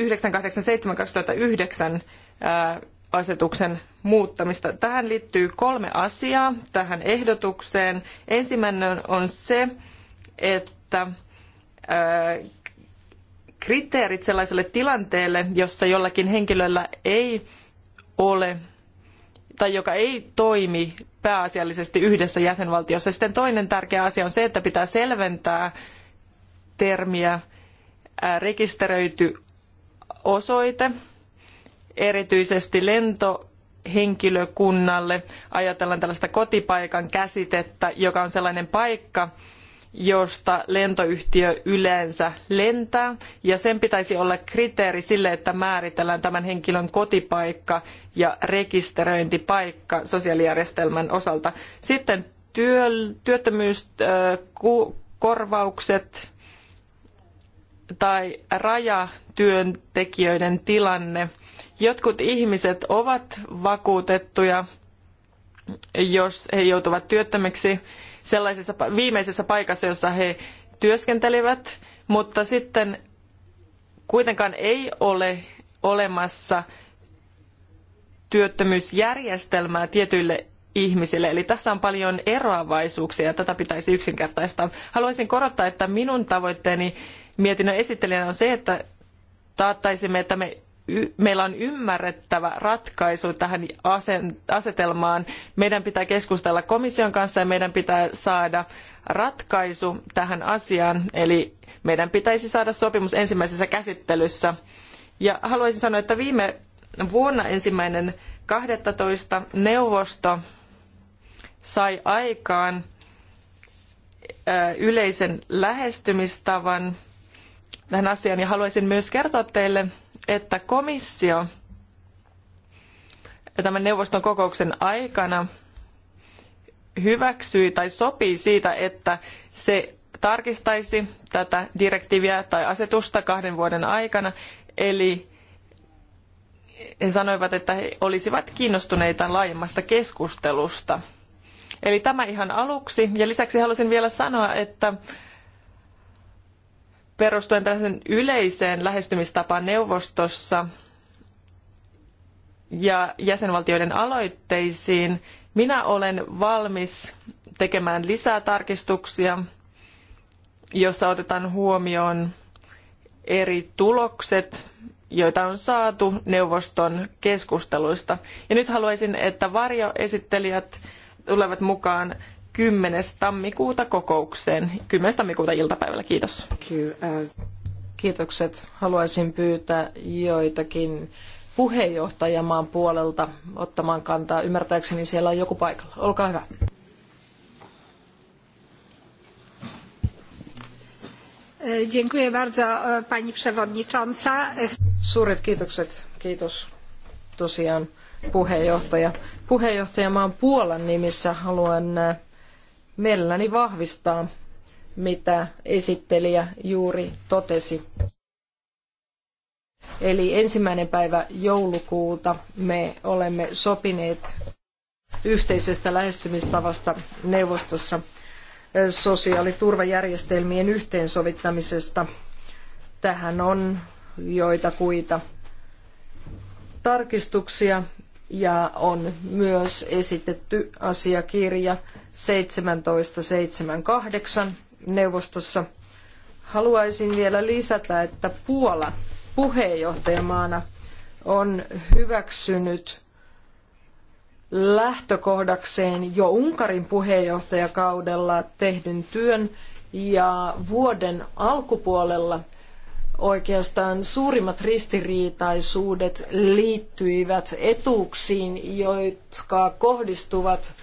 Speaker 3: asetuksen muuttamista. Tähän liittyy kolme asiaa tähän ehdotukseen. Ensimmäinen on se, että kriteerit sellaiselle tilanteelle, jossa jollakin henkilöllä ei ole tai joka ei toimi pääasiallisesti yhdessä jäsenvaltiossa. Sitten toinen tärkeä asia on se, että pitää selventää termiä rekisteröity osoite erityisesti lentohenkilökunnalle. Ajatellaan tällaista kotipaikan käsitettä, joka on sellainen paikka, josta lentoyhtiö yleensä lentää, ja sen pitäisi olla kriteeri sille, että määritellään tämän henkilön kotipaikka ja rekisteröintipaikka sosiaalijärjestelmän osalta. Sitten työ, työttömyyskorvaukset, tai rajatyöntekijöiden tilanne. Jotkut ihmiset ovat vakuutettuja, jos he joutuvat työttömiksi sellaisessa viimeisessä paikassa, jossa he työskentelivät, mutta sitten kuitenkaan ei ole olemassa työttömyysjärjestelmää tietyille ihmisille. Eli tässä on paljon eroavaisuuksia ja tätä pitäisi yksinkertaistaa. Haluaisin korottaa, että minun tavoitteeni mietinnön esittelijänä on se, että taattaisimme, että me meillä on ymmärrettävä ratkaisu tähän asetelmaan. Meidän pitää keskustella komission kanssa ja meidän pitää saada ratkaisu tähän asiaan. Eli meidän pitäisi saada sopimus ensimmäisessä käsittelyssä. Ja haluaisin sanoa, että viime vuonna ensimmäinen 12. neuvosto sai aikaan yleisen lähestymistavan – tähän asiaan ja haluaisin myös kertoa teille, että komissio tämän neuvoston kokouksen aikana hyväksyi tai sopii siitä, että se tarkistaisi tätä direktiiviä tai asetusta kahden vuoden aikana. Eli he sanoivat, että he olisivat kiinnostuneita laajemmasta keskustelusta. Eli tämä ihan aluksi. Ja lisäksi halusin vielä sanoa, että perustuen tällaisen yleiseen lähestymistapaan neuvostossa ja jäsenvaltioiden aloitteisiin, minä olen valmis tekemään lisää tarkistuksia, jossa otetaan huomioon eri tulokset, joita on saatu neuvoston keskusteluista. Ja nyt haluaisin, että varjoesittelijät tulevat mukaan 10. tammikuuta kokoukseen. 10. tammikuuta iltapäivällä. Kiitos.
Speaker 2: Kiitokset. Haluaisin pyytää joitakin puheenjohtajamaan puolelta ottamaan kantaa. Ymmärtääkseni siellä on joku paikalla. Olkaa hyvä. Dziękuję bardzo pani przewodnicząca. Suuret kiitokset. Kiitos tosiaan puheenjohtaja. Puheenjohtajamaan Puolan nimissä haluan mielelläni vahvistaa, mitä esittelijä juuri totesi. Eli ensimmäinen päivä joulukuuta me olemme sopineet yhteisestä lähestymistavasta neuvostossa sosiaaliturvajärjestelmien yhteensovittamisesta. Tähän on joitakuita tarkistuksia ja on myös esitetty asiakirja 1778 neuvostossa. Haluaisin vielä lisätä, että Puola puheenjohtajamaana on hyväksynyt lähtökohdakseen jo Unkarin puheenjohtajakaudella tehdyn työn ja vuoden alkupuolella oikeastaan suurimmat ristiriitaisuudet liittyivät etuuksiin, jotka kohdistuvat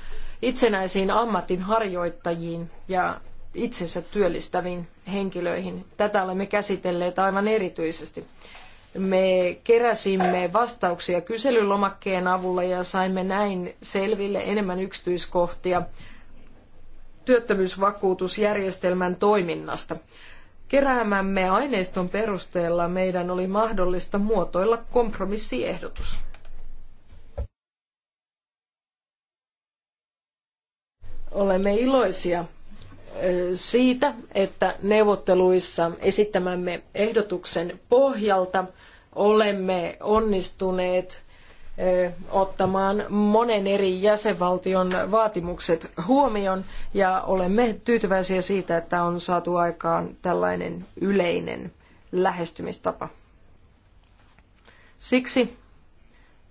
Speaker 2: itsenäisiin ammatinharjoittajiin ja itsensä työllistäviin henkilöihin. Tätä olemme käsitelleet aivan erityisesti. Me keräsimme vastauksia kyselylomakkeen avulla ja saimme näin selville enemmän yksityiskohtia työttömyysvakuutusjärjestelmän toiminnasta. Keräämämme aineiston perusteella meidän oli mahdollista muotoilla kompromissiehdotus. Olemme iloisia siitä, että neuvotteluissa esittämämme ehdotuksen pohjalta olemme onnistuneet ottamaan monen eri jäsenvaltion vaatimukset huomioon ja olemme tyytyväisiä siitä, että on saatu aikaan tällainen yleinen lähestymistapa. Siksi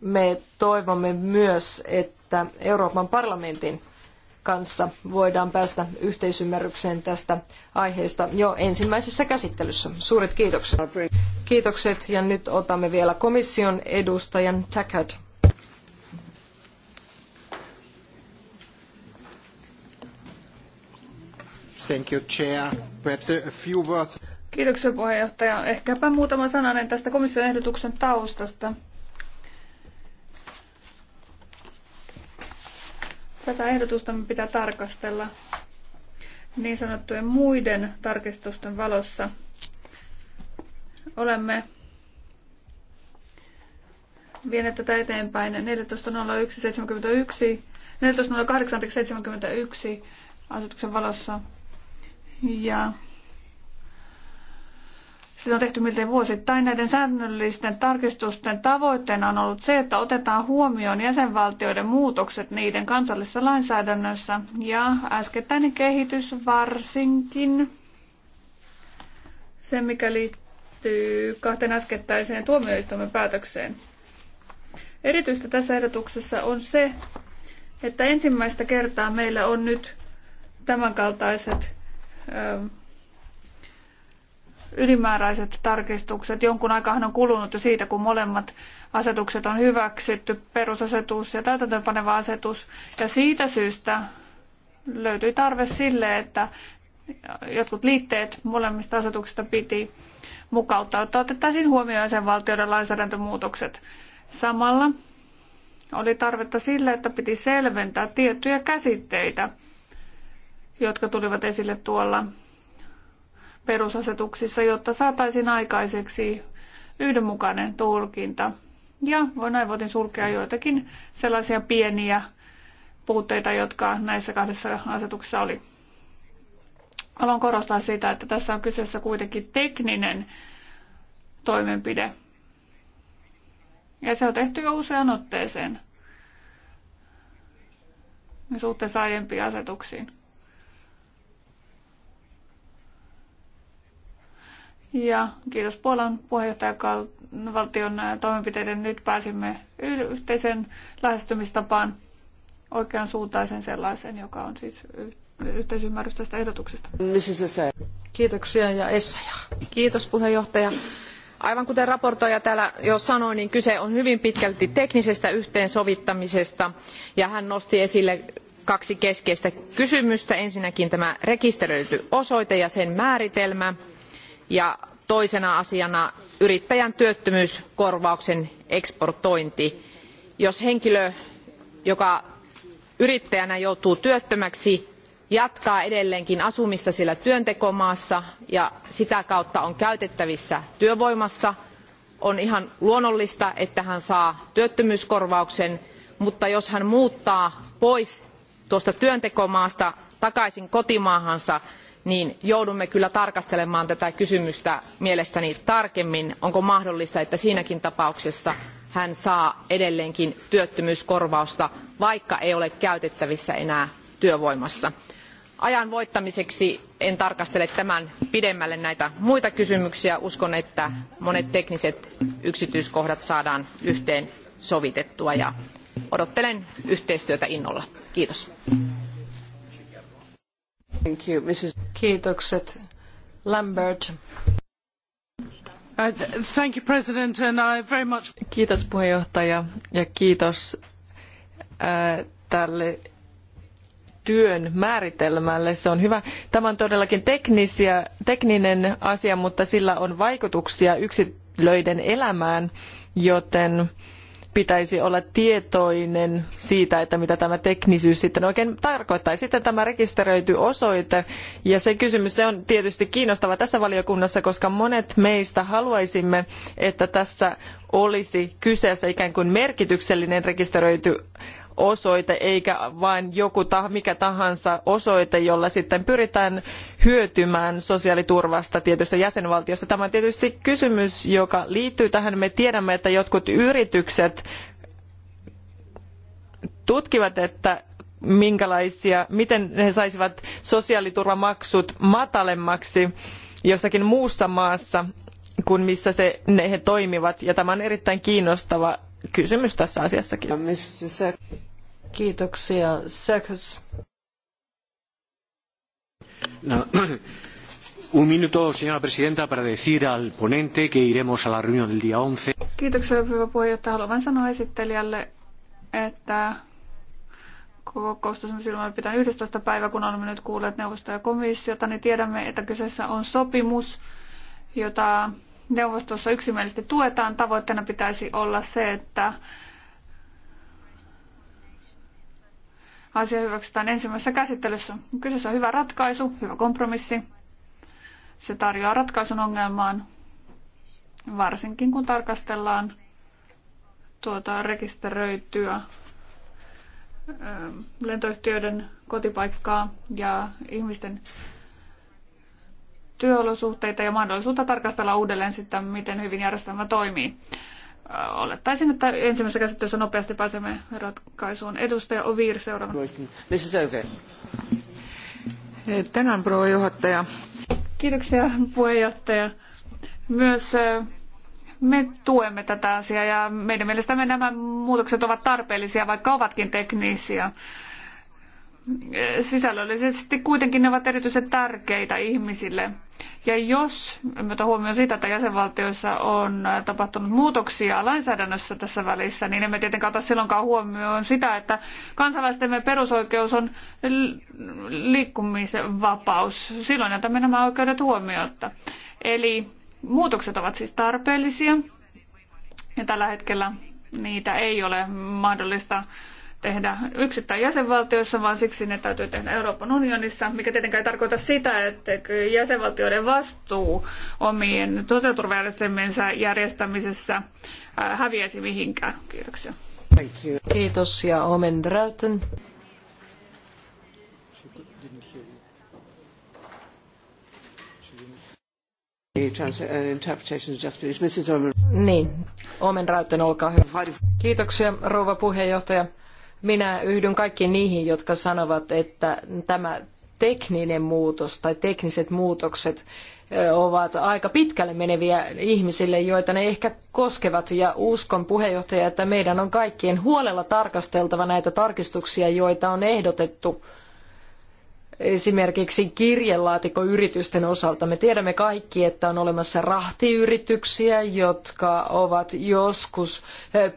Speaker 2: me toivomme myös, että Euroopan parlamentin kanssa voidaan päästä yhteisymmärrykseen tästä aiheesta jo ensimmäisessä käsittelyssä. Suuret kiitokset. Kiitokset ja nyt otamme vielä komission edustajan Tackard.
Speaker 3: Thank you, Chair. Perhaps a
Speaker 4: few words. Kiitoksia puheenjohtaja. Ehkäpä muutama sananen tästä komission ehdotuksen taustasta. Tätä ehdotusta me pitää tarkastella niin sanottujen muiden tarkistusten valossa. Olemme vieneet tätä eteenpäin 14.08.71 14.08.71 asetuksen valossa. Ja sitä on tehty miltei vuosittain. Näiden säännöllisten tarkistusten tavoitteena on ollut se, että otetaan huomioon jäsenvaltioiden muutokset niiden kansallisessa lainsäädännössä ja äskettäinen kehitys varsinkin se, mikä liittyy kahteen äskettäiseen tuomioistuimen päätökseen. Erityistä tässä ehdotuksessa on se, että ensimmäistä kertaa meillä on nyt tämänkaltaiset ö, ylimääräiset tarkistukset. Jonkun aikahan on kulunut jo siitä, kun molemmat asetukset on hyväksytty, perusasetus ja täytäntöönpaneva asetus. Ja siitä syystä löytyi tarve sille, että jotkut liitteet molemmista asetuksista piti mukauttaa, että otettaisiin huomioon jäsenvaltioiden lainsäädäntömuutokset. Samalla oli tarvetta sille, että piti selventää tiettyjä käsitteitä, jotka tulivat esille tuolla perusasetuksissa, jotta saataisiin aikaiseksi yhdenmukainen tulkinta. Ja näin voitiin sulkea joitakin sellaisia pieniä puutteita, jotka näissä kahdessa asetuksessa oli. Haluan korostaa sitä, että tässä on kyseessä kuitenkin tekninen toimenpide. Ja se on tehty jo useaan otteeseen suhteessa aiempiin asetuksiin. Ja kiitos Puolan puheenjohtajavaltion toimenpiteiden nyt pääsimme yhteisen lähestymistapaan, oikean suuntaisen sellaisen, joka on siis yhteisymmärrys tästä ehdotuksesta. Kiitoksia
Speaker 5: ja Essaja. Kiitos puheenjohtaja. Aivan kuten raportoija täällä jo sanoi, niin kyse on hyvin pitkälti teknisestä yhteensovittamisesta ja hän nosti esille kaksi keskeistä kysymystä. Ensinnäkin tämä rekisteröity osoite ja sen määritelmä ja toisena asiana yrittäjän työttömyyskorvauksen eksportointi. Jos henkilö, joka yrittäjänä joutuu työttömäksi, jatkaa edelleenkin asumista siellä työntekomaassa ja sitä kautta on käytettävissä työvoimassa, on ihan luonnollista, että hän saa työttömyyskorvauksen, mutta jos hän muuttaa pois tuosta työntekomaasta takaisin kotimaahansa, niin joudumme kyllä tarkastelemaan tätä kysymystä mielestäni tarkemmin onko mahdollista että siinäkin tapauksessa hän saa edelleenkin työttömyyskorvausta vaikka ei ole käytettävissä enää työvoimassa. ajan voittamiseksi en tarkastele tämän pidemmälle näitä muita kysymyksiä uskon että monet tekniset yksityiskohdat saadaan yhteensovitettua ja odottelen yhteistyötä innolla. kiitos. Thank you, Mrs. Kiitokset.
Speaker 3: Lambert. Uh, thank you, President, and I very much... Kiitos puheenjohtaja ja kiitos äh, tälle työn määritelmälle. Se on hyvä. Tämä on todellakin teknisiä, tekninen asia, mutta sillä on vaikutuksia yksilöiden elämään, joten äh, pitäisi olla tietoinen siitä, että mitä tämä teknisyys sitten oikein tarkoittaa. Sitten tämä rekisteröity osoite, ja se kysymys, se on tietysti kiinnostava tässä valiokunnassa, koska monet meistä haluaisimme, että tässä olisi kyseessä ikään kuin merkityksellinen rekisteröity osoite eikä vain joku mikä tahansa osoite, jolla sitten pyritään hyötymään sosiaaliturvasta tietyssä jäsenvaltiossa. Tämä on tietysti kysymys, joka liittyy tähän. Me tiedämme, että jotkut yritykset tutkivat, että minkälaisia, miten he saisivat sosiaaliturvamaksut matalemmaksi jossakin muussa maassa kuin missä se, ne he toimivat. Ja tämä on erittäin kiinnostava kysymys tässä asiassakin.
Speaker 2: Kiitoksia. Säkös.
Speaker 1: No, un minuto, señora presidenta, para decir al ponente que iremos a la reunión del día 11.
Speaker 4: Kiitoksia, hyvä puheenjohtaja. Haluan sanoa esittelijälle, että kokousta silloin pitää 11. päivä, kun olemme nyt kuulleet neuvostoja ja komissiota, niin tiedämme, että kyseessä on sopimus, jota neuvostossa yksimielisesti tuetaan. Tavoitteena pitäisi olla se, että asia hyväksytään ensimmäisessä käsittelyssä. Kyseessä on hyvä ratkaisu, hyvä kompromissi. Se tarjoaa ratkaisun ongelmaan, varsinkin kun tarkastellaan tuota rekisteröityä lentoyhtiöiden kotipaikkaa ja ihmisten työolosuhteita ja mahdollisuutta tarkastella uudelleen sitä, miten hyvin järjestelmä toimii. Olettaisin, että ensimmäisessä käsittelyssä nopeasti pääsemme ratkaisuun. Edustaja Ovir seuraavana.
Speaker 1: Mrs. Over. Tänään puheenjohtaja.
Speaker 4: Kiitoksia puheenjohtaja. Myös me tuemme tätä asiaa ja meidän mielestämme nämä muutokset ovat tarpeellisia, vaikka ovatkin teknisiä sisällöllisesti kuitenkin ne ovat erityisen tärkeitä ihmisille. Ja jos otan huomioon siitä, että jäsenvaltioissa on tapahtunut muutoksia lainsäädännössä tässä välissä, niin emme tietenkään ota silloinkaan huomioon sitä, että kansalaistemme perusoikeus on liikkumisen vapaus. Silloin jätämme nämä oikeudet huomiotta. Eli muutokset ovat siis tarpeellisia ja tällä hetkellä niitä ei ole mahdollista tehdä yksittäin jäsenvaltioissa, vaan siksi ne täytyy tehdä Euroopan unionissa, mikä tietenkään ei tarkoita sitä, että jäsenvaltioiden vastuu omien sosiaaliturvajärjestelmiensä järjestämisessä äh, häviäisi mihinkään. Kiitoksia.
Speaker 2: Kiitos ja Omen Drauten. Uh, niin, Omen Rauten, olkaa hyvä. Kiitoksia, rouva puheenjohtaja. Minä yhdyn kaikkiin niihin, jotka sanovat, että tämä tekninen muutos tai tekniset muutokset ovat aika pitkälle meneviä ihmisille, joita ne ehkä koskevat. Ja uskon puheenjohtaja, että meidän on kaikkien huolella tarkasteltava näitä tarkistuksia, joita on ehdotettu esimerkiksi kirjelaatikoyritysten osalta. Me tiedämme kaikki, että on olemassa rahtiyrityksiä, jotka ovat joskus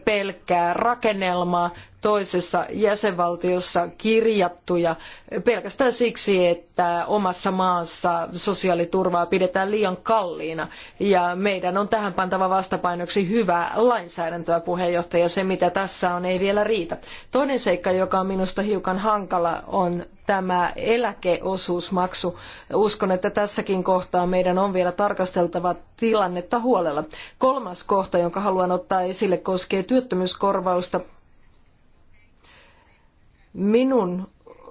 Speaker 2: pelkkää rakennelmaa toisessa jäsenvaltiossa kirjattuja pelkästään siksi, että omassa maassa sosiaaliturvaa pidetään liian kalliina. Ja meidän on tähän pantava vastapainoksi hyvää lainsäädäntöä, puheenjohtaja. Se, mitä tässä on, ei vielä riitä. Toinen seikka, joka on minusta hiukan hankala, on tämä eläkeosuusmaksu. Uskon, että tässäkin kohtaa meidän on vielä tarkasteltava tilannetta huolella. Kolmas kohta, jonka haluan ottaa esille, koskee työttömyyskorvausta Minun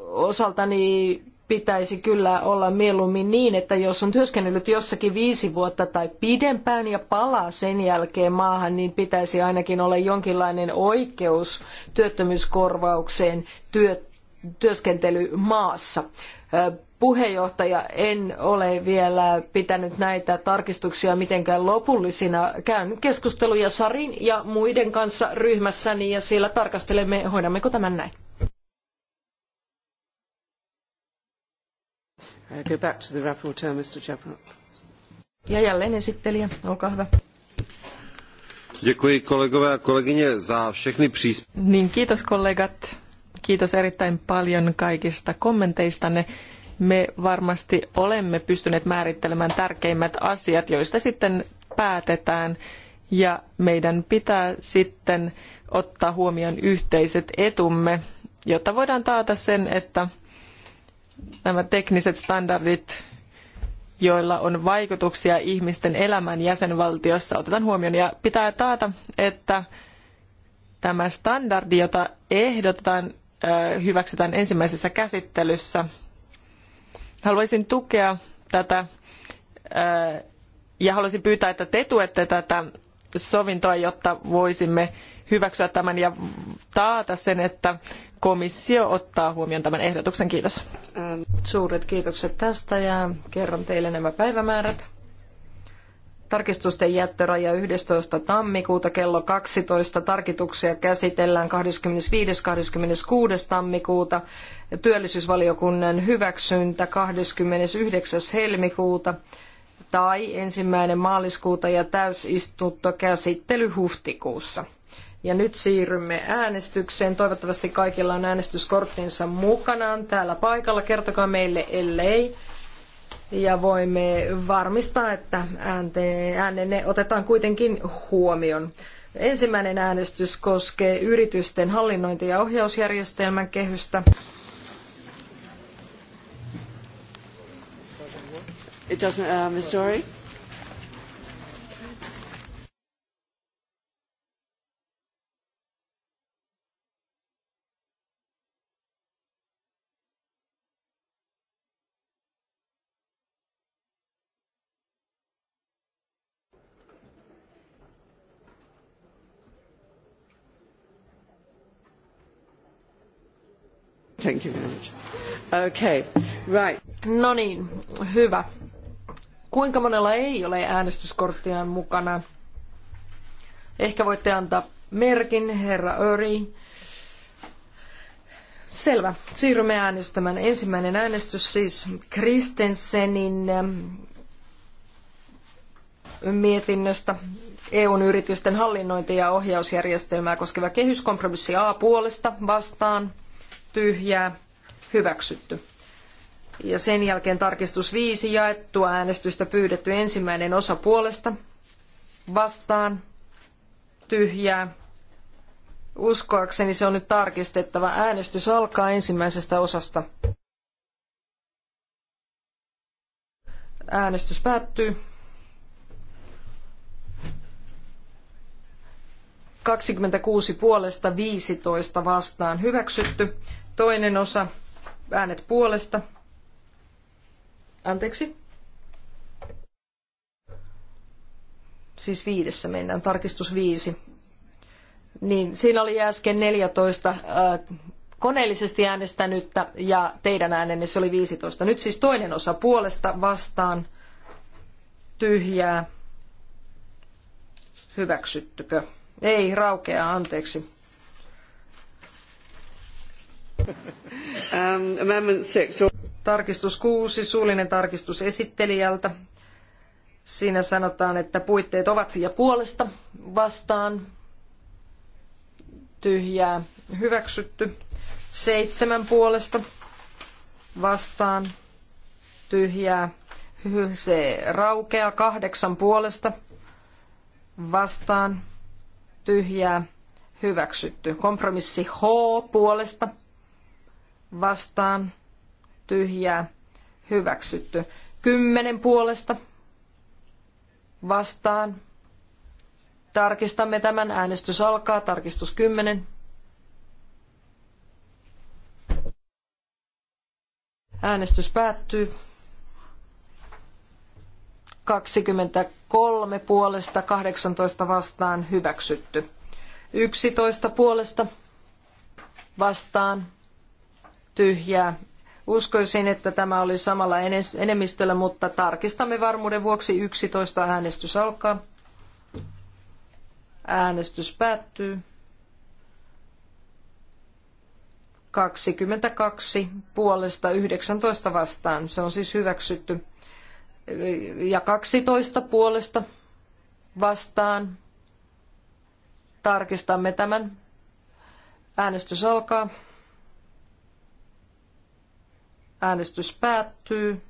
Speaker 2: osaltani pitäisi kyllä olla mieluummin niin, että jos on työskennellyt jossakin viisi vuotta tai pidempään ja palaa sen jälkeen maahan, niin pitäisi ainakin olla jonkinlainen oikeus työttömyyskorvaukseen työ, työskentelymaassa. Puheenjohtaja, en ole vielä pitänyt näitä tarkistuksia mitenkään lopullisina. Käyn keskusteluja Sarin ja muiden kanssa ryhmässäni ja siellä tarkastelemme, hoidammeko tämän näin.
Speaker 1: Uh, go back to the rapporteur, Mr. Chapman. Ja jälleen esittelijä, olkaa hyvä. Děkuji kolegové a kolegyně za všechny příspěvky.
Speaker 3: Niin, kiitos kollegat. Kiitos erittäin paljon kaikista kommenteistanne. Me varmasti olemme pystyneet määrittelemään tärkeimmät asiat, joista sitten päätetään. Ja meidän pitää sitten ottaa huomioon yhteiset etumme, jotta voidaan taata sen, että nämä tekniset standardit, joilla on vaikutuksia ihmisten elämään jäsenvaltiossa, otetaan huomioon. Ja pitää taata, että tämä standardi, jota ehdotetaan, hyväksytään ensimmäisessä käsittelyssä. Haluaisin tukea tätä ja haluaisin pyytää, että te tuette tätä sovintoa, jotta voisimme hyväksyä tämän ja taata sen, että komissio ottaa huomioon tämän ehdotuksen. Kiitos. Ähm, suuret kiitokset tästä ja kerron teille nämä päivämäärät.
Speaker 2: Tarkistusten jättöraja 11. tammikuuta kello 12. Tarkituksia käsitellään 25. 26. tammikuuta. Työllisyysvaliokunnan hyväksyntä 29. helmikuuta tai ensimmäinen maaliskuuta ja täysistuntokäsittely huhtikuussa. Ja nyt siirrymme äänestykseen. Toivottavasti kaikilla on äänestyskorttinsa mukanaan täällä paikalla. Kertokaa meille, ellei. Ja voimme varmistaa, että äänenne otetaan kuitenkin huomioon. Ensimmäinen äänestys koskee yritysten hallinnointi- ja ohjausjärjestelmän kehystä. It doesn't, uh,
Speaker 1: Thank you very much. Okay, right. No niin, hyvä. Kuinka
Speaker 2: monella ei ole äänestyskorttiaan mukana? Ehkä voitte antaa merkin, herra Öri. Selvä. Siirrymme äänestämään. Ensimmäinen äänestys siis Kristensenin ähm, mietinnöstä EUn yritysten hallinnointi- ja ohjausjärjestelmää koskeva kehyskompromissi A puolesta vastaan tyhjää, hyväksytty. Ja sen jälkeen tarkistus viisi jaettua äänestystä pyydetty ensimmäinen osa puolesta, vastaan, tyhjää. Uskoakseni se on nyt tarkistettava. Äänestys alkaa ensimmäisestä osasta. Äänestys päättyy. 26 puolesta 15 vastaan hyväksytty. Toinen osa äänet puolesta. Anteeksi. Siis viidessä mennään, tarkistus viisi. Niin, siinä oli äsken 14 äh, koneellisesti äänestänyttä ja teidän äänenne se oli 15. Nyt siis toinen osa puolesta vastaan tyhjää. Hyväksyttykö? Ei raukea, anteeksi. Um, tarkistus kuusi suullinen tarkistus esittelijältä. Siinä sanotaan, että puitteet ovat ja puolesta vastaan tyhjää hyväksytty. Seitsemän puolesta vastaan tyhjää. Se raukeaa kahdeksan puolesta vastaan tyhjää hyväksytty. Kompromissi H puolesta vastaan tyhjää hyväksytty. Kymmenen puolesta vastaan. Tarkistamme tämän. Äänestys alkaa. Tarkistus kymmenen. Äänestys päättyy. 20 kolme puolesta, 18 vastaan hyväksytty. 11 puolesta vastaan tyhjää. Uskoisin, että tämä oli samalla enemmistöllä, mutta tarkistamme varmuuden vuoksi 11 äänestys alkaa. Äänestys päättyy. 22 puolesta 19 vastaan. Se on siis hyväksytty ja 12 puolesta vastaan. Tarkistamme tämän. Äänestys alkaa. Äänestys päättyy.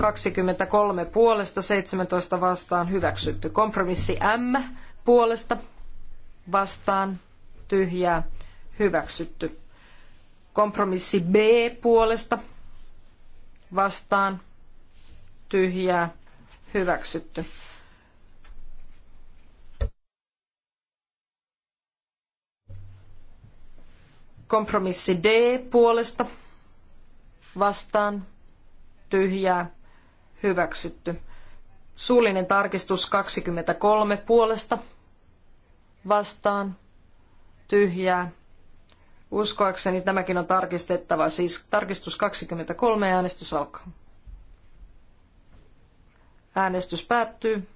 Speaker 2: 23 puolesta, 17 vastaan hyväksytty. Kompromissi M puolesta vastaan tyhjää hyväksytty. Kompromissi B puolesta vastaan tyhjää hyväksytty. Kompromissi D puolesta vastaan tyhjää hyväksytty. Suullinen tarkistus 23 puolesta vastaan tyhjää Uskoakseni tämäkin on tarkistettava, siis tarkistus 23 äänestys alkaa. Äänestys päättyy.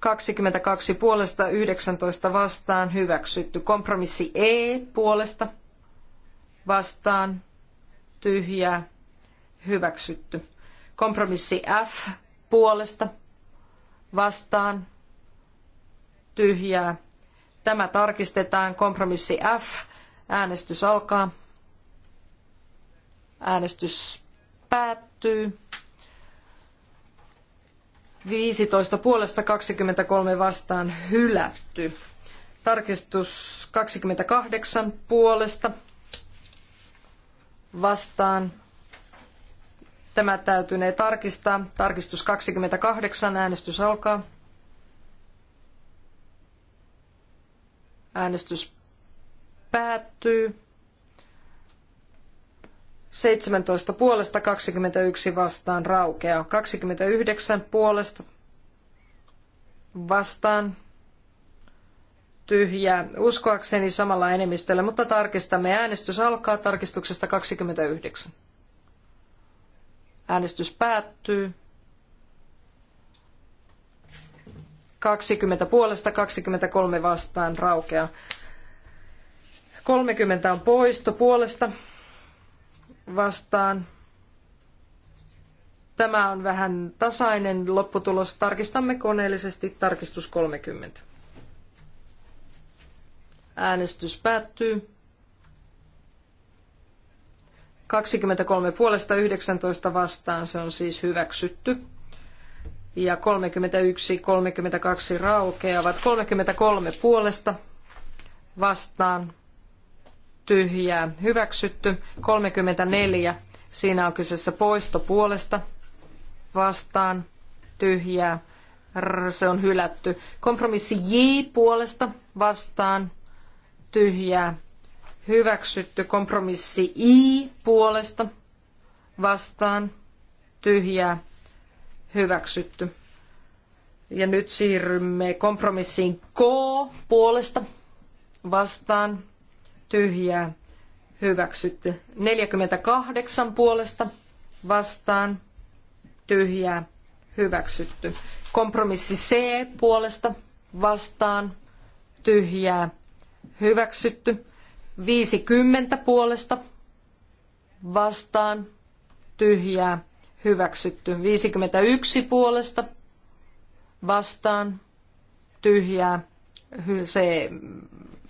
Speaker 2: 22 puolesta, 19 vastaan, hyväksytty. Kompromissi E puolesta, vastaan, tyhjää, hyväksytty. Kompromissi F puolesta, vastaan, tyhjää, Tämä tarkistetaan. Kompromissi F. Äänestys alkaa. Äänestys päättyy. 15 puolesta 23 vastaan hylätty. Tarkistus 28 puolesta vastaan. Tämä täytynee tarkistaa. Tarkistus 28. Äänestys alkaa. Äänestys päättyy. 17 puolesta 21 vastaan raukeaa. 29 puolesta vastaan tyhjää. Uskoakseni samalla enemmistöllä, mutta tarkistamme. Äänestys alkaa tarkistuksesta 29. Äänestys päättyy. 20 puolesta, 23 vastaan raukea. 30 on poisto puolesta vastaan. Tämä on vähän tasainen lopputulos. Tarkistamme koneellisesti tarkistus 30. Äänestys päättyy. 23 puolesta 19 vastaan se on siis hyväksytty ja 31, 32 raukeavat. 33 puolesta vastaan tyhjää hyväksytty. 34 siinä on kyseessä poisto puolesta vastaan tyhjää se on hylätty. Kompromissi J puolesta vastaan tyhjää hyväksytty. Kompromissi I puolesta vastaan tyhjää hyväksytty. Ja nyt siirrymme kompromissiin K puolesta vastaan tyhjää hyväksytty. 48 puolesta vastaan tyhjää hyväksytty. Kompromissi C puolesta vastaan tyhjää hyväksytty. 50 puolesta vastaan tyhjää hyväksytty. 51 puolesta vastaan tyhjää. Se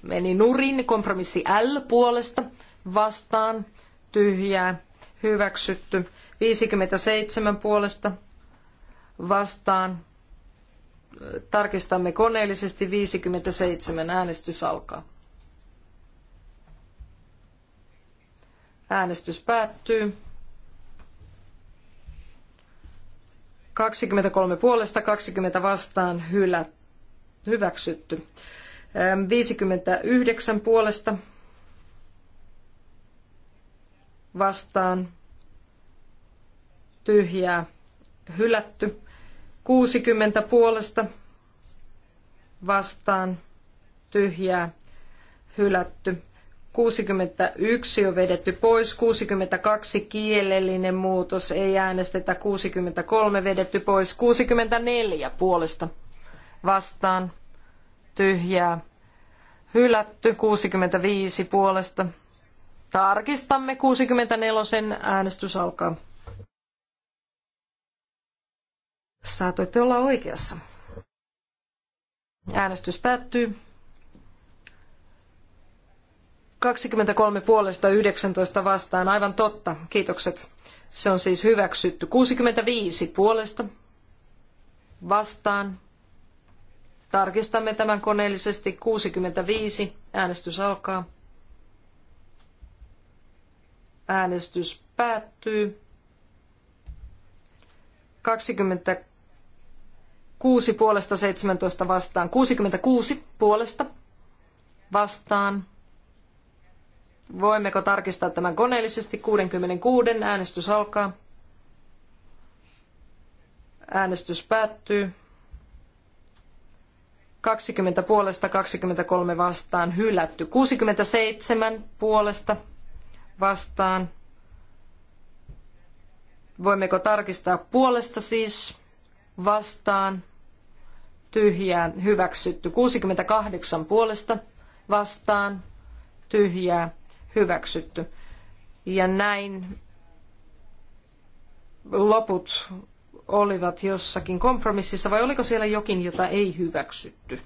Speaker 2: meni nurin. Kompromissi L puolesta vastaan tyhjää hyväksytty. 57 puolesta vastaan. Tarkistamme koneellisesti 57. Äänestys alkaa. Äänestys päättyy. 23 puolesta, 20 vastaan hylä, hyväksytty. 59 puolesta vastaan tyhjää hylätty. 60 puolesta vastaan tyhjää hylätty. 61 on vedetty pois, 62 kielellinen muutos, ei äänestetä, 63 vedetty pois, 64 puolesta vastaan, tyhjää, hylätty, 65 puolesta. Tarkistamme 64 äänestys alkaa. Saatoitte olla oikeassa. Äänestys päättyy. 23 puolesta 19 vastaan, aivan totta, kiitokset. Se on siis hyväksytty. 65 puolesta vastaan. Tarkistamme tämän koneellisesti. 65. Äänestys alkaa. Äänestys päättyy. 26 puolesta 17 vastaan. 66 puolesta vastaan Voimmeko tarkistaa tämän koneellisesti? 66. Äänestys alkaa. Äänestys päättyy. 20 puolesta, 23 vastaan hylätty. 67 puolesta vastaan. Voimmeko tarkistaa puolesta siis vastaan? Tyhjää hyväksytty. 68 puolesta vastaan. Tyhjää hyväksytty. Ja näin loput olivat jossakin kompromississa vai oliko siellä jokin, jota ei hyväksytty?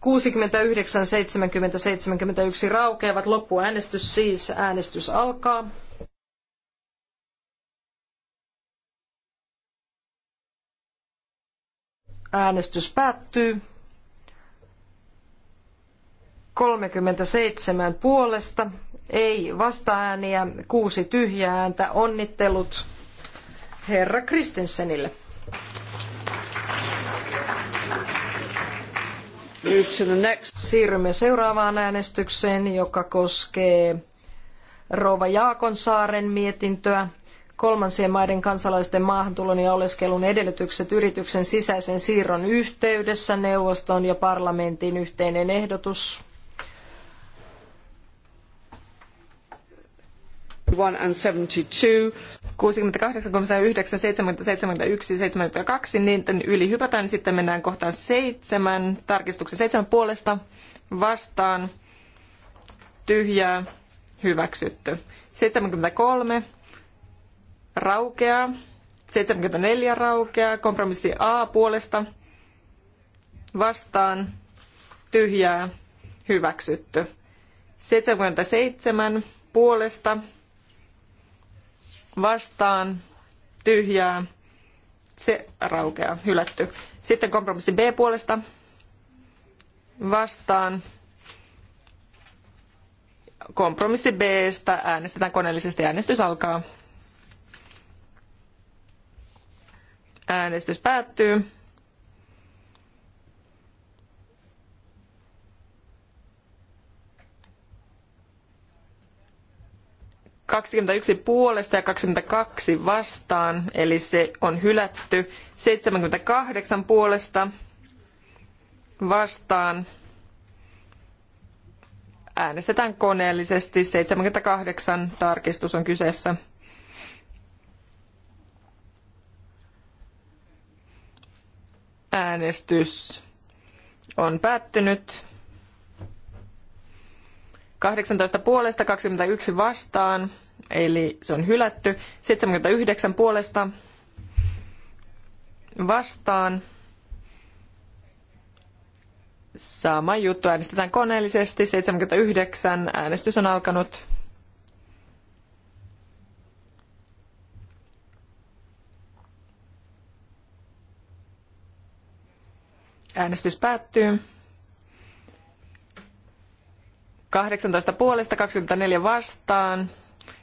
Speaker 2: Kuusikymmentäyhdeksän, seitsemänkymmentä, seitsemänkymmentäyksi raukeavat. Loppuäänestys siis. Äänestys alkaa. Äänestys päättyy. 37 puolesta, ei vastaääniä, kuusi tyhjää ääntä. Onnittelut herra Kristensenille. Siirrymme seuraavaan äänestykseen, joka koskee Rova Jaakonsaaren mietintöä kolmansien maiden kansalaisten maahantulon ja oleskelun edellytykset yrityksen sisäisen siirron yhteydessä, neuvoston ja parlamentin yhteinen ehdotus.
Speaker 1: and 72.
Speaker 3: 68, 39, 70, 71, 72, niin yli hypätään, niin sitten mennään kohtaan seitsemän, tarkistuksen seitsemän puolesta, vastaan, tyhjää, hyväksytty. 73 raukeaa, 74 raukeaa, kompromissi A puolesta vastaan tyhjää hyväksytty. 77 puolesta vastaan tyhjää se raukeaa, hylätty. Sitten kompromissi B puolesta vastaan. Kompromissi Bstä äänestetään koneellisesti. Äänestys alkaa. Äänestys päättyy. Kaksikymmentäyksi puolesta ja 22 vastaan, eli se on hylätty. 78 puolesta vastaan. Äänestetään koneellisesti. 78 tarkistus on kyseessä. Äänestys on päättynyt. 18 puolesta, 21 vastaan, eli se on hylätty. 79 puolesta vastaan. Sama juttu äänestetään koneellisesti. 79 äänestys on alkanut. Äänestys päättyy. 18 puolesta 24 vastaan,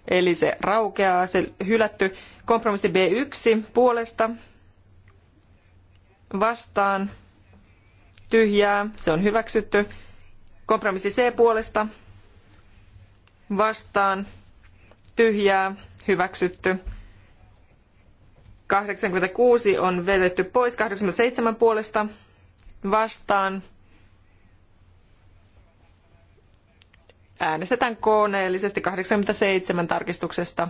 Speaker 3: eli se raukeaa, se hylätty. Kompromissi B1 puolesta vastaan, tyhjää, se on hyväksytty. Kompromissi C puolesta vastaan, tyhjää, hyväksytty. 86 on vedetty pois, 87 puolesta vastaan. Äänestetään koneellisesti 87 tarkistuksesta.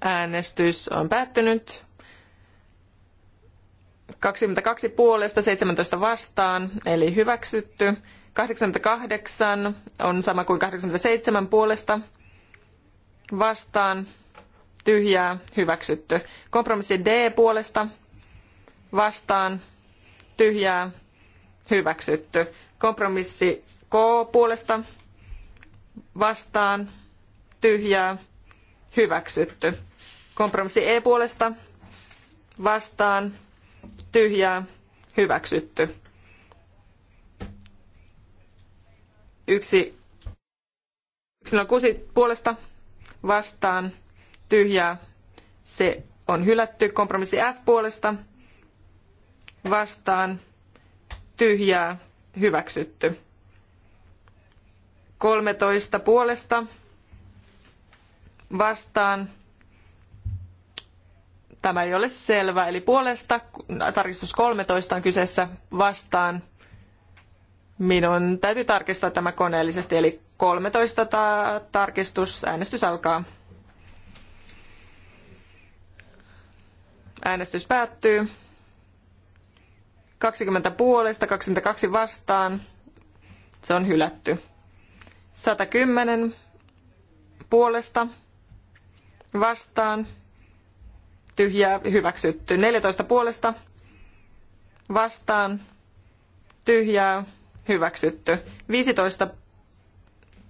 Speaker 3: Äänestys on päättynyt. 22 puolesta, 17 vastaan, eli hyväksytty. 88 on sama kuin 87 puolesta vastaan, tyhjää, hyväksytty. Kompromissi D puolesta, vastaan, tyhjää, hyväksytty. Kompromissi K puolesta, vastaan, tyhjää, hyväksytty. Kompromissi E puolesta, vastaan, tyhjää, hyväksytty. Yksi, yksi puolesta, vastaan, tyhjää. Se on hylätty. Kompromissi F puolesta vastaan tyhjää hyväksytty. 13 puolesta vastaan. Tämä ei ole selvä, eli puolesta, tarkistus 13 on kyseessä vastaan. Minun täytyy tarkistaa tämä koneellisesti, eli 13 ta- tarkistus, äänestys alkaa. Äänestys päättyy. 20 puolesta, 22 vastaan. Se on hylätty. 110 puolesta vastaan. Tyhjää hyväksytty. 14 puolesta vastaan. Tyhjää hyväksytty. 15.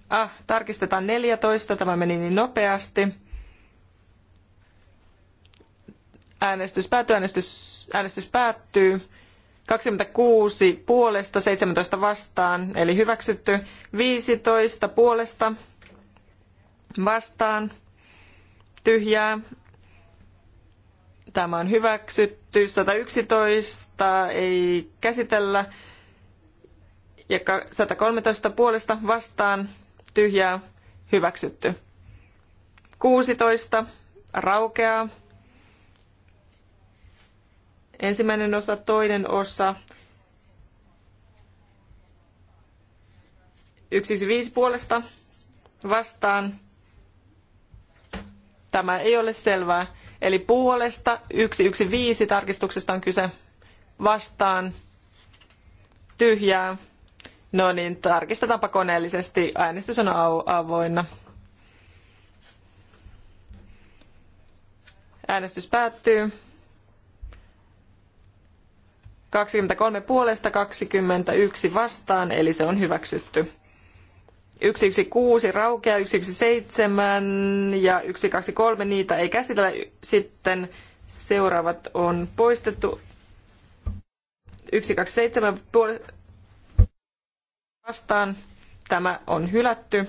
Speaker 3: Ah, tarkistetaan 14. Tämä meni niin nopeasti. Äänestys päättyy. äänestys päättyy. 26 puolesta, 17 vastaan, eli hyväksytty. 15 puolesta vastaan, tyhjää. Tämä on hyväksytty. 111 ei käsitellä. Ja 113 puolesta vastaan, tyhjää, hyväksytty. 16 raukeaa. Ensimmäinen osa, toinen osa. viisi puolesta vastaan. Tämä ei ole selvää. Eli puolesta 115 tarkistuksesta on kyse vastaan tyhjää. No niin, tarkistetaanpa koneellisesti. Äänestys on avoinna. Äänestys päättyy. 23 puolesta 21 vastaan, eli se on hyväksytty. 116 raukeaa, 117 ja 123, niitä ei käsitellä. Sitten seuraavat on poistettu. 127 vastaan, tämä on hylätty.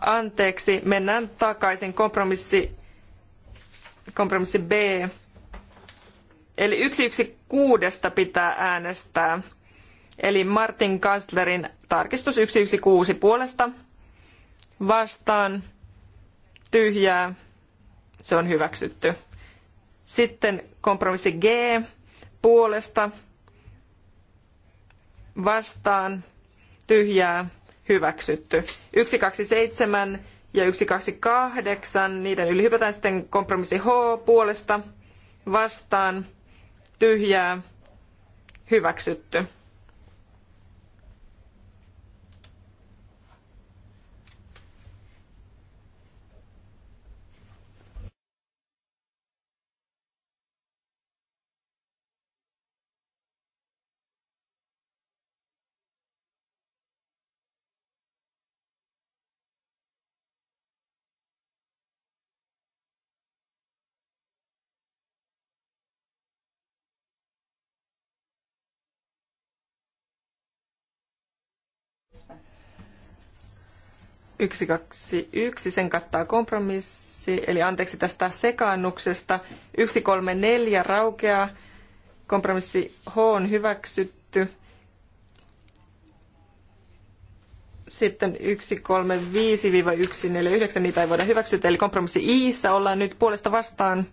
Speaker 3: Anteeksi, mennään takaisin kompromissi kompromissi B. Eli yksi yksi kuudesta pitää äänestää. Eli Martin Kanslerin tarkistus 116 puolesta vastaan tyhjää. Se on hyväksytty. Sitten kompromissi G puolesta vastaan tyhjää hyväksytty. 127 ja 128, niiden yli hypätään sitten kompromissi H puolesta vastaan tyhjää hyväksytty. 121, sen kattaa kompromissi, eli anteeksi tästä sekaannuksesta. 134 raukeaa, kompromissi H on hyväksytty. Sitten 135-149, niitä ei voida hyväksyä, eli kompromissi Iissä ollaan nyt puolesta vastaan.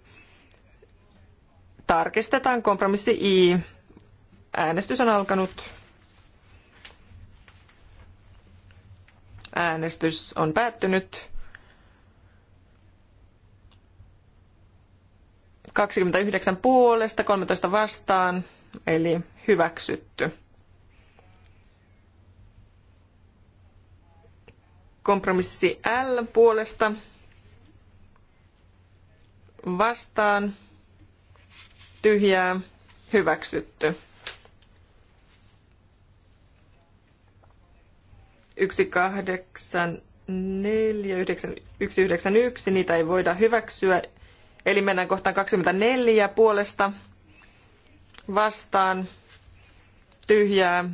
Speaker 3: Tarkistetaan kompromissi I. Äänestys on alkanut. Äänestys on päättynyt. 29 puolesta, 13 vastaan, eli hyväksytty. Kompromissi L puolesta vastaan tyhjää hyväksytty. 184, 191, niitä ei voida hyväksyä. Eli mennään kohtaan 24 puolesta vastaan tyhjää.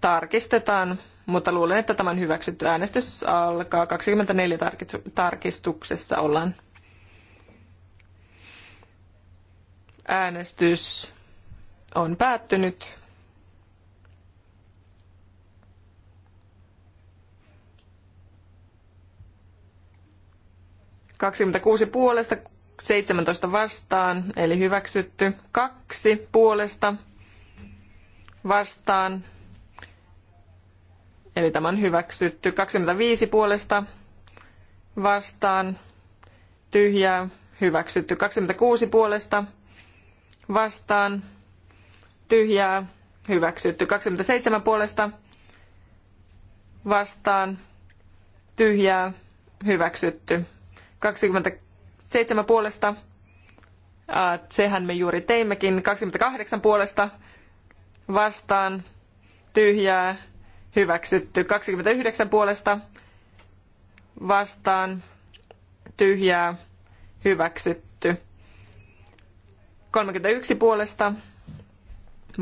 Speaker 3: Tarkistetaan, mutta luulen, että tämän hyväksytty äänestys alkaa 24 tarkistuksessa ollaan. Äänestys on päättynyt. 26 puolesta, 17 vastaan, eli hyväksytty. Kaksi puolesta vastaan, eli tämä on hyväksytty. 25 puolesta vastaan, tyhjää, hyväksytty. 26 puolesta vastaan, tyhjää, hyväksytty. 27 puolesta vastaan, tyhjää, hyväksytty. 27 puolesta. sehän me juuri teimmekin. 28 puolesta vastaan tyhjää hyväksytty. 29 puolesta vastaan tyhjää hyväksytty. 31 puolesta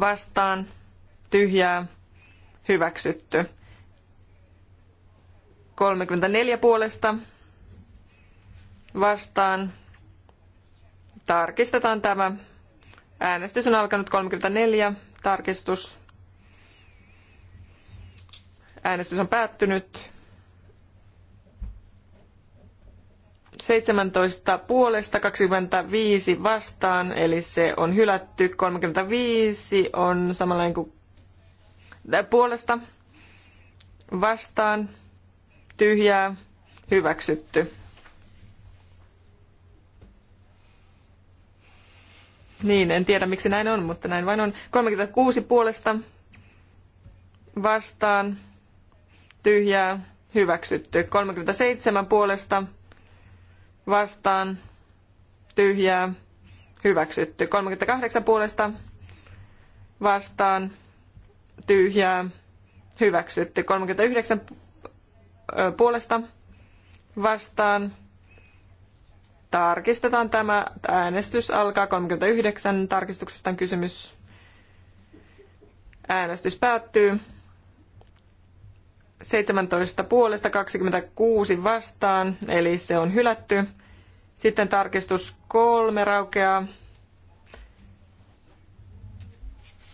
Speaker 3: vastaan tyhjää hyväksytty. 34 puolesta vastaan. Tarkistetaan tämä. Äänestys on alkanut 34. Tarkistus. Äänestys on päättynyt. 17 puolesta 25 vastaan, eli se on hylätty. 35 on samanlainen kuin äh, puolesta vastaan, tyhjää, hyväksytty. Niin, en tiedä miksi näin on, mutta näin vain on. 36 puolesta vastaan tyhjää hyväksytty. 37 puolesta vastaan tyhjää hyväksytty. 38 puolesta vastaan tyhjää hyväksytty. 39 puolesta vastaan Tarkistetaan tämä. Äänestys alkaa 39. Tarkistuksesta on kysymys. Äänestys päättyy. 17 puolesta 26 vastaan, eli se on hylätty. Sitten tarkistus kolme raukeaa.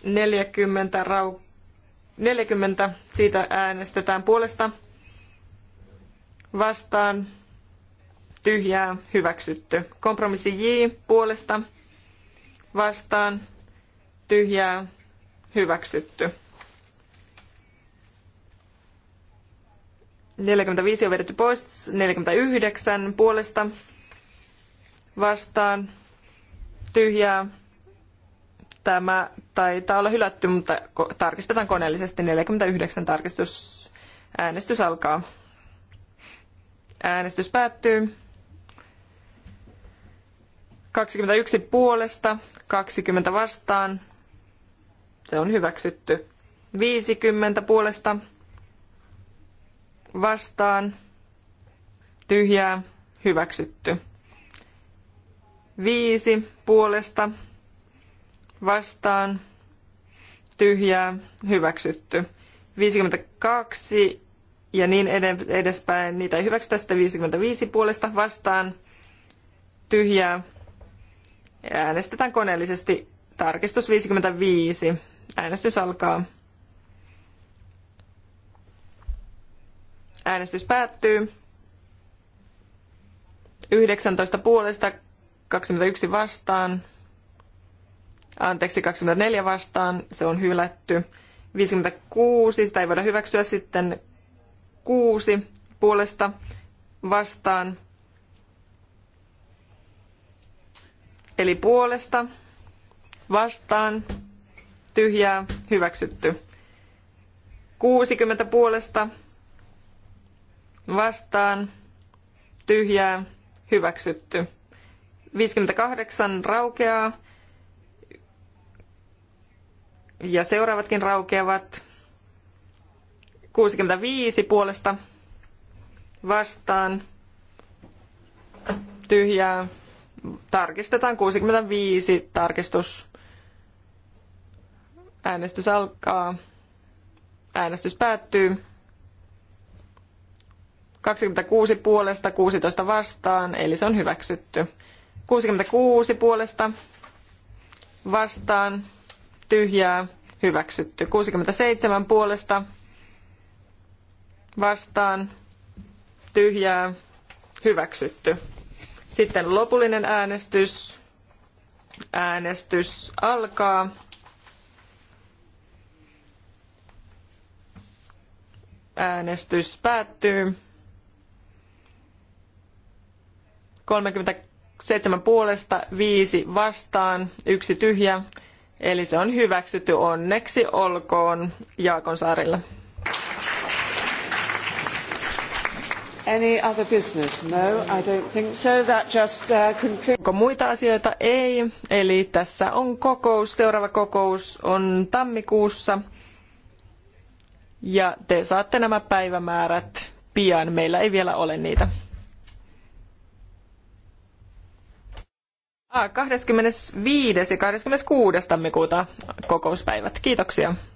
Speaker 3: 40, rau, 40 siitä äänestetään puolesta vastaan tyhjää hyväksytty. Kompromissi J puolesta vastaan tyhjää hyväksytty. 45 on vedetty pois, 49 puolesta vastaan tyhjää. Tämä taitaa olla hylätty, mutta tarkistetaan koneellisesti. 49 tarkistus. Äänestys alkaa. Äänestys päättyy. 21 puolesta, 20 vastaan. Se on hyväksytty. 50 puolesta vastaan. Tyhjää hyväksytty. 5 puolesta vastaan. Tyhjää hyväksytty. 52 ja niin edespäin. Niitä ei hyväksytä sitä 55 puolesta vastaan. Tyhjää Äänestetään koneellisesti. Tarkistus 55. Äänestys alkaa. Äänestys päättyy. 19 puolesta, 21 vastaan. Anteeksi, 24 vastaan. Se on hylätty. 56, sitä ei voida hyväksyä sitten 6 puolesta vastaan Eli puolesta, vastaan, tyhjää, hyväksytty. 60 puolesta, vastaan, tyhjää, hyväksytty. 58 raukeaa ja seuraavatkin raukeavat. 65 puolesta vastaan tyhjää tarkistetaan 65 tarkistus. Äänestys alkaa. Äänestys päättyy. 26 puolesta, 16 vastaan, eli se on hyväksytty. 66 puolesta vastaan, tyhjää, hyväksytty. 67 puolesta vastaan, tyhjää, hyväksytty. Sitten lopullinen äänestys. Äänestys alkaa. Äänestys päättyy. 37 puolesta, 5 vastaan, yksi tyhjä. Eli se on hyväksytty onneksi olkoon
Speaker 1: Jaakonsaarilla. Any other business? No, I don't think so. That just uh, concludes. Onko muita asioita? Ei.
Speaker 3: Eli tässä on kokous. Seuraava kokous on tammikuussa. Ja te saatte nämä päivämäärät pian. Meillä ei vielä ole niitä. Ah, 25. ja 26. tammikuuta kokouspäivät. Kiitoksia.